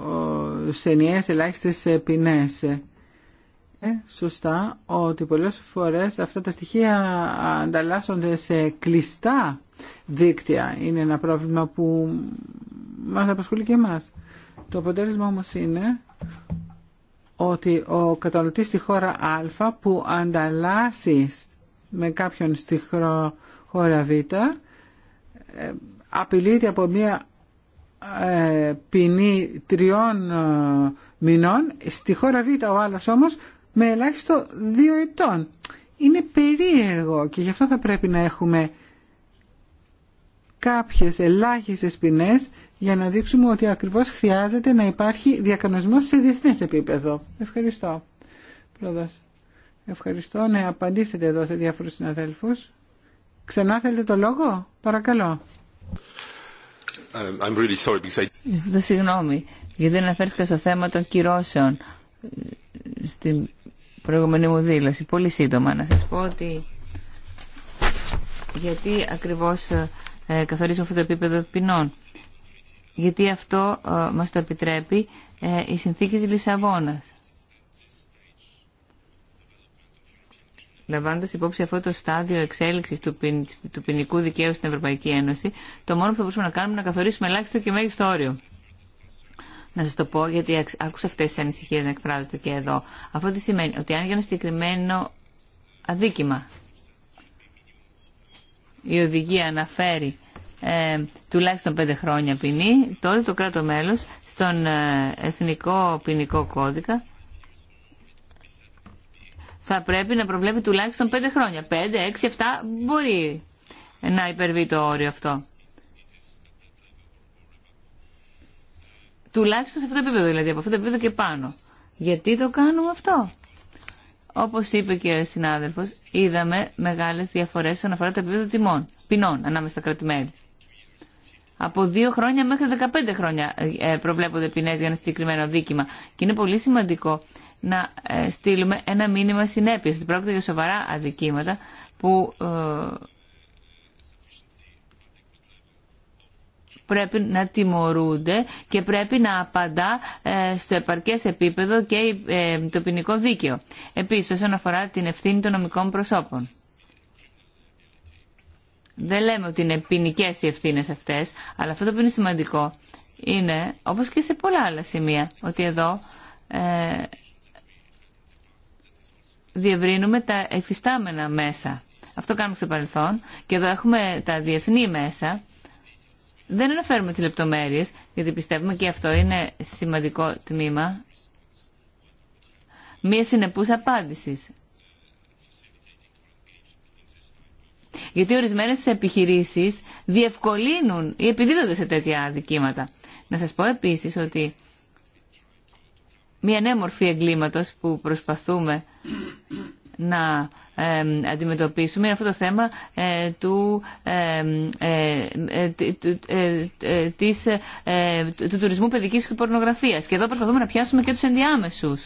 ε, σενιές ελάχιστες ποινές. Ε, σωστά ότι πολλές φορές αυτά τα στοιχεία ανταλλάσσονται σε κλειστά δίκτυα. Είναι ένα πρόβλημα που μας απασχολεί και εμάς. Το αποτέλεσμα όμως είναι ότι ο καταναλωτής στη χώρα Α που ανταλλάσσει με κάποιον στη χώρα Β ε, απειλείται από μια ε, ποινή τριών μηνών στη χώρα Β ο άλλος όμως με ελάχιστο δύο ετών. Είναι περίεργο και γι' αυτό θα πρέπει να έχουμε κάποιες ελάχιστες ποινές για να δείξουμε ότι ακριβώς χρειάζεται να υπάρχει διακανονισμός σε διεθνές επίπεδο. Ευχαριστώ. Πρόεδρος. Ευχαριστώ. Ναι, απαντήσετε εδώ σε διάφορους συναδέλφους. Ξανά θέλετε το λόγο. Παρακαλώ. Um, I'm really sorry because I... Συγγνώμη, γιατί δεν αναφέρθηκα στο θέμα των κυρώσεων ε, στην προηγούμενη μου δήλωση. Πολύ σύντομα να σας πω ότι γιατί ακριβώς ε, καθορίζουμε αυτό το επίπεδο ποινών. Γιατί αυτό ε, μας το επιτρέπει ε, η συνθήκη της Λισαβόνας. Λαμβάνοντα υπόψη αυτό το στάδιο εξέλιξη του, του ποινικού δικαίου στην Ευρωπαϊκή Ένωση, το μόνο που θα μπορούσαμε να κάνουμε είναι να καθορίσουμε ελάχιστο και μέγιστο όριο να σα το πω, γιατί άκουσα αυτές τις ανησυχίες να εκφράζονται και εδώ. Αυτό τι σημαίνει, ότι αν για ένα συγκεκριμένο αδίκημα η οδηγία αναφέρει ε, τουλάχιστον πέντε χρόνια ποινή, τότε το κράτο μέλος στον ε, Εθνικό Ποινικό Κώδικα θα πρέπει να προβλέπει τουλάχιστον πέντε χρόνια. Πέντε, έξι, εφτά μπορεί να υπερβεί το όριο αυτό. Τουλάχιστον σε αυτό το επίπεδο, δηλαδή από αυτό το επίπεδο και πάνω. Γιατί το κάνουμε αυτό. Όπω είπε και ο συνάδελφο, είδαμε μεγάλε διαφορέ όσον αφορά το επίπεδο τιμών, ποινών ανάμεσα στα κρατημέλη. Από δύο χρόνια μέχρι 15 χρόνια ε, προβλέπονται ποινέ για ένα συγκεκριμένο δίκημα. Και είναι πολύ σημαντικό να ε, στείλουμε ένα μήνυμα συνέπεια ότι πρόκειται για σοβαρά αδικήματα που ε, πρέπει να τιμωρούνται και πρέπει να απαντά ε, στο επαρκές επίπεδο και ε, το ποινικό δίκαιο. Επίσης, όσον αφορά την ευθύνη των νομικών προσώπων. Δεν λέμε ότι είναι ποινικέ οι ευθύνε αυτέ, αλλά αυτό που είναι σημαντικό είναι, όπως και σε πολλά άλλα σημεία, ότι εδώ ε, τα εφιστάμενα μέσα. Αυτό κάνουμε στο παρελθόν και εδώ έχουμε τα διεθνή μέσα δεν αναφέρουμε τις λεπτομέρειες, γιατί πιστεύουμε και αυτό είναι σημαντικό τμήμα μία συνεπούς απάντηση. Γιατί ορισμένες επιχειρήσεις διευκολύνουν ή επιδίδονται σε τέτοια δικήματα. Να σας πω επίσης ότι μία νέα μορφή εγκλήματος που προσπαθούμε να αντιμετωπίσουμε είναι αυτό το θέμα του, του τουρισμού παιδικής και πορνογραφίας. Και εδώ προσπαθούμε να πιάσουμε και τους ενδιάμεσους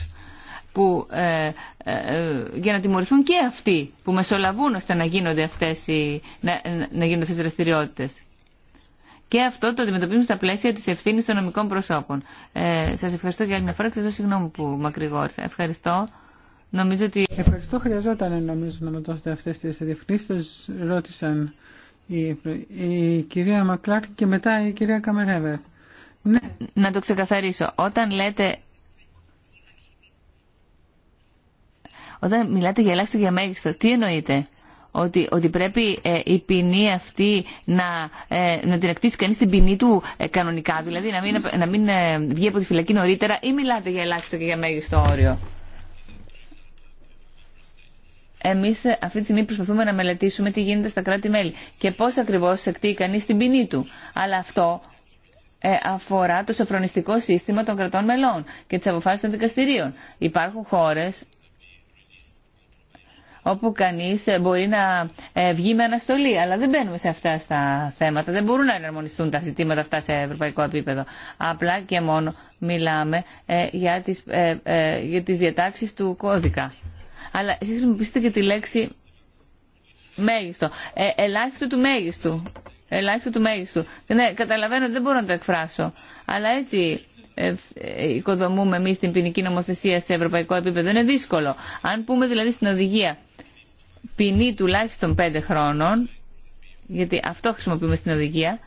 που, ε, ε, ε, για να τιμωρηθούν και αυτοί που μεσολαβούν ώστε να γίνονται αυτές οι, να, γίνονται αυτές δραστηριότητες. Και αυτό το αντιμετωπίζουμε στα πλαίσια τη ευθύνη των νομικών προσώπων. Ε, Σα ευχαριστώ για άλλη μια φορά και σα δώσω συγγνώμη που μακρηγόρησα. Ευχαριστώ. Νομίζω ότι... Ευχαριστώ. Χρειαζόταν νομίζω να με δώσετε αυτέ τι διευκρινήσει. ρώτησαν η, η κυρία Μακλάκ και μετά η κυρία Καμερέβερ. Ναι. Να το ξεκαθαρίσω. Όταν λέτε όταν μιλάτε για ελάχιστο για μέγιστο, τι εννοείτε. Ότι, ότι πρέπει ε, η ποινή αυτή να, ε, να την εκτίσει κανείς την ποινή του ε, κανονικά, δηλαδή να μην, να μην ε, βγει από τη φυλακή νωρίτερα ή μιλάτε για ελάχιστο και για μέγιστο όριο. Εμεί ε, αυτή τη στιγμή προσπαθούμε να μελετήσουμε τι γίνεται στα κράτη-μέλη και πώ ακριβώ εκτείει κανεί την ποινή του. Αλλά αυτό ε, αφορά το σοφρονιστικό σύστημα των κρατών μελών και τι αποφάσει των δικαστηρίων. Υπάρχουν χώρε όπου κανεί ε, μπορεί να βγει με αναστολή. Αλλά δεν μπαίνουμε σε αυτά τα θέματα. Δεν μπορούν να εναρμονιστούν τα ζητήματα αυτά σε ευρωπαϊκό επίπεδο. Απλά και μόνο μιλάμε για τι διατάξει του κώδικα. Αλλά εσεί χρησιμοποιήσετε και τη λέξη μέγιστο. Ε, ελάχιστο του μέγιστου. Ελάχιστο του μέγιστου. Ναι, καταλαβαίνω ότι δεν μπορώ να το εκφράσω. Αλλά έτσι ε, ε, οικοδομούμε εμεί την ποινική νομοθεσία σε ευρωπαϊκό επίπεδο. Είναι δύσκολο. Αν πούμε δηλαδή στην οδηγία ποινή τουλάχιστον πέντε χρόνων, γιατί αυτό χρησιμοποιούμε στην οδηγία,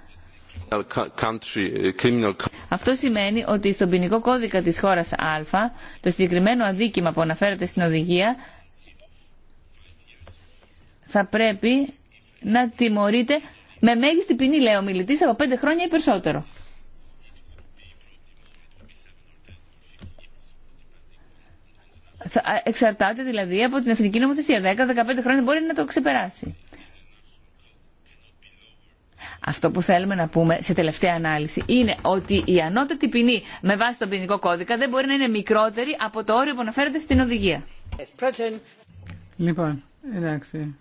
Uh, Αυτό σημαίνει ότι στον ποινικό κώδικα της χώρας Α το συγκεκριμένο αδίκημα που αναφέρεται στην οδηγία θα πρέπει να τιμωρείται με μέγιστη ποινή, λέει ο μιλητής, από πέντε χρόνια ή περισσότερο. Εξαρτάται δηλαδή από την εθνική νομοθεσία. 10-15 χρόνια μπορεί να το ξεπεράσει. Αυτό που θέλουμε να πούμε σε τελευταία ανάλυση είναι ότι η ανώτατη ποινή με βάση τον ποινικό κώδικα δεν μπορεί να είναι μικρότερη από το όριο που αναφέρεται στην οδηγία. Λοιπόν, εντάξει.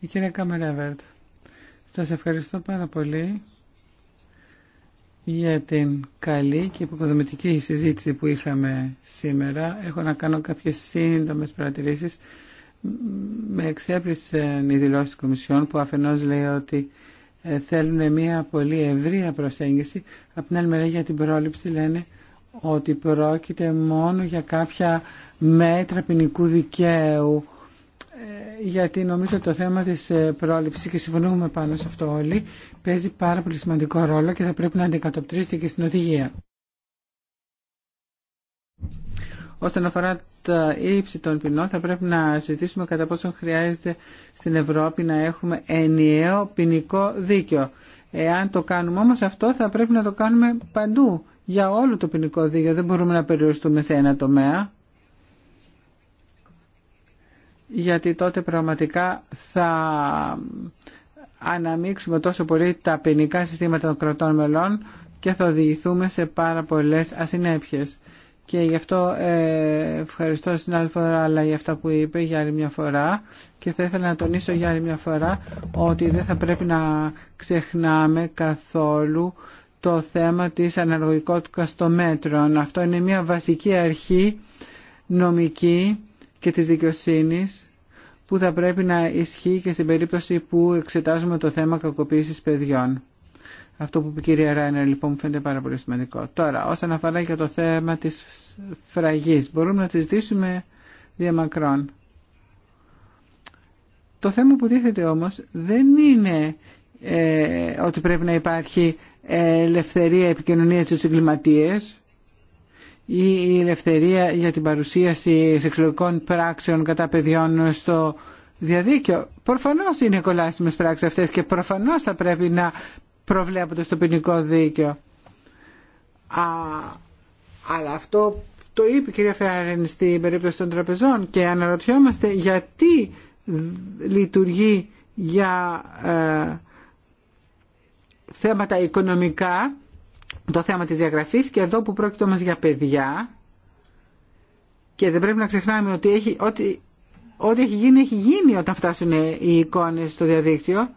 Η κυρία Καμερέβερτ, σας ευχαριστώ πάρα πολύ για την καλή και υποκοδομητική συζήτηση που είχαμε σήμερα. Έχω να κάνω κάποιες σύντομες παρατηρήσεις με εξέπλησαν οι δηλώσεις Κομισιόν που αφενός λέει ότι ε, θέλουν μια πολύ ευρία προσέγγιση. Απ' την άλλη μεριά για την πρόληψη λένε ότι πρόκειται μόνο για κάποια μέτρα ποινικού δικαίου ε, γιατί νομίζω το θέμα της ε, πρόληψης και συμφωνούμε πάνω σε αυτό όλοι παίζει πάρα πολύ σημαντικό ρόλο και θα πρέπει να αντικατοπτρίστηκε και στην οδηγία. Όσον αφορά τα ύψη των ποινών, θα πρέπει να συζητήσουμε κατά πόσο χρειάζεται στην Ευρώπη να έχουμε ενιαίο ποινικό δίκαιο. Εάν το κάνουμε όμως αυτό θα πρέπει να το κάνουμε παντού, για όλο το ποινικό δίκαιο. Δεν μπορούμε να περιοριστούμε σε ένα τομέα, γιατί τότε πραγματικά θα αναμίξουμε τόσο πολύ τα ποινικά συστήματα των κρατών μελών και θα οδηγηθούμε σε πάρα πολλές ασυνέπειες και γι' αυτό ε, ευχαριστώ στην φορά αλλά για αυτά που είπε για άλλη μια φορά και θα ήθελα να τονίσω για άλλη μια φορά ότι δεν θα πρέπει να ξεχνάμε καθόλου το θέμα της αναλογικότητας των μέτρων. Αυτό είναι μια βασική αρχή νομική και της δικαιοσύνης που θα πρέπει να ισχύει και στην περίπτωση που εξετάζουμε το θέμα κακοποίησης παιδιών. Αυτό που είπε η κυρία Ράινερ λοιπόν μου φαίνεται πάρα πολύ σημαντικό. Τώρα, όσον αφορά και το θέμα της φραγής, μπορούμε να τη ζητήσουμε διαμακρών. Το θέμα που τίθεται όμως δεν είναι ε, ότι πρέπει να υπάρχει ελευθερία επικοινωνία στους εγκληματίες ή η ελευθερία για την παρουσίαση σεξουαλικών πράξεων κατά παιδιών στο διαδίκτυο. Προφανώς είναι κολάσιμες πράξεις αυτές και προφανώς θα πρέπει να προβλέπονται το ποινικό δίκαιο. αλλά αυτό το είπε η κυρία Φεάρεν στην περίπτωση των τραπεζών και αναρωτιόμαστε γιατί λειτουργεί για ε, θέματα οικονομικά το θέμα της διαγραφής και εδώ που πρόκειται μας για παιδιά και δεν πρέπει να ξεχνάμε ότι, έχει, ότι ό,τι έχει γίνει έχει γίνει όταν φτάσουν οι εικόνες στο διαδίκτυο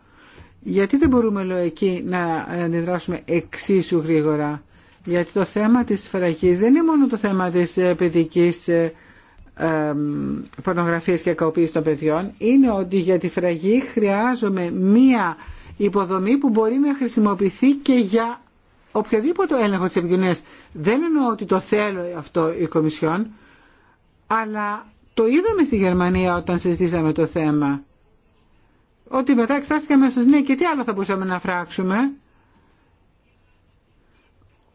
γιατί δεν μπορούμε λέω, εκεί να αντιδράσουμε εξίσου γρήγορα. Γιατί το θέμα της φραγής δεν είναι μόνο το θέμα της ε, παιδικής ε, πορνογραφίας και κακοποίησης των παιδιών. Είναι ότι για τη φραγή χρειάζομαι μία υποδομή που μπορεί να χρησιμοποιηθεί και για οποιοδήποτε έλεγχο της επικοινωνίας. Δεν εννοώ ότι το θέλω αυτό η Κομισιόν, αλλά το είδαμε στη Γερμανία όταν συζητήσαμε το θέμα ότι μετά εξετάστηκε στους ναι και τι άλλο θα μπορούσαμε να φράξουμε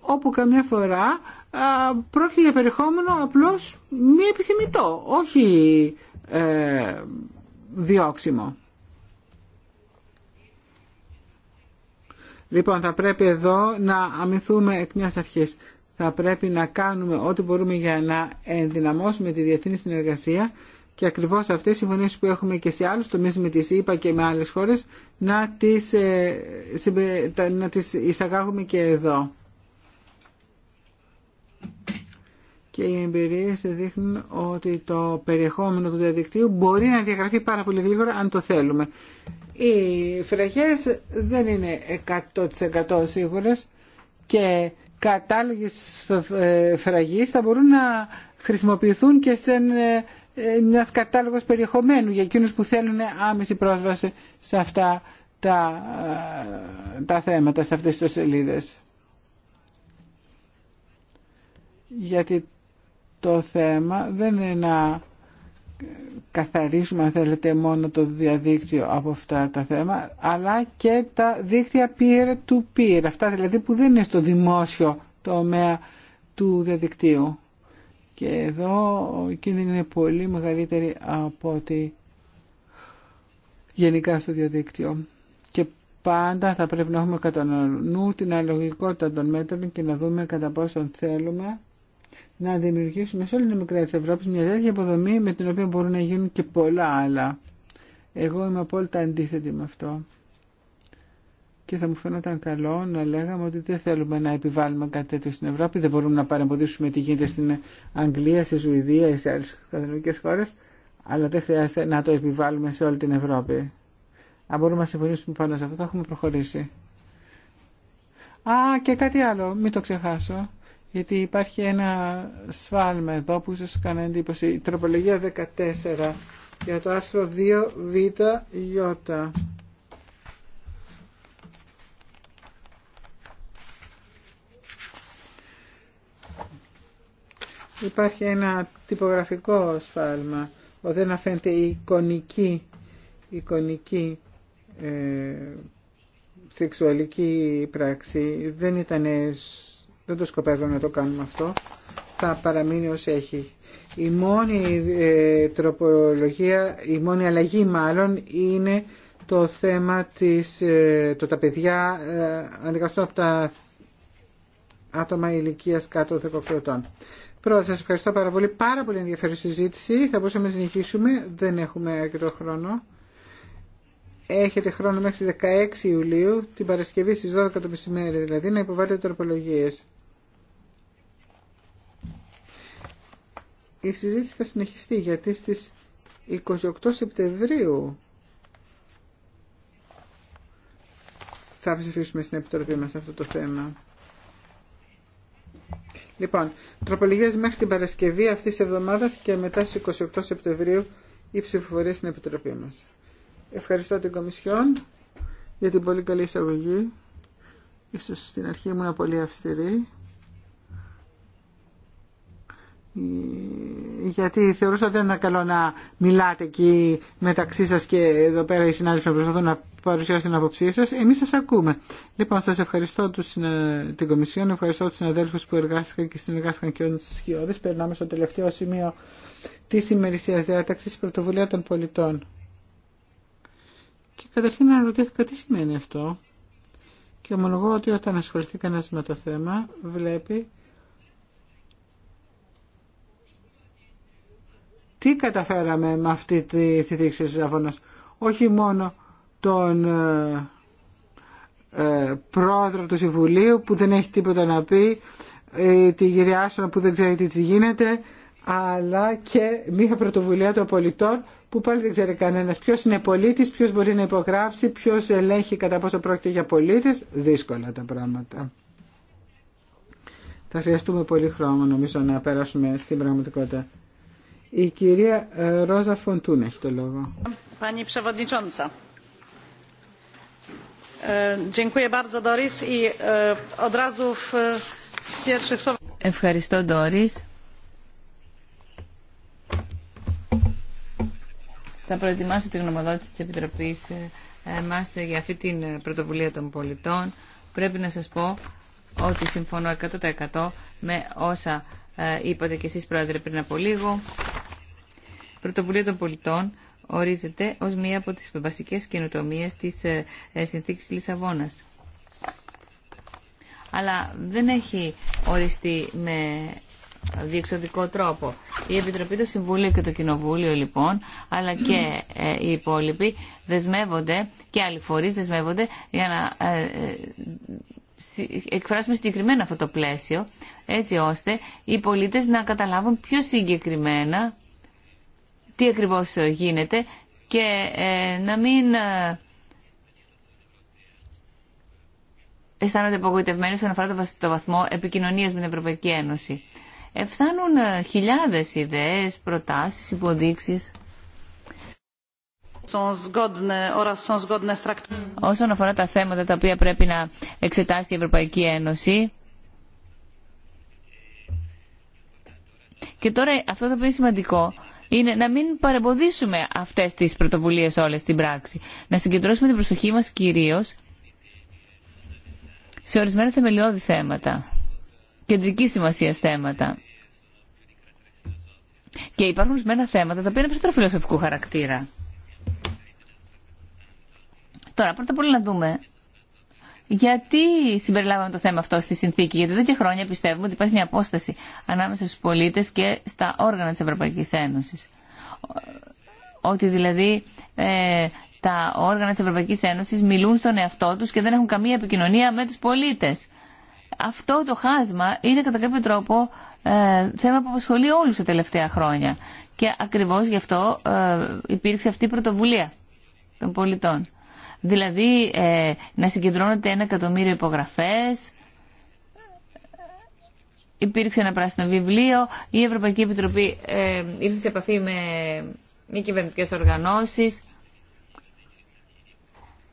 όπου καμιά φορά α, πρόκειται για περιεχόμενο απλώς μη επιθυμητό, όχι ε, διώξιμο. Λοιπόν, θα πρέπει εδώ να αμυνθούμε εκ μιας αρχής. Θα πρέπει να κάνουμε ό,τι μπορούμε για να ενδυναμώσουμε τη διεθνή συνεργασία και ακριβώς αυτές οι συμφωνίες που έχουμε και σε άλλους τομείς με τις ΗΠΑ και με άλλες χώρες να τις, ε, να τις εισαγάγουμε και εδώ. Και οι εμπειρίες δείχνουν ότι το περιεχόμενο του διαδικτύου μπορεί να διαγραφεί πάρα πολύ γρήγορα αν το θέλουμε. Οι φρεχές δεν είναι 100% σίγουρες και κατάλογες φραγής θα μπορούν να χρησιμοποιηθούν και σε ε, μια κατάλογο περιεχομένου για εκείνου που θέλουν άμεση πρόσβαση σε αυτά τα, τα θέματα, σε αυτές τις σελίδες. Γιατί το θέμα δεν είναι να καθαρίσουμε, αν θέλετε μόνο το διαδίκτυο από αυτά τα θέματα αλλά και τα δίκτυα peer to peer αυτά δηλαδή που δεν είναι στο δημόσιο τομέα του διαδικτύου και εδώ ο κίνδυνο είναι πολύ μεγαλύτερη από ότι γενικά στο διαδίκτυο. Και πάντα θα πρέπει να έχουμε κατά νου την αλογικότητα των μέτρων και να δούμε κατά πόσον θέλουμε να δημιουργήσουμε σε όλη την μικρά της Ευρώπης μια τέτοια υποδομή με την οποία μπορούν να γίνουν και πολλά άλλα. Εγώ είμαι απόλυτα αντίθετη με αυτό και θα μου φαίνονταν καλό να λέγαμε ότι δεν θέλουμε να επιβάλλουμε κάτι τέτοιο στην Ευρώπη, δεν μπορούμε να παρεμποδίσουμε τι γίνεται στην Αγγλία, στη Σουηδία ή σε άλλε καθολικέ χώρε, αλλά δεν χρειάζεται να το επιβάλλουμε σε όλη την Ευρώπη. Αν μπορούμε να συμφωνήσουμε πάνω σε αυτό, θα έχουμε προχωρήσει. Α, και κάτι άλλο, μην το ξεχάσω, γιατί υπάρχει ένα σφάλμα εδώ που σας κάνει εντύπωση. Η τροπολογία 14 για το άρθρο 2β Υπάρχει ένα τυπογραφικό σφάλμα. Δεν αφαίνεται η εικονική, εικονική ε, σεξουαλική πράξη. Δεν, ήταν, δεν το σκοπεύω να το κάνουμε αυτό. Θα παραμείνει ως έχει. Η μόνη ε, τροπολογία, η μόνη αλλαγή μάλλον είναι το θέμα της, ε, το τα παιδιά ε, από τα άτομα ηλικίας κάτω των 18 Πρώτα, σας ευχαριστώ πάρα πολύ. Πάρα πολύ ενδιαφέρουσα συζήτηση. Θα μπορούσαμε να συνεχίσουμε. Δεν έχουμε αρκετό χρόνο. Έχετε χρόνο μέχρι τις 16 Ιουλίου, την Παρασκευή στις 12 το μεσημέρι, δηλαδή να υποβάλλετε τροπολογίες. Η συζήτηση θα συνεχιστεί γιατί στις 28 Σεπτεμβρίου θα ψηφίσουμε στην Επιτροπή μας αυτό το θέμα. Λοιπόν, τροπολογίες μέχρι την Παρασκευή αυτής της εβδομάδας και μετά στις 28 Σεπτεμβρίου η ψηφοφορία στην Επιτροπή μας. Ευχαριστώ την Κομισιόν για την πολύ καλή εισαγωγή. Ίσως στην αρχή ήμουν πολύ αυστηρή γιατί θεωρούσα ότι δεν ήταν καλό να μιλάτε εκεί μεταξύ σας και εδώ πέρα οι συνάδελφοι να προσπαθούν να παρουσιάσουν την άποψή σας. Εμείς σας ακούμε. Λοιπόν, σας ευχαριστώ τους, την Κομισιόν, ευχαριστώ τους συναδέλφους που εργάστηκαν και συνεργάστηκαν και όλους τους σχιώδες. Περνάμε στο τελευταίο σημείο της ημερησίας διάταξης πρωτοβουλία των πολιτών. Και καταρχήν αναρωτήθηκα τι σημαίνει αυτό. Και ομολογώ ότι όταν ασχοληθεί κανένα με το θέμα, βλέπει Τι καταφέραμε με αυτή τη συνθήκη της Όχι μόνο τον ε, ε, πρόεδρο του Συμβουλίου που δεν έχει τίποτα να πει, ε, τη γυριάσωνα που δεν ξέρει τι γίνεται, αλλά και μια πρωτοβουλία των πολιτών που πάλι δεν ξέρει κανένας ποιος είναι πολίτης, ποιος μπορεί να υπογράψει, ποιος ελέγχει κατά πόσο πρόκειται για πολίτες. Δύσκολα τα πράγματα. Θα χρειαστούμε πολύ χρόνο νομίζω να περάσουμε στην πραγματικότητα. Η κυρία ε, Ρόζα Φοντούν έχει το λόγο. Ε, ε, e, Ευχαριστώ, Ντόρις. Θα προετοιμάσω τη γνωμοδότηση της Επιτροπής μα για αυτή την πρωτοβουλία των πολιτών. Πρέπει να σας πω ότι συμφωνώ 100% με όσα είπατε και εσείς, Πρόεδρε, πριν από λίγο πρωτοβουλία των πολιτών ορίζεται ως μία από τις βασικές καινοτομίες της ε, ε, συνθήκης Λισαβόνας. Αλλά δεν έχει οριστεί με διεξοδικό τρόπο. Η Επιτροπή, το Συμβούλιο και το Κοινοβούλιο λοιπόν, αλλά και ε, οι υπόλοιποι δεσμεύονται και άλλοι φορείς δεσμεύονται για να εκφράσουμε συγκεκριμένα αυτό το πλαίσιο έτσι ώστε οι πολίτες να καταλάβουν πιο συγκεκριμένα τι ακριβώς γίνεται και ε, να μην ε, αισθάνονται απογοητευμένοι όσον αφορά το βαθμό επικοινωνίας με την Ευρωπαϊκή Ένωση. Εφτάνουν ε, χιλιάδες ιδέες, προτάσεις, υποδείξεις. Όσον αφορά τα θέματα τα οποία πρέπει να εξετάσει η Ευρωπαϊκή Ένωση, και τώρα αυτό το οποίο είναι σημαντικό είναι να μην παρεμποδίσουμε αυτές τις πρωτοβουλίες όλες στην πράξη. Να συγκεντρώσουμε την προσοχή μας κυρίως σε ορισμένα θεμελιώδη θέματα, κεντρική σημασία θέματα. Και υπάρχουν ορισμένα θέματα τα οποία είναι περισσότερο φιλοσοφικού χαρακτήρα. Τώρα, πρώτα απ' όλα να δούμε γιατί συμπεριλάβαμε το θέμα αυτό στη συνθήκη, Γιατί εδώ και χρόνια πιστεύουμε ότι υπάρχει μια απόσταση ανάμεσα στου πολίτε και στα όργανα τη Ευρωπαϊκή Ένωση. Ότι δηλαδή ε, τα όργανα τη Ευρωπαϊκή Ένωση μιλούν στον εαυτό του και δεν έχουν καμία επικοινωνία με του πολίτε. Αυτό το χάσμα είναι κατά κάποιο τρόπο ε, θέμα που απασχολεί όλου τα τελευταία χρόνια. Και ακριβώ γι' αυτό ε, υπήρξε αυτή η πρωτοβουλία των πολιτών. Δηλαδή ε, να συγκεντρώνεται ένα εκατομμύριο υπογραφές, υπήρξε ένα πράσινο βιβλίο, η Ευρωπαϊκή Επιτροπή ε, ήρθε σε επαφή με μη κυβερνητικέ οργανώσεις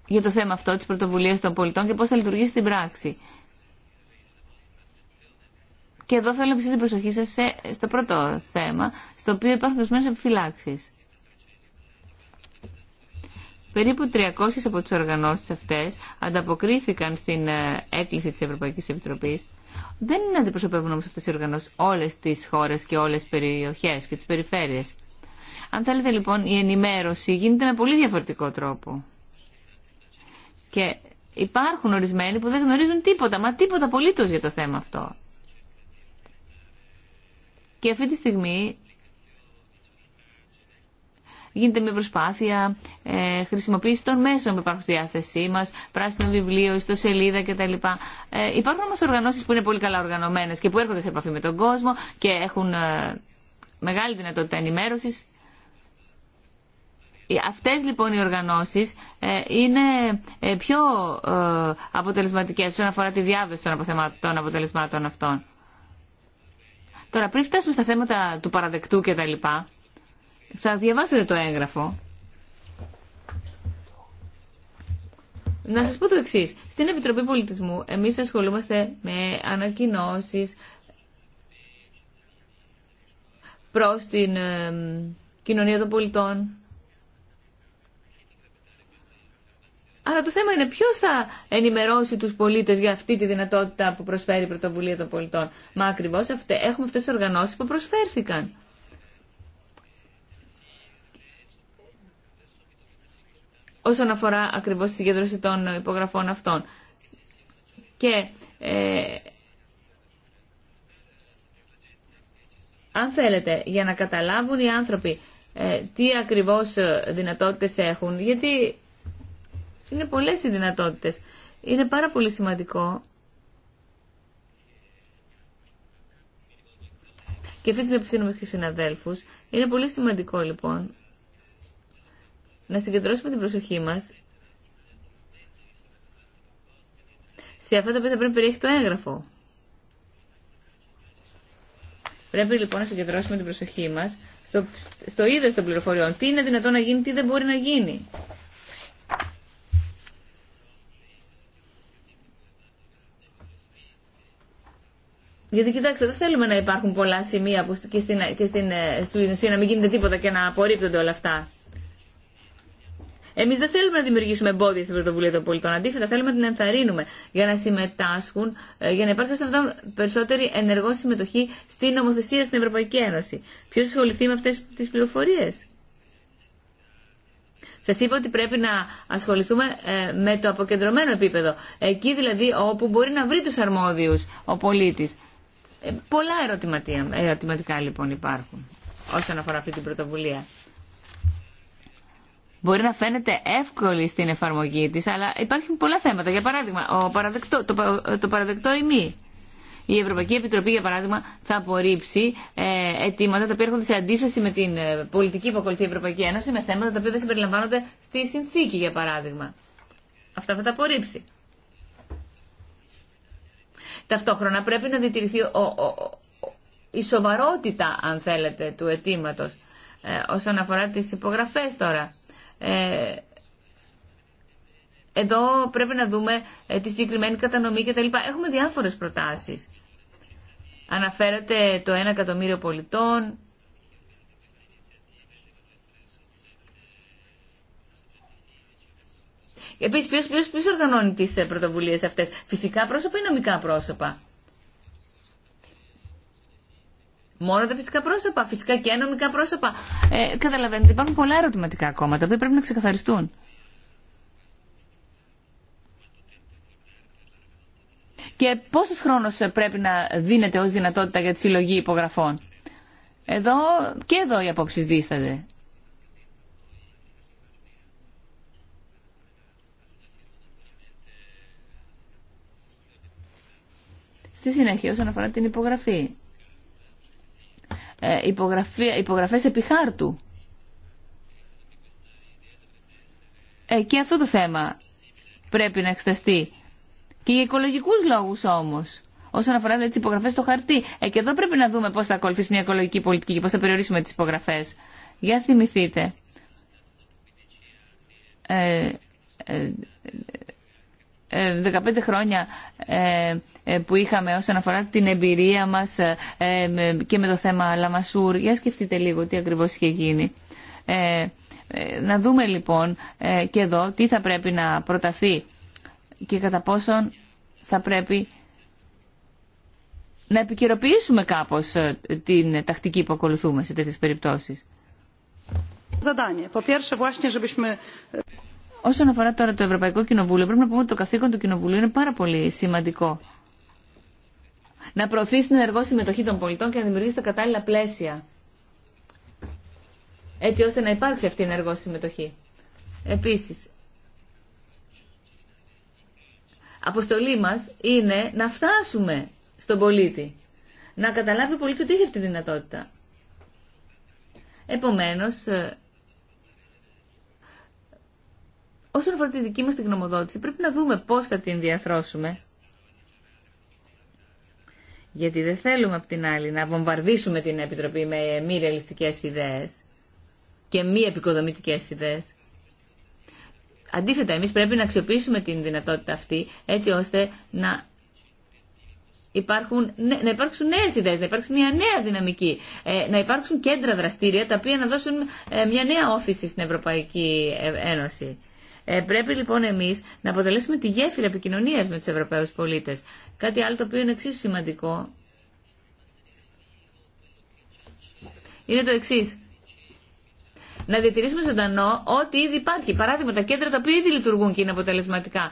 για το θέμα αυτό της πρωτοβουλία των πολιτών και πώς θα λειτουργήσει στην πράξη. Και εδώ θέλω να την προσοχή σας σε, στο πρώτο θέμα, στο οποίο υπάρχουν ορισμένε επιφυλάξεις. Περίπου 300 από τις οργανώσεις αυτές ανταποκρίθηκαν στην ε, έκκληση της Ευρωπαϊκής Επιτροπής. Δεν είναι αντιπροσωπεύουν όμως αυτές οι οργανώσεις όλες τις χώρες και όλες τις περιοχές και τις περιφέρειες. Αν θέλετε λοιπόν η ενημέρωση γίνεται με πολύ διαφορετικό τρόπο. Και υπάρχουν ορισμένοι που δεν γνωρίζουν τίποτα, μα τίποτα απολύτως για το θέμα αυτό. Και αυτή τη στιγμή γίνεται μια προσπάθεια ε, χρησιμοποίηση των μέσων που υπάρχουν στη διάθεσή μα, πράσινο βιβλίο, ιστοσελίδα κτλ. Ε, υπάρχουν όμω οργανώσει που είναι πολύ καλά οργανωμένε και που έρχονται σε επαφή με τον κόσμο και έχουν ε, μεγάλη δυνατότητα ενημέρωση. Ε, αυτές λοιπόν οι οργανώσεις ε, είναι πιο αποτελεσματικές όσον αφορά τη διάδοση των αποτελεσμάτων αυτών. Τώρα πριν φτάσουμε στα θέματα του παραδεκτού κτλ., θα διαβάσετε το έγγραφο. Να σας πω το εξής. Στην Επιτροπή Πολιτισμού εμείς ασχολούμαστε με ανακοινώσεις προς την κοινωνία των πολιτών. Αλλά το θέμα είναι ποιος θα ενημερώσει τους πολίτες για αυτή τη δυνατότητα που προσφέρει η πρωτοβουλία των πολιτών. Μα ακριβώ έχουμε αυτές τις οργανώσεις που προσφέρθηκαν. όσον αφορά ακριβώς τη συγκέντρωση των υπογραφών αυτών. Και ε, αν θέλετε, για να καταλάβουν οι άνθρωποι ε, τι ακριβώς δυνατότητες έχουν, γιατί είναι πολλές οι δυνατότητες, είναι πάρα πολύ σημαντικό και αυτή την απευθύνομαι και στους συναδέλφους. Είναι πολύ σημαντικό λοιπόν να συγκεντρώσουμε την προσοχή μας σε αυτά τα οποία θα πρέπει να περιέχει το έγγραφο. Πρέπει λοιπόν να συγκεντρώσουμε την προσοχή μας στο, στο είδος των πληροφοριών. Τι είναι δυνατόν να γίνει, τι δεν μπορεί να γίνει. Γιατί κοιτάξτε, δεν θέλουμε να υπάρχουν πολλά σημεία που και στην, και στην, ε, στην να μην γίνεται τίποτα και να απορρίπτονται όλα αυτά. Εμεί δεν θέλουμε να δημιουργήσουμε εμπόδια στην πρωτοβουλία των πολιτών. Αντίθετα, θέλουμε να την ενθαρρύνουμε για να συμμετάσχουν, ε, για να υπάρχει όσο περισσότερη ενεργό συμμετοχή στην νομοθεσία στην Ευρωπαϊκή Ένωση. Ποιο ασχοληθεί με αυτέ τι πληροφορίε. Σα είπα ότι πρέπει να ασχοληθούμε ε, με το αποκεντρωμένο επίπεδο. Εκεί δηλαδή όπου μπορεί να βρει του αρμόδιου ο πολίτη. Ε, πολλά ερωτηματικά λοιπόν υπάρχουν όσον αφορά αυτή την πρωτοβουλία μπορεί να φαίνεται εύκολη στην εφαρμογή της, αλλά υπάρχουν πολλά θέματα. Για παράδειγμα, ο παραδεκτό, το, το παραδεκτό ημί. Η Ευρωπαϊκή Επιτροπή, για παράδειγμα, θα απορρίψει ε, αιτήματα τα οποία έρχονται σε αντίθεση με την ε, πολιτική που ακολουθεί η Ευρωπαϊκή Ένωση, με θέματα τα οποία δεν συμπεριλαμβάνονται στη συνθήκη, για παράδειγμα. Αυτά θα τα απορρίψει. Ταυτόχρονα πρέπει να διατηρηθεί ο, ο, ο, η σοβαρότητα, αν θέλετε, του αιτήματο ε, όσον αφορά τι υπογραφέ τώρα. Ε, εδώ πρέπει να δούμε ε, τη συγκεκριμένη κατανομή κτλ. Έχουμε διάφορες προτάσεις. Αναφέρεται το 1 εκατομμύριο πολιτών. Επίσης, ποιος, ποιος, ποιος οργανώνει τις ε, πρωτοβουλίες αυτές. Φυσικά πρόσωπα ή νομικά πρόσωπα. Μόνο τα φυσικά πρόσωπα, φυσικά και νομικά πρόσωπα. Ε, καταλαβαίνετε, υπάρχουν πολλά ερωτηματικά ακόμα, τα οποία πρέπει να ξεκαθαριστούν. Και πόσο χρόνο πρέπει να δίνεται ω δυνατότητα για τη συλλογή υπογραφών. Εδώ και εδώ οι απόψει δίστανται. Στη συνέχεια, όσον αφορά την υπογραφή. Ε, υπογραφές επί χάρτου. Ε, και αυτό το θέμα πρέπει να εξεταστεί. Και για οικολογικούς λόγους όμως. Όσον αφορά δηλαδή, τις υπογραφές στο χαρτί. Ε, και εδώ πρέπει να δούμε πώς θα ακολουθήσει μια οικολογική πολιτική και πώ θα περιορίσουμε τις υπογραφές. Για θυμηθείτε. Ε, ε, 15 χρόνια ε, ε, που είχαμε όσον αφορά την εμπειρία μας ε, και με το θέμα Λαμασούρ. Για σκεφτείτε λίγο τι ακριβώς είχε γίνει. Να δούμε λοιπόν και εδώ τι θα πρέπει να προταθεί και κατά πόσον θα πρέπει να επικαιροποιήσουμε κάπως την τακτική που ακολουθούμε σε τέτοιες περιπτώσεις. Όσον αφορά τώρα το Ευρωπαϊκό Κοινοβούλιο, πρέπει να πούμε ότι το καθήκον του Κοινοβουλίου είναι πάρα πολύ σημαντικό. Να προωθεί την ενεργό συμμετοχή των πολιτών και να δημιουργήσει τα κατάλληλα πλαίσια. Έτσι ώστε να υπάρξει αυτή η ενεργό συμμετοχή. Επίση, αποστολή μα είναι να φτάσουμε στον πολίτη. Να καταλάβει ο πολίτη ότι έχει αυτή τη δυνατότητα. Επομένως, ε, Όσον αφορά τη δική μας τη γνωμοδότηση, πρέπει να δούμε πώς θα την διαθρώσουμε. Γιατί δεν θέλουμε απ' την άλλη να βομβαρδίσουμε την Επιτροπή με μη ρεαλιστικές ιδέες και μη επικοδομητικές ιδέες. Αντίθετα, εμείς πρέπει να αξιοποιήσουμε την δυνατότητα αυτή έτσι ώστε να, υπάρχουν, να υπάρξουν νέες ιδέες, να υπάρξει μια νέα δυναμική, ε, να υπάρξουν κέντρα δραστήρια τα οποία να δώσουν ε, μια νέα όφηση στην Ευρωπαϊκή ε-, Ένωση. Ε, πρέπει λοιπόν εμεί να αποτελέσουμε τη γέφυρα επικοινωνία με του Ευρωπαίου πολίτε. Κάτι άλλο το οποίο είναι εξίσου σημαντικό είναι το εξή. Να διατηρήσουμε ζωντανό ό,τι ήδη υπάρχει. Παράδειγμα, τα κέντρα τα οποία ήδη λειτουργούν και είναι αποτελεσματικά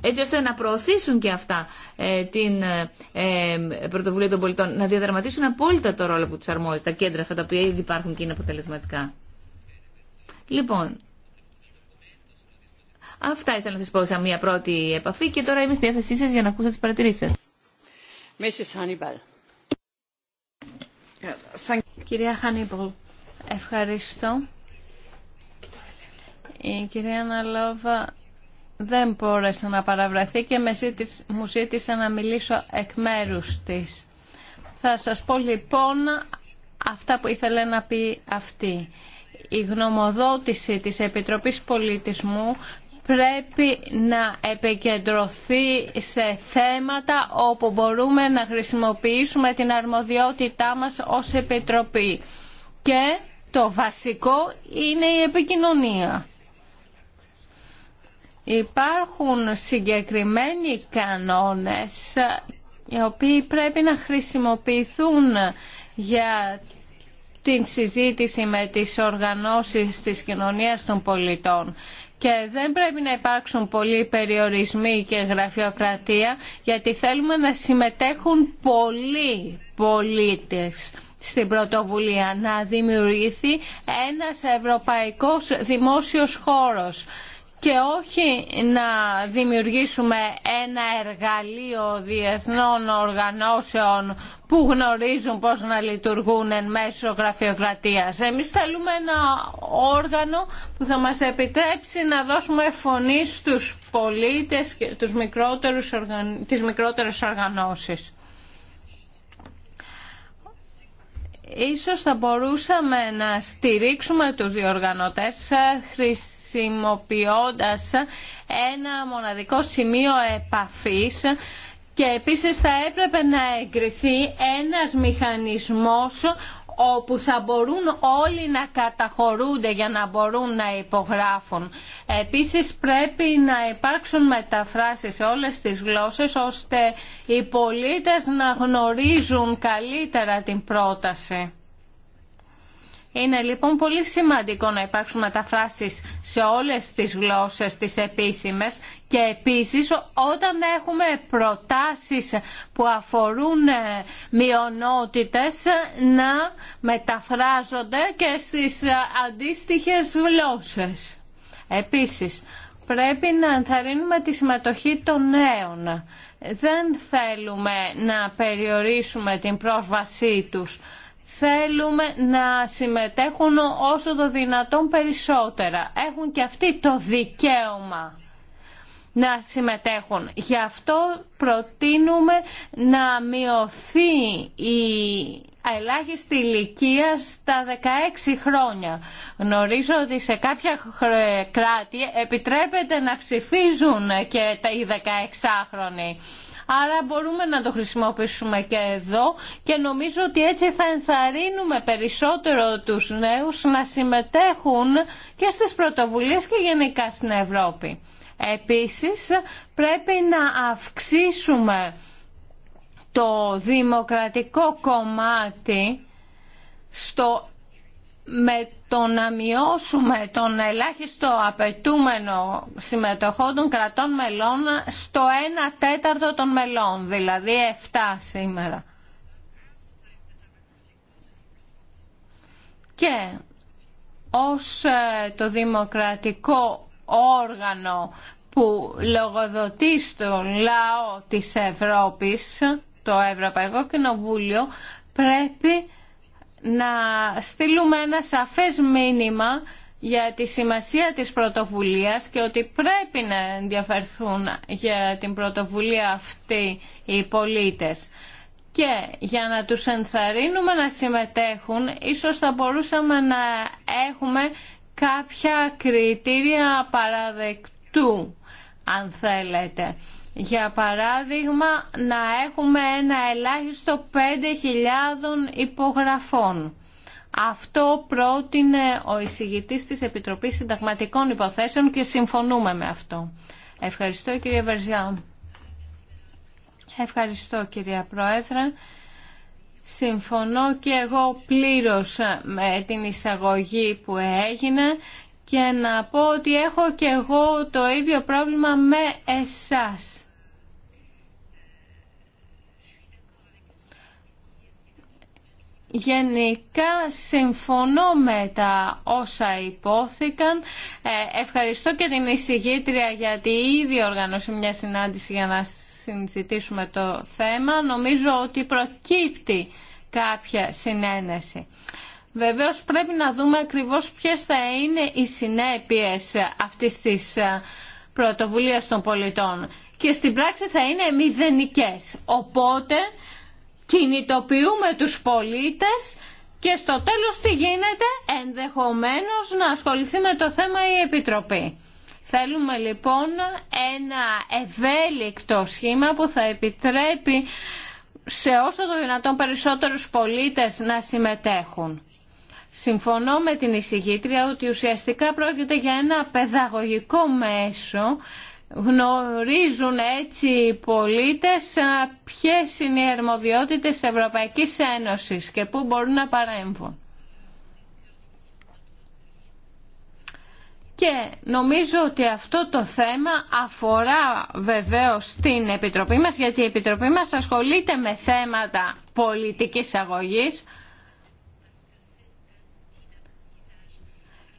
έτσι ώστε να προωθήσουν και αυτά ε, την ε, ε, πρωτοβουλία των πολιτών, να διαδραματίσουν απόλυτα το ρόλο που του αρμόζει τα κέντρα αυτά τα οποία ήδη υπάρχουν και είναι αποτελεσματικά. Λοιπόν, Αυτά ήθελα να σα πω σαν μια πρώτη επαφή και τώρα είμαι στη διάθεσή σα για να ακούσω τις παρατηρήσεις σας. Κυρία Χανίμπολ, ευχαριστώ. Η κυρία Ναλόβα δεν μπόρεσε να παραβραθεί και μου ζήτησε να μιλήσω εκ μέρους της. Θα σας πω λοιπόν αυτά που ήθελε να πει αυτή. Η γνωμοδότηση της Επιτροπής Πολιτισμού πρέπει να επικεντρωθεί σε θέματα όπου μπορούμε να χρησιμοποιήσουμε την αρμοδιότητά μας ως Επιτροπή. Και το βασικό είναι η επικοινωνία. Υπάρχουν συγκεκριμένοι κανόνες οι οποίοι πρέπει να χρησιμοποιηθούν για την συζήτηση με τις οργανώσεις της κοινωνίας των πολιτών και δεν πρέπει να υπάρξουν πολλοί περιορισμοί και γραφειοκρατία γιατί θέλουμε να συμμετέχουν πολλοί πολίτες στην πρωτοβουλία να δημιουργηθεί ένας ευρωπαϊκός δημόσιος χώρος και όχι να δημιουργήσουμε ένα εργαλείο διεθνών οργανώσεων που γνωρίζουν πώς να λειτουργούν εν μέσω γραφειοκρατίας. Εμείς θέλουμε ένα όργανο που θα μας επιτρέψει να δώσουμε φωνή στους πολίτες και τους μικρότερους οργαν... τις μικρότερες οργανώσεις. Ίσως θα μπορούσαμε να στηρίξουμε τους διοργανωτές ε, χρησιμοποιώντας ένα μοναδικό σημείο επαφής και επίσης θα έπρεπε να εγκριθεί ένας μηχανισμός όπου θα μπορούν όλοι να καταχωρούνται για να μπορούν να υπογράφουν. Επίσης πρέπει να υπάρξουν μεταφράσεις σε όλες τις γλώσσες ώστε οι πολίτες να γνωρίζουν καλύτερα την πρόταση. Είναι λοιπόν πολύ σημαντικό να υπάρξουν μεταφράσεις σε όλες τις γλώσσες τις επίσημες και επίσης όταν έχουμε προτάσεις που αφορούν ε, μειονότητες ε, να μεταφράζονται και στις ε, αντίστοιχες γλώσσες. Επίσης, πρέπει να ενθαρρύνουμε τη συμμετοχή των νέων. Δεν θέλουμε να περιορίσουμε την πρόσβασή τους θέλουμε να συμμετέχουν όσο το δυνατόν περισσότερα. Έχουν και αυτοί το δικαίωμα να συμμετέχουν. Γι' αυτό προτείνουμε να μειωθεί η ελάχιστη ηλικία στα 16 χρόνια. Γνωρίζω ότι σε κάποια κράτη επιτρέπεται να ψηφίζουν και οι 16χρονοι. Άρα μπορούμε να το χρησιμοποιήσουμε και εδώ και νομίζω ότι έτσι θα ενθαρρύνουμε περισσότερο τους νέους να συμμετέχουν και στις πρωτοβουλίες και γενικά στην Ευρώπη. Επίσης πρέπει να αυξήσουμε το δημοκρατικό κομμάτι στο με το να μειώσουμε τον ελάχιστο απαιτούμενο συμμετοχό των κρατών μελών στο 1 τέταρτο των μελών, δηλαδή 7 σήμερα. Και ως ε, το δημοκρατικό όργανο που λογοδοτεί στον λαό της Ευρώπης, το Ευρωπαϊκό Κοινοβούλιο, πρέπει να στείλουμε ένα σαφές μήνυμα για τη σημασία της πρωτοβουλίας και ότι πρέπει να ενδιαφερθούν για την πρωτοβουλία αυτή οι πολίτες. Και για να τους ενθαρρύνουμε να συμμετέχουν, ίσως θα μπορούσαμε να έχουμε κάποια κριτήρια παραδεκτού, αν θέλετε. Για παράδειγμα, να έχουμε ένα ελάχιστο 5.000 υπογραφών. Αυτό πρότεινε ο εισηγητής της Επιτροπής Συνταγματικών Υποθέσεων και συμφωνούμε με αυτό. Ευχαριστώ κύριε Βερζιά. Ευχαριστώ κυρία Πρόεδρε. Συμφωνώ και εγώ πλήρως με την εισαγωγή που έγινε και να πω ότι έχω και εγώ το ίδιο πρόβλημα με εσάς. Γενικά συμφωνώ με τα όσα υπόθηκαν. Ε, ευχαριστώ και την εισηγήτρια γιατί ήδη οργανώσει μια συνάντηση για να συζητήσουμε το θέμα. Νομίζω ότι προκύπτει κάποια συνένεση. Βεβαίως πρέπει να δούμε ακριβώς ποιες θα είναι οι συνέπειες αυτής της ε, πρωτοβουλίας των πολιτών. Και στην πράξη θα είναι μηδενικές. Οπότε κινητοποιούμε τους πολίτες και στο τέλος τι γίνεται, ενδεχομένως να ασχοληθεί με το θέμα η Επιτροπή. Θέλουμε λοιπόν ένα ευέλικτο σχήμα που θα επιτρέπει σε όσο το δυνατόν περισσότερους πολίτες να συμμετέχουν. Συμφωνώ με την εισηγήτρια ότι ουσιαστικά πρόκειται για ένα παιδαγωγικό μέσο γνωρίζουν έτσι οι πολίτες ποιες είναι οι αρμοδιότητες Ευρωπαϊκής Ένωσης και πού μπορούν να παρέμβουν. Και νομίζω ότι αυτό το θέμα αφορά βεβαίως την Επιτροπή μας, γιατί η Επιτροπή μας ασχολείται με θέματα πολιτικής αγωγής,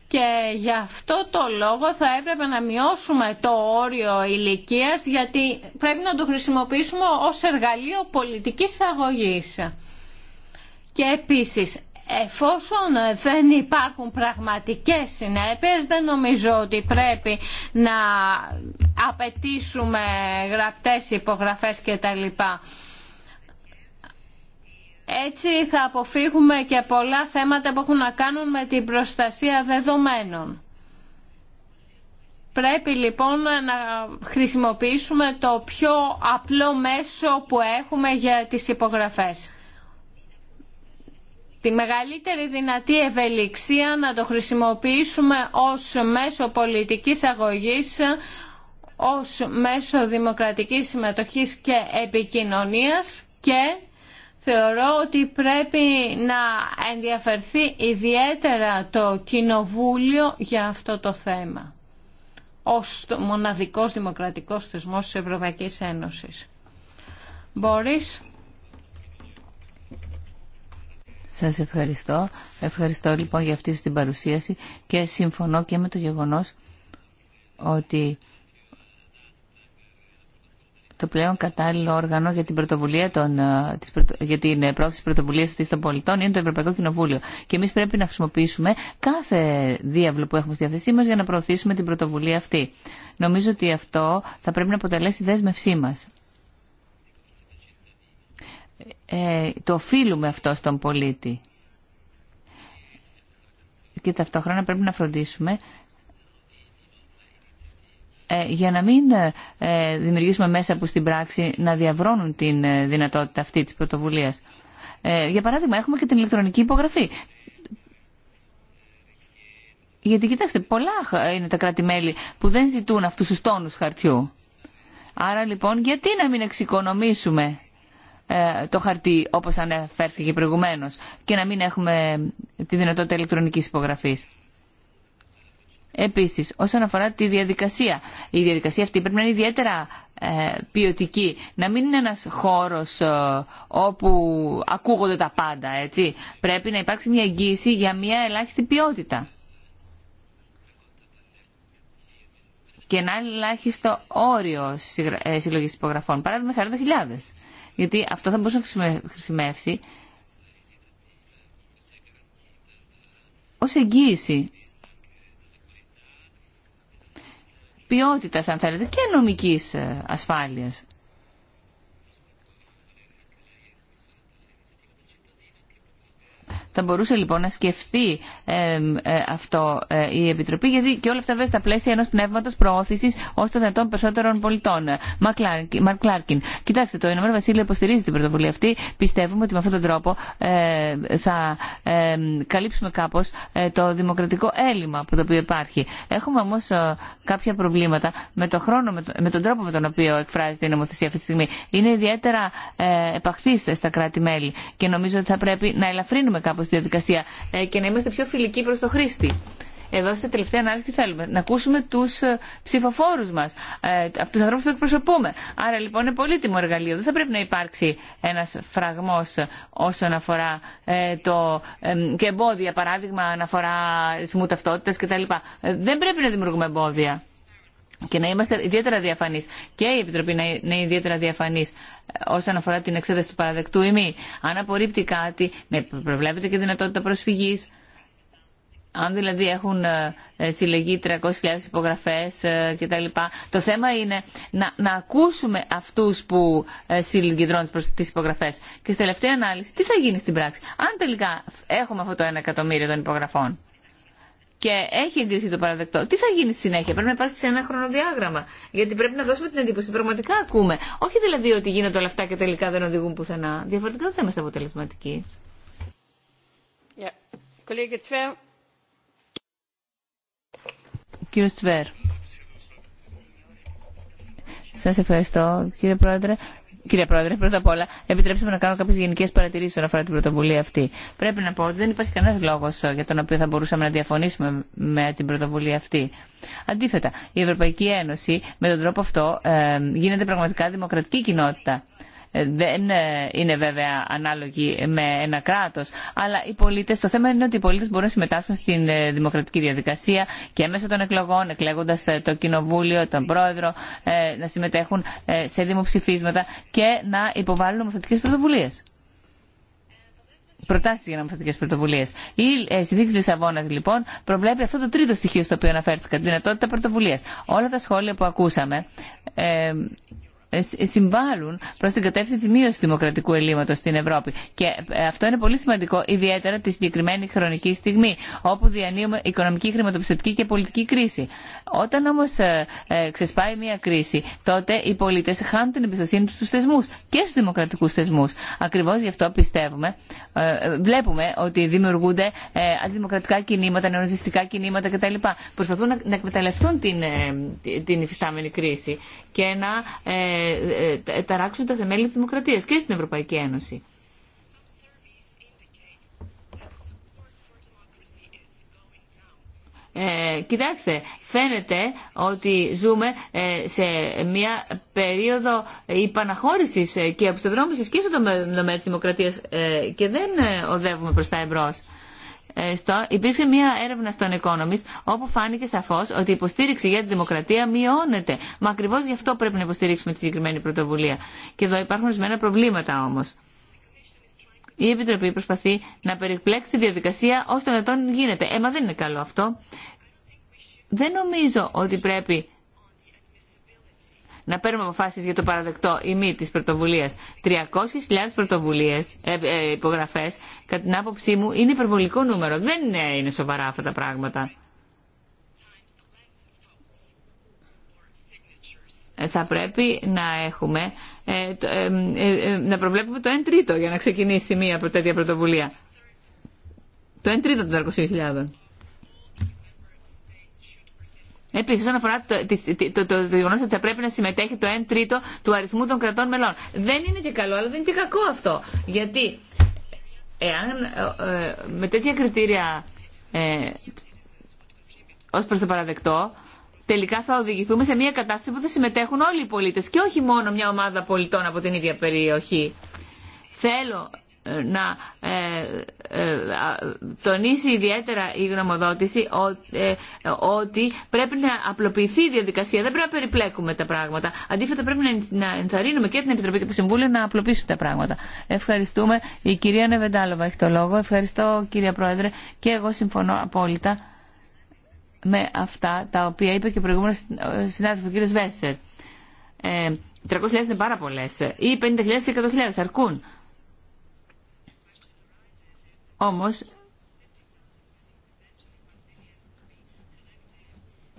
και γι' αυτό το λόγο θα έπρεπε να μειώσουμε το όριο ηλικίας γιατί πρέπει να το χρησιμοποιήσουμε ως εργαλείο πολιτικής αγωγής. Και επίσης, εφόσον δεν υπάρχουν πραγματικές συνέπειες, δεν νομίζω ότι πρέπει να απαιτήσουμε γραπτές υπογραφές κτλ. Έτσι θα αποφύγουμε και πολλά θέματα που έχουν να κάνουν με την προστασία δεδομένων. Πρέπει λοιπόν να χρησιμοποιήσουμε το πιο απλό μέσο που έχουμε για τις υπογραφές. Τη μεγαλύτερη δυνατή ευελιξία να το χρησιμοποιήσουμε ως μέσο πολιτικής αγωγής, ως μέσο δημοκρατικής συμμετοχής και επικοινωνίας και θεωρώ ότι πρέπει να ενδιαφερθεί ιδιαίτερα το Κοινοβούλιο για αυτό το θέμα ως το μοναδικός δημοκρατικός θεσμός της Ευρωπαϊκής Ένωσης. Μπορείς. Σας ευχαριστώ. Ευχαριστώ λοιπόν για αυτή την παρουσίαση και συμφωνώ και με το γεγονός ότι το πλέον κατάλληλο όργανο για την, πρωτοβουλία των, ε, της, για την ε, πρόθεση πρωτοβουλία αυτή των πολιτών είναι το Ευρωπαϊκό Κοινοβούλιο. Και εμεί πρέπει να χρησιμοποιήσουμε κάθε διάβλο που έχουμε στη διάθεσή μα για να προωθήσουμε την πρωτοβουλία αυτή. Νομίζω ότι αυτό θα πρέπει να αποτελέσει δέσμευσή μα. Ε, το οφείλουμε αυτό στον πολίτη. Και ταυτόχρονα πρέπει να φροντίσουμε ε, για να μην ε, ε, δημιουργήσουμε μέσα που στην πράξη να διαβρώνουν την δυνατότητα αυτή της πρωτοβουλίας. Για παράδειγμα, έχουμε και την ηλεκτρονική υπογραφή. Γιατί κοιτάξτε, πολλά είναι τα κράτη-μέλη που δεν ζητούν αυτούς τους τόνους χαρτιού. Άρα λοιπόν, γιατί να μην εξοικονομήσουμε το χαρτί όπως αναφέρθηκε προηγουμένως και να μην έχουμε τη δυνατότητα ηλεκτρονικής υπογραφής. Επίση, όσον αφορά τη διαδικασία, η διαδικασία αυτή πρέπει να είναι ιδιαίτερα ε, ποιοτική. Να μην είναι ένας χώρος ε, όπου ακούγονται τα πάντα, έτσι. Πρέπει να υπάρξει μια εγγύηση για μια ελάχιστη ποιότητα. Και ένα ελάχιστο όριο ε, συλλογή υπογραφών. Παράδειγμα 40.000. Γιατί αυτό θα μπορούσε να χρησιμεύσει Ω εγγύηση Ποιότητα αν θέλετε και νομικής ε, ασφάλειας. Θα μπορούσε λοιπόν να σκεφτεί ε, αυτό ε, η Επιτροπή, γιατί και όλα αυτά βέβαια στα πλαίσια ενό πνεύματο προώθηση ω των δυνατόν περισσότερων πολιτών. Μαρκ Κλάρκιν, κοιτάξτε, το Ηνωμένο Βασίλειο υποστηρίζει την πρωτοβουλία αυτή. Πιστεύουμε ότι με αυτόν τον τρόπο ε, θα καλύψουμε κάπω το δημοκρατικό έλλειμμα που το οποίο υπάρχει. Έχουμε όμω κάποια προβλήματα με το χρόνο, με, με τον τρόπο με τον οποίο εκφράζεται η νομοθεσία αυτή τη στιγμή. Είναι ιδιαίτερα επαχθή στα κράτη-μέλη και νομίζω ότι θα πρέπει να ελαφρύνουμε κάπω κάπω τη διαδικασία ε, και να είμαστε πιο φιλικοί προ το χρήστη. Εδώ στη τελευταία ανάλυση τι θέλουμε, να ακούσουμε του ε, ψηφοφόρου μα, ε, του ανθρώπου που εκπροσωπούμε. Άρα λοιπόν είναι πολύτιμο εργαλείο. Δεν θα πρέπει να υπάρξει ένα φραγμό όσον αφορά το και εμπόδια, παράδειγμα, αναφορά ρυθμού ταυτότητα κτλ. Δεν πρέπει να δημιουργούμε εμπόδια και να είμαστε ιδιαίτερα διαφανεί. Και η Επιτροπή να είναι ιδιαίτερα διαφανή ε, όσον αφορά την εξέταση του παραδεκτού ή μη. Αν απορρίπτει κάτι, να προβλέπεται και δυνατότητα προσφυγή. Αν δηλαδή έχουν ε, ε, συλλεγεί 300.000 υπογραφέ κτλ. Το θέμα είναι να, να ακούσουμε αυτού που συγκεντρώνουν τι υπογραφέ. Και στη τελευταία ανάλυση, τι θα γίνει στην πράξη. Αν τελικά έχουμε αυτό το 1 εκατομμύριο των υπογραφών και έχει εγκριθεί το παραδεκτό, τι θα γίνει στη συνέχεια. Πρέπει να υπάρξει ένα χρονοδιάγραμμα. Γιατί πρέπει να δώσουμε την εντύπωση πραγματικά ακούμε. Όχι δηλαδή ότι γίνονται όλα αυτά και τελικά δεν οδηγούν πουθενά. Διαφορετικά δεν θα είμαστε αποτελεσματικοί. Yeah. Τσβέρ. Σας ευχαριστώ κύριε Πρόεδρε. Κύριε Πρόεδρε, πρώτα απ' όλα, επιτρέψτε μου να κάνω κάποιε γενικέ παρατηρήσει όσον αφορά την πρωτοβουλία αυτή. Πρέπει να πω ότι δεν υπάρχει κανένα λόγο ε, για τον οποίο θα μπορούσαμε να διαφωνήσουμε με την πρωτοβουλία αυτή. Αντίθετα, η Ευρωπαϊκή Ένωση με τον τρόπο αυτό ε, γίνεται πραγματικά δημοκρατική κοινότητα δεν ε, είναι βέβαια ανάλογη με ένα κράτο. Αλλά οι πολίτε, το θέμα είναι ότι οι πολίτε μπορούν να συμμετάσχουν στην ε, δημοκρατική διαδικασία και μέσω των εκλογών, εκλέγοντα ε, το κοινοβούλιο, τον πρόεδρο, να συμμετέχουν σε δημοψηφίσματα και να υποβάλουν νομοθετικέ πρωτοβουλίε. Προτάσει για νομοθετικέ πρωτοβουλίε. Η συνθήκη Λισαβόνα, λοιπόν, προβλέπει αυτό το τρίτο στοιχείο στο οποίο αναφέρθηκα, τη δυνατότητα πρωτοβουλία. Όλα τα σχόλια που ακούσαμε. Ε, συμβάλλουν προ την κατεύθυνση τη μείωση του δημοκρατικού ελλείμματος στην Ευρώπη. Και ε, αυτό είναι πολύ σημαντικό, ιδιαίτερα τη συγκεκριμένη χρονική στιγμή, όπου διανύουμε οικονομική, χρηματοπιστωτική και πολιτική κρίση. Όταν όμω ε, ε, ξεσπάει μια κρίση, τότε οι πολίτε χάνουν την εμπιστοσύνη του στους θεσμού και στους δημοκρατικού θεσμού. Ακριβώ γι' αυτό πιστεύουμε, βλέπουμε ότι δημιουργούνται αντιδημοκρατικά κινήματα, νεοναζιστικά κινήματα κτλ. Προσπαθούν να εκμεταλλευτούν την, την υφιστάμενη κρίση και να ε, ε, ταράξουν τα θεμέλια της δημοκρατίας και στην Ευρωπαϊκή Ένωση. Ε, κοιτάξτε, φαίνεται ότι ζούμε ε, σε μια περίοδο υπαναχώρησης και αποστοδρόμησης και στον τομέα της δημοκρατίας και δεν οδεύουμε προς τα εμπρός. Ε, στο, υπήρξε μια έρευνα στον Economist όπου φάνηκε σαφώ ότι η υποστήριξη για τη δημοκρατία μειώνεται. Μα ακριβώ γι' αυτό πρέπει να υποστηρίξουμε τη συγκεκριμένη πρωτοβουλία. Και εδώ υπάρχουν ορισμένα προβλήματα όμω. Η Επιτροπή προσπαθεί να περιπλέξει τη διαδικασία ώστε να τον γίνεται. Ε, δεν είναι καλό αυτό. Δεν νομίζω ότι πρέπει να παίρνουμε αποφάσει για το παραδεκτό ή μη τη πρωτοβουλία. 300.000 πρωτοβουλίε, ε, ε, υπογραφέ κατά την άποψή μου, είναι υπερβολικό νούμερο. Δεν είναι, είναι σοβαρά αυτά τα πράγματα. Ε, θα πρέπει να έχουμε, ε, το, ε, ε, ε, να προβλέπουμε το 1 τρίτο για να ξεκινήσει μια τέτοια πρωτοβουλία. Το 1 τρίτο των 400.000. Επίση, όσον αφορά το, το, το, το γεγονό ότι θα πρέπει να συμμετέχει το 1 τρίτο του αριθμού των κρατών μελών. Δεν είναι και καλό, αλλά δεν είναι και κακό αυτό. Γιατί Εάν ε, ε, με τέτοια κριτήρια ε, ως προς το παραδεκτό, τελικά θα οδηγηθούμε σε μια κατάσταση που θα συμμετέχουν όλοι οι πολίτες και όχι μόνο μια ομάδα πολιτών από την ίδια περιοχή. Θέλω να ε, ε, τονίσει ιδιαίτερα η γνωμοδότηση ε, ότι πρέπει να απλοποιηθεί η διαδικασία. Δεν πρέπει να περιπλέκουμε τα πράγματα. Αντίθετα πρέπει να ενθαρρύνουμε και την Επιτροπή και το Συμβούλιο να απλοποιήσουν τα πράγματα. Ευχαριστούμε. Η κυρία Νεβεντάλοβα έχει το λόγο. Ευχαριστώ κύριε Πρόεδρε και εγώ συμφωνώ απόλυτα με αυτά τα οποία είπε και ο προηγούμενο συνάδελφο, ο κύριο Βέσσερ. Ε, 300.000 είναι πάρα πολλέ. Ή 50.000 ή 100.000 αρκούν. Όμως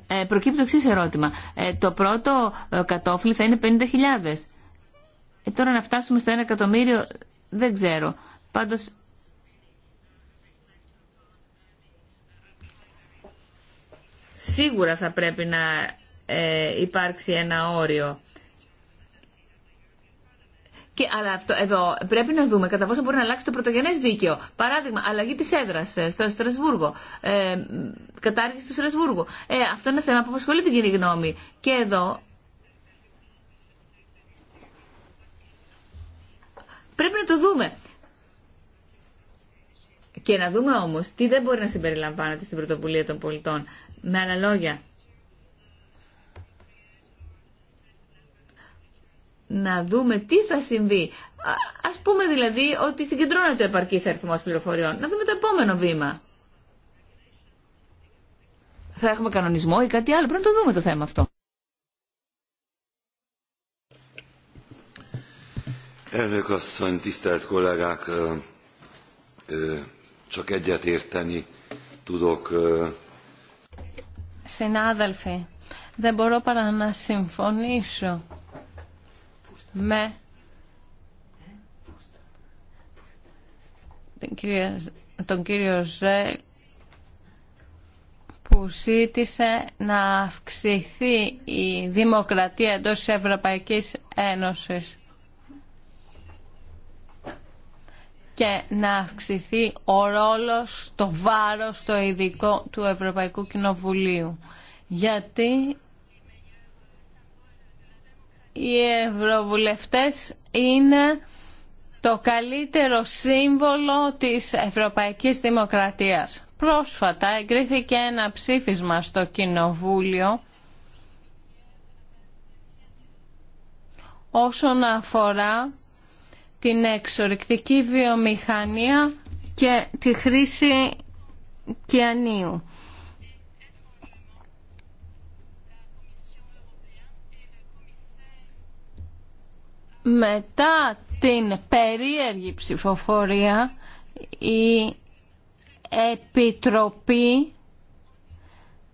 ε, προκύπτει το εξή ερώτημα. Ε, το πρώτο ε, κατόφλι θα είναι 50.000. Ε, τώρα να φτάσουμε στο 1 εκατομμύριο δεν ξέρω. Πάντως σίγουρα θα πρέπει να ε, υπάρξει ένα όριο. Και, αλλά αυτό, εδώ πρέπει να δούμε κατά πόσο μπορεί να αλλάξει το πρωτογενέ δίκαιο. Παράδειγμα, αλλαγή τη έδρα ε, στο Στρασβούργο. Ε, κατάργηση του Στρασβούργου. Ε, αυτό είναι θέμα που απασχολεί την κοινή γνώμη. Και εδώ πρέπει να το δούμε. Και να δούμε όμως τι δεν μπορεί να συμπεριλαμβάνεται στην πρωτοβουλία των πολιτών. Με άλλα λόγια, να δούμε τι θα συμβεί. Ας πούμε δηλαδή ότι συγκεντρώνεται ο επαρκής αριθμός πληροφοριών. Να δούμε το επόμενο βήμα. Θα έχουμε κανονισμό ή κάτι άλλο. Πρέπει να το δούμε το θέμα αυτό. Elnök asszony, tisztelt kollégák, csak egyet érteni tudok. Συνάδελφοι, δεν μπορώ παρά να συμφωνήσω με τον κύριο Ζελ που ζήτησε να αυξηθεί η δημοκρατία εντός της Ευρωπαϊκής Ένωσης και να αυξηθεί ο ρόλος, το βάρος, το ειδικό του Ευρωπαϊκού Κοινοβουλίου. Γιατί οι ευρωβουλευτές είναι το καλύτερο σύμβολο της ευρωπαϊκής δημοκρατίας. Πρόσφατα εγκρίθηκε ένα ψήφισμα στο Κοινοβούλιο όσον αφορά την εξορρυκτική βιομηχανία και τη χρήση κιανίου. μετά την περίεργη ψηφοφορία η Επιτροπή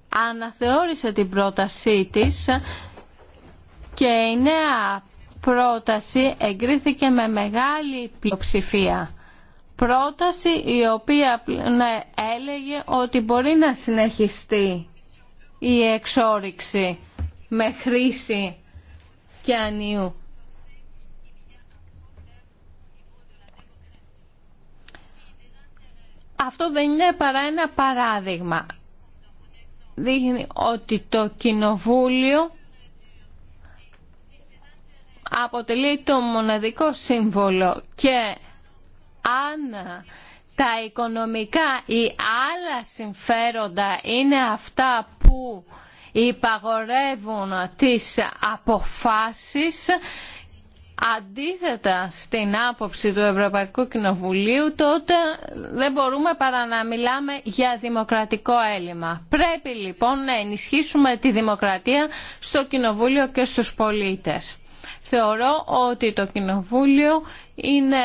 αναθεώρησε την πρότασή της και η νέα πρόταση εγκρίθηκε με μεγάλη πλειοψηφία. Πρόταση η οποία ναι, έλεγε ότι μπορεί να συνεχιστεί η εξόριξη με χρήση και ανίου Αυτό δεν είναι παρά ένα παράδειγμα. Δείχνει ότι το Κοινοβούλιο αποτελεί το μοναδικό σύμβολο και αν τα οικονομικά ή άλλα συμφέροντα είναι αυτά που υπαγορεύουν τις αποφάσεις αντίθετα στην άποψη του Ευρωπαϊκού Κοινοβουλίου, τότε δεν μπορούμε παρά να μιλάμε για δημοκρατικό έλλειμμα. Πρέπει λοιπόν να ενισχύσουμε τη δημοκρατία στο Κοινοβούλιο και στους πολίτες. Θεωρώ ότι το Κοινοβούλιο είναι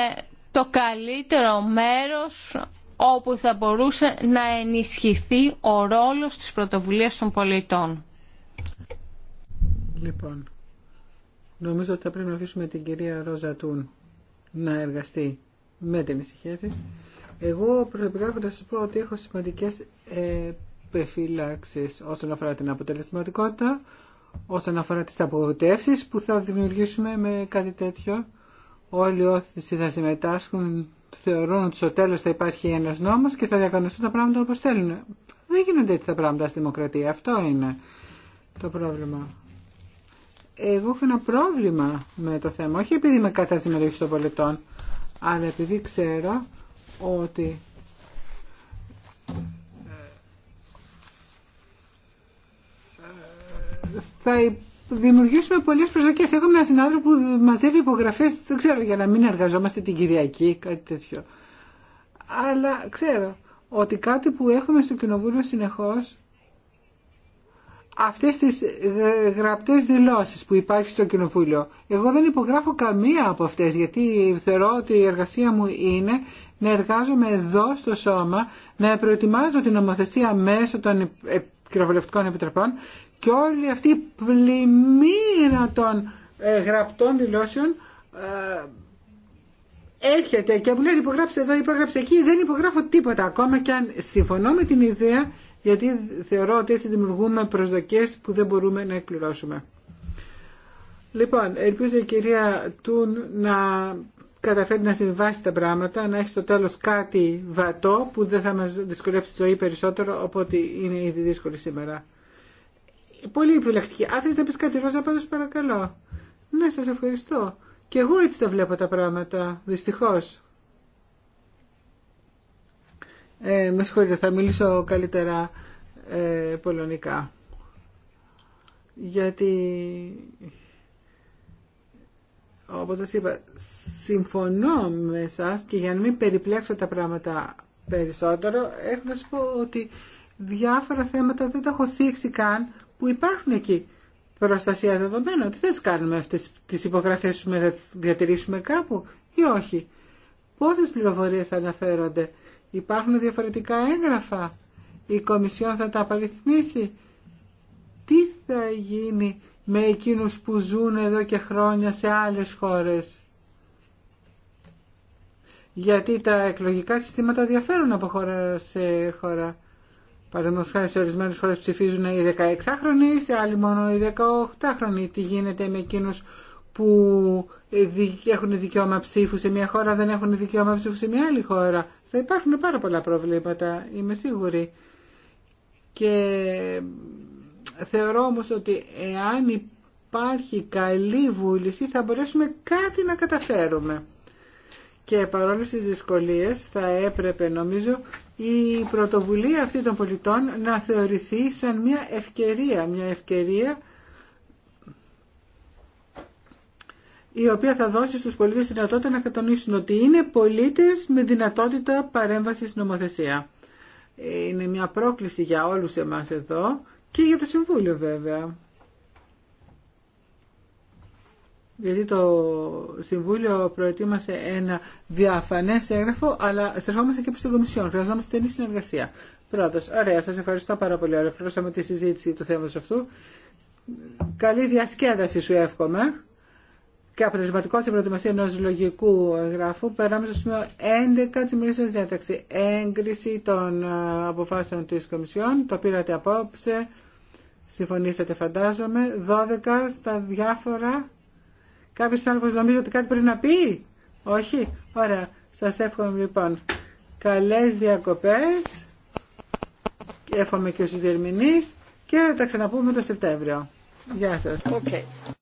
το καλύτερο μέρος όπου θα μπορούσε να ενισχυθεί ο ρόλος της πρωτοβουλίας των πολιτών. Λοιπόν, Νομίζω ότι θα πρέπει να αφήσουμε την κυρία Ρόζα Τούν να εργαστεί με την ησυχία της. Εγώ προσωπικά έχω να σας πω ότι έχω σημαντικές επιφύλαξεις όσον αφορά την αποτελεσματικότητα, όσον αφορά τις απογοητεύσεις που θα δημιουργήσουμε με κάτι τέτοιο. Όλοι όσοι θα συμμετάσχουν θεωρούν ότι στο τέλος θα υπάρχει ένας νόμος και θα διακανονιστούν τα πράγματα όπως θέλουν. Δεν γίνονται έτσι τα πράγματα στη δημοκρατία. Αυτό είναι το πρόβλημα εγώ έχω ένα πρόβλημα με το θέμα. Όχι επειδή είμαι κατά τη συμμετοχή των πολιτών, αλλά επειδή ξέρω ότι ε, θα δημιουργήσουμε πολλέ προσδοκίε. Έχω έναν συνάδελφο που μαζεύει υπογραφέ, δεν ξέρω, για να μην εργαζόμαστε την Κυριακή, κάτι τέτοιο. Αλλά ξέρω ότι κάτι που έχουμε στο Κοινοβούλιο συνεχώς αυτές τις ε, γραπτές δηλώσεις που υπάρχει στο Κοινοβούλιο. Εγώ δεν υπογράφω καμία από αυτές γιατί θεωρώ ότι η εργασία μου είναι να εργάζομαι εδώ στο σώμα, να προετοιμάζω την νομοθεσία μέσω των ε, ε, κοινοβουλευτικών επιτροπών και όλη αυτή η πλημμύρα των γραπτών δηλώσεων έρχεται και μου λέει υπογράψε εδώ, υπογράψε εκεί, δεν υπογράφω τίποτα ακόμα και αν συμφωνώ με την ιδέα γιατί θεωρώ ότι έτσι δημιουργούμε προσδοκίες που δεν μπορούμε να εκπληρώσουμε. Λοιπόν, ελπίζω η κυρία Τούν να καταφέρει να συμβάσει τα πράγματα, να έχει στο τέλος κάτι βατό που δεν θα μας δυσκολεύσει τη ζωή περισσότερο από είναι ήδη δύσκολη σήμερα. Πολύ επιλεκτική. Αν θέλετε να πεις κάτι ρόζα, πάντως παρακαλώ. Ναι, σας ευχαριστώ. Και εγώ έτσι τα βλέπω τα πράγματα, δυστυχώς. Ε, με συγχωρείτε, θα μιλήσω καλύτερα ε, πολωνικά. Γιατί, όπως σας είπα, συμφωνώ με εσάς και για να μην περιπλέξω τα πράγματα περισσότερο, έχω να σας πω ότι διάφορα θέματα δεν τα έχω θίξει καν που υπάρχουν εκεί. Προστασία δεδομένων, τι θες κάνουμε αυτές τις υπογραφές, θα τις διατηρήσουμε κάπου ή όχι. Πόσες πληροφορίες θα αναφέρονται Υπάρχουν διαφορετικά έγγραφα. Η Κομισιόν θα τα απαριθμίσει. Τι θα γίνει με εκείνους που ζουν εδώ και χρόνια σε άλλες χώρες. Γιατί τα εκλογικά συστήματα διαφέρουν από χώρα σε χώρα. Παραδείγματο χάρη σε ορισμένε χώρε ψηφίζουν οι 16χρονοι, σε άλλοι μόνο οι 18χρονοι. Τι γίνεται με εκείνου που έχουν δικαίωμα ψήφου σε μια χώρα, δεν έχουν δικαίωμα ψήφου σε μια άλλη χώρα. Θα υπάρχουν πάρα πολλά προβλήματα, είμαι σίγουρη. Και θεωρώ όμως ότι εάν υπάρχει καλή βούληση θα μπορέσουμε κάτι να καταφέρουμε. Και παρόλο στις δυσκολίες θα έπρεπε νομίζω η πρωτοβουλία αυτή των πολιτών να θεωρηθεί σαν μια ευκαιρία. Μια ευκαιρία η οποία θα δώσει στους πολίτες δυνατότητα να κατανοήσουν ότι είναι πολίτες με δυνατότητα παρέμβασης στην νομοθεσία. Είναι μια πρόκληση για όλους εμάς εδώ και για το Συμβούλιο βέβαια. Γιατί το Συμβούλιο προετοίμασε ένα διαφανές έγγραφο, αλλά στρεφόμαστε και προς την Κομισιόν. Χρειαζόμαστε στενή συνεργασία. Πρώτος, ωραία, σας ευχαριστώ πάρα πολύ. Ολοκληρώσαμε τη συζήτηση του θέματος αυτού. Καλή διασκέδαση σου εύχομαι και αποτελεσματικό στην προετοιμασία ενό λογικού εγγράφου. Περάμε στο σημείο 11 τη μιλήσια διάταξη. Έγκριση των ε, αποφάσεων τη Κομισιόν. Το πήρατε απόψε. Συμφωνήσατε, φαντάζομαι. 12 στα διάφορα. Κάποιο άλλο νομίζει ότι κάτι πρέπει να πει. Όχι. Ωραία. Σα εύχομαι λοιπόν καλέ διακοπέ. Εύχομαι και ο διερμηνεί. Και θα τα ξαναπούμε το Σεπτέμβριο. Γεια σας.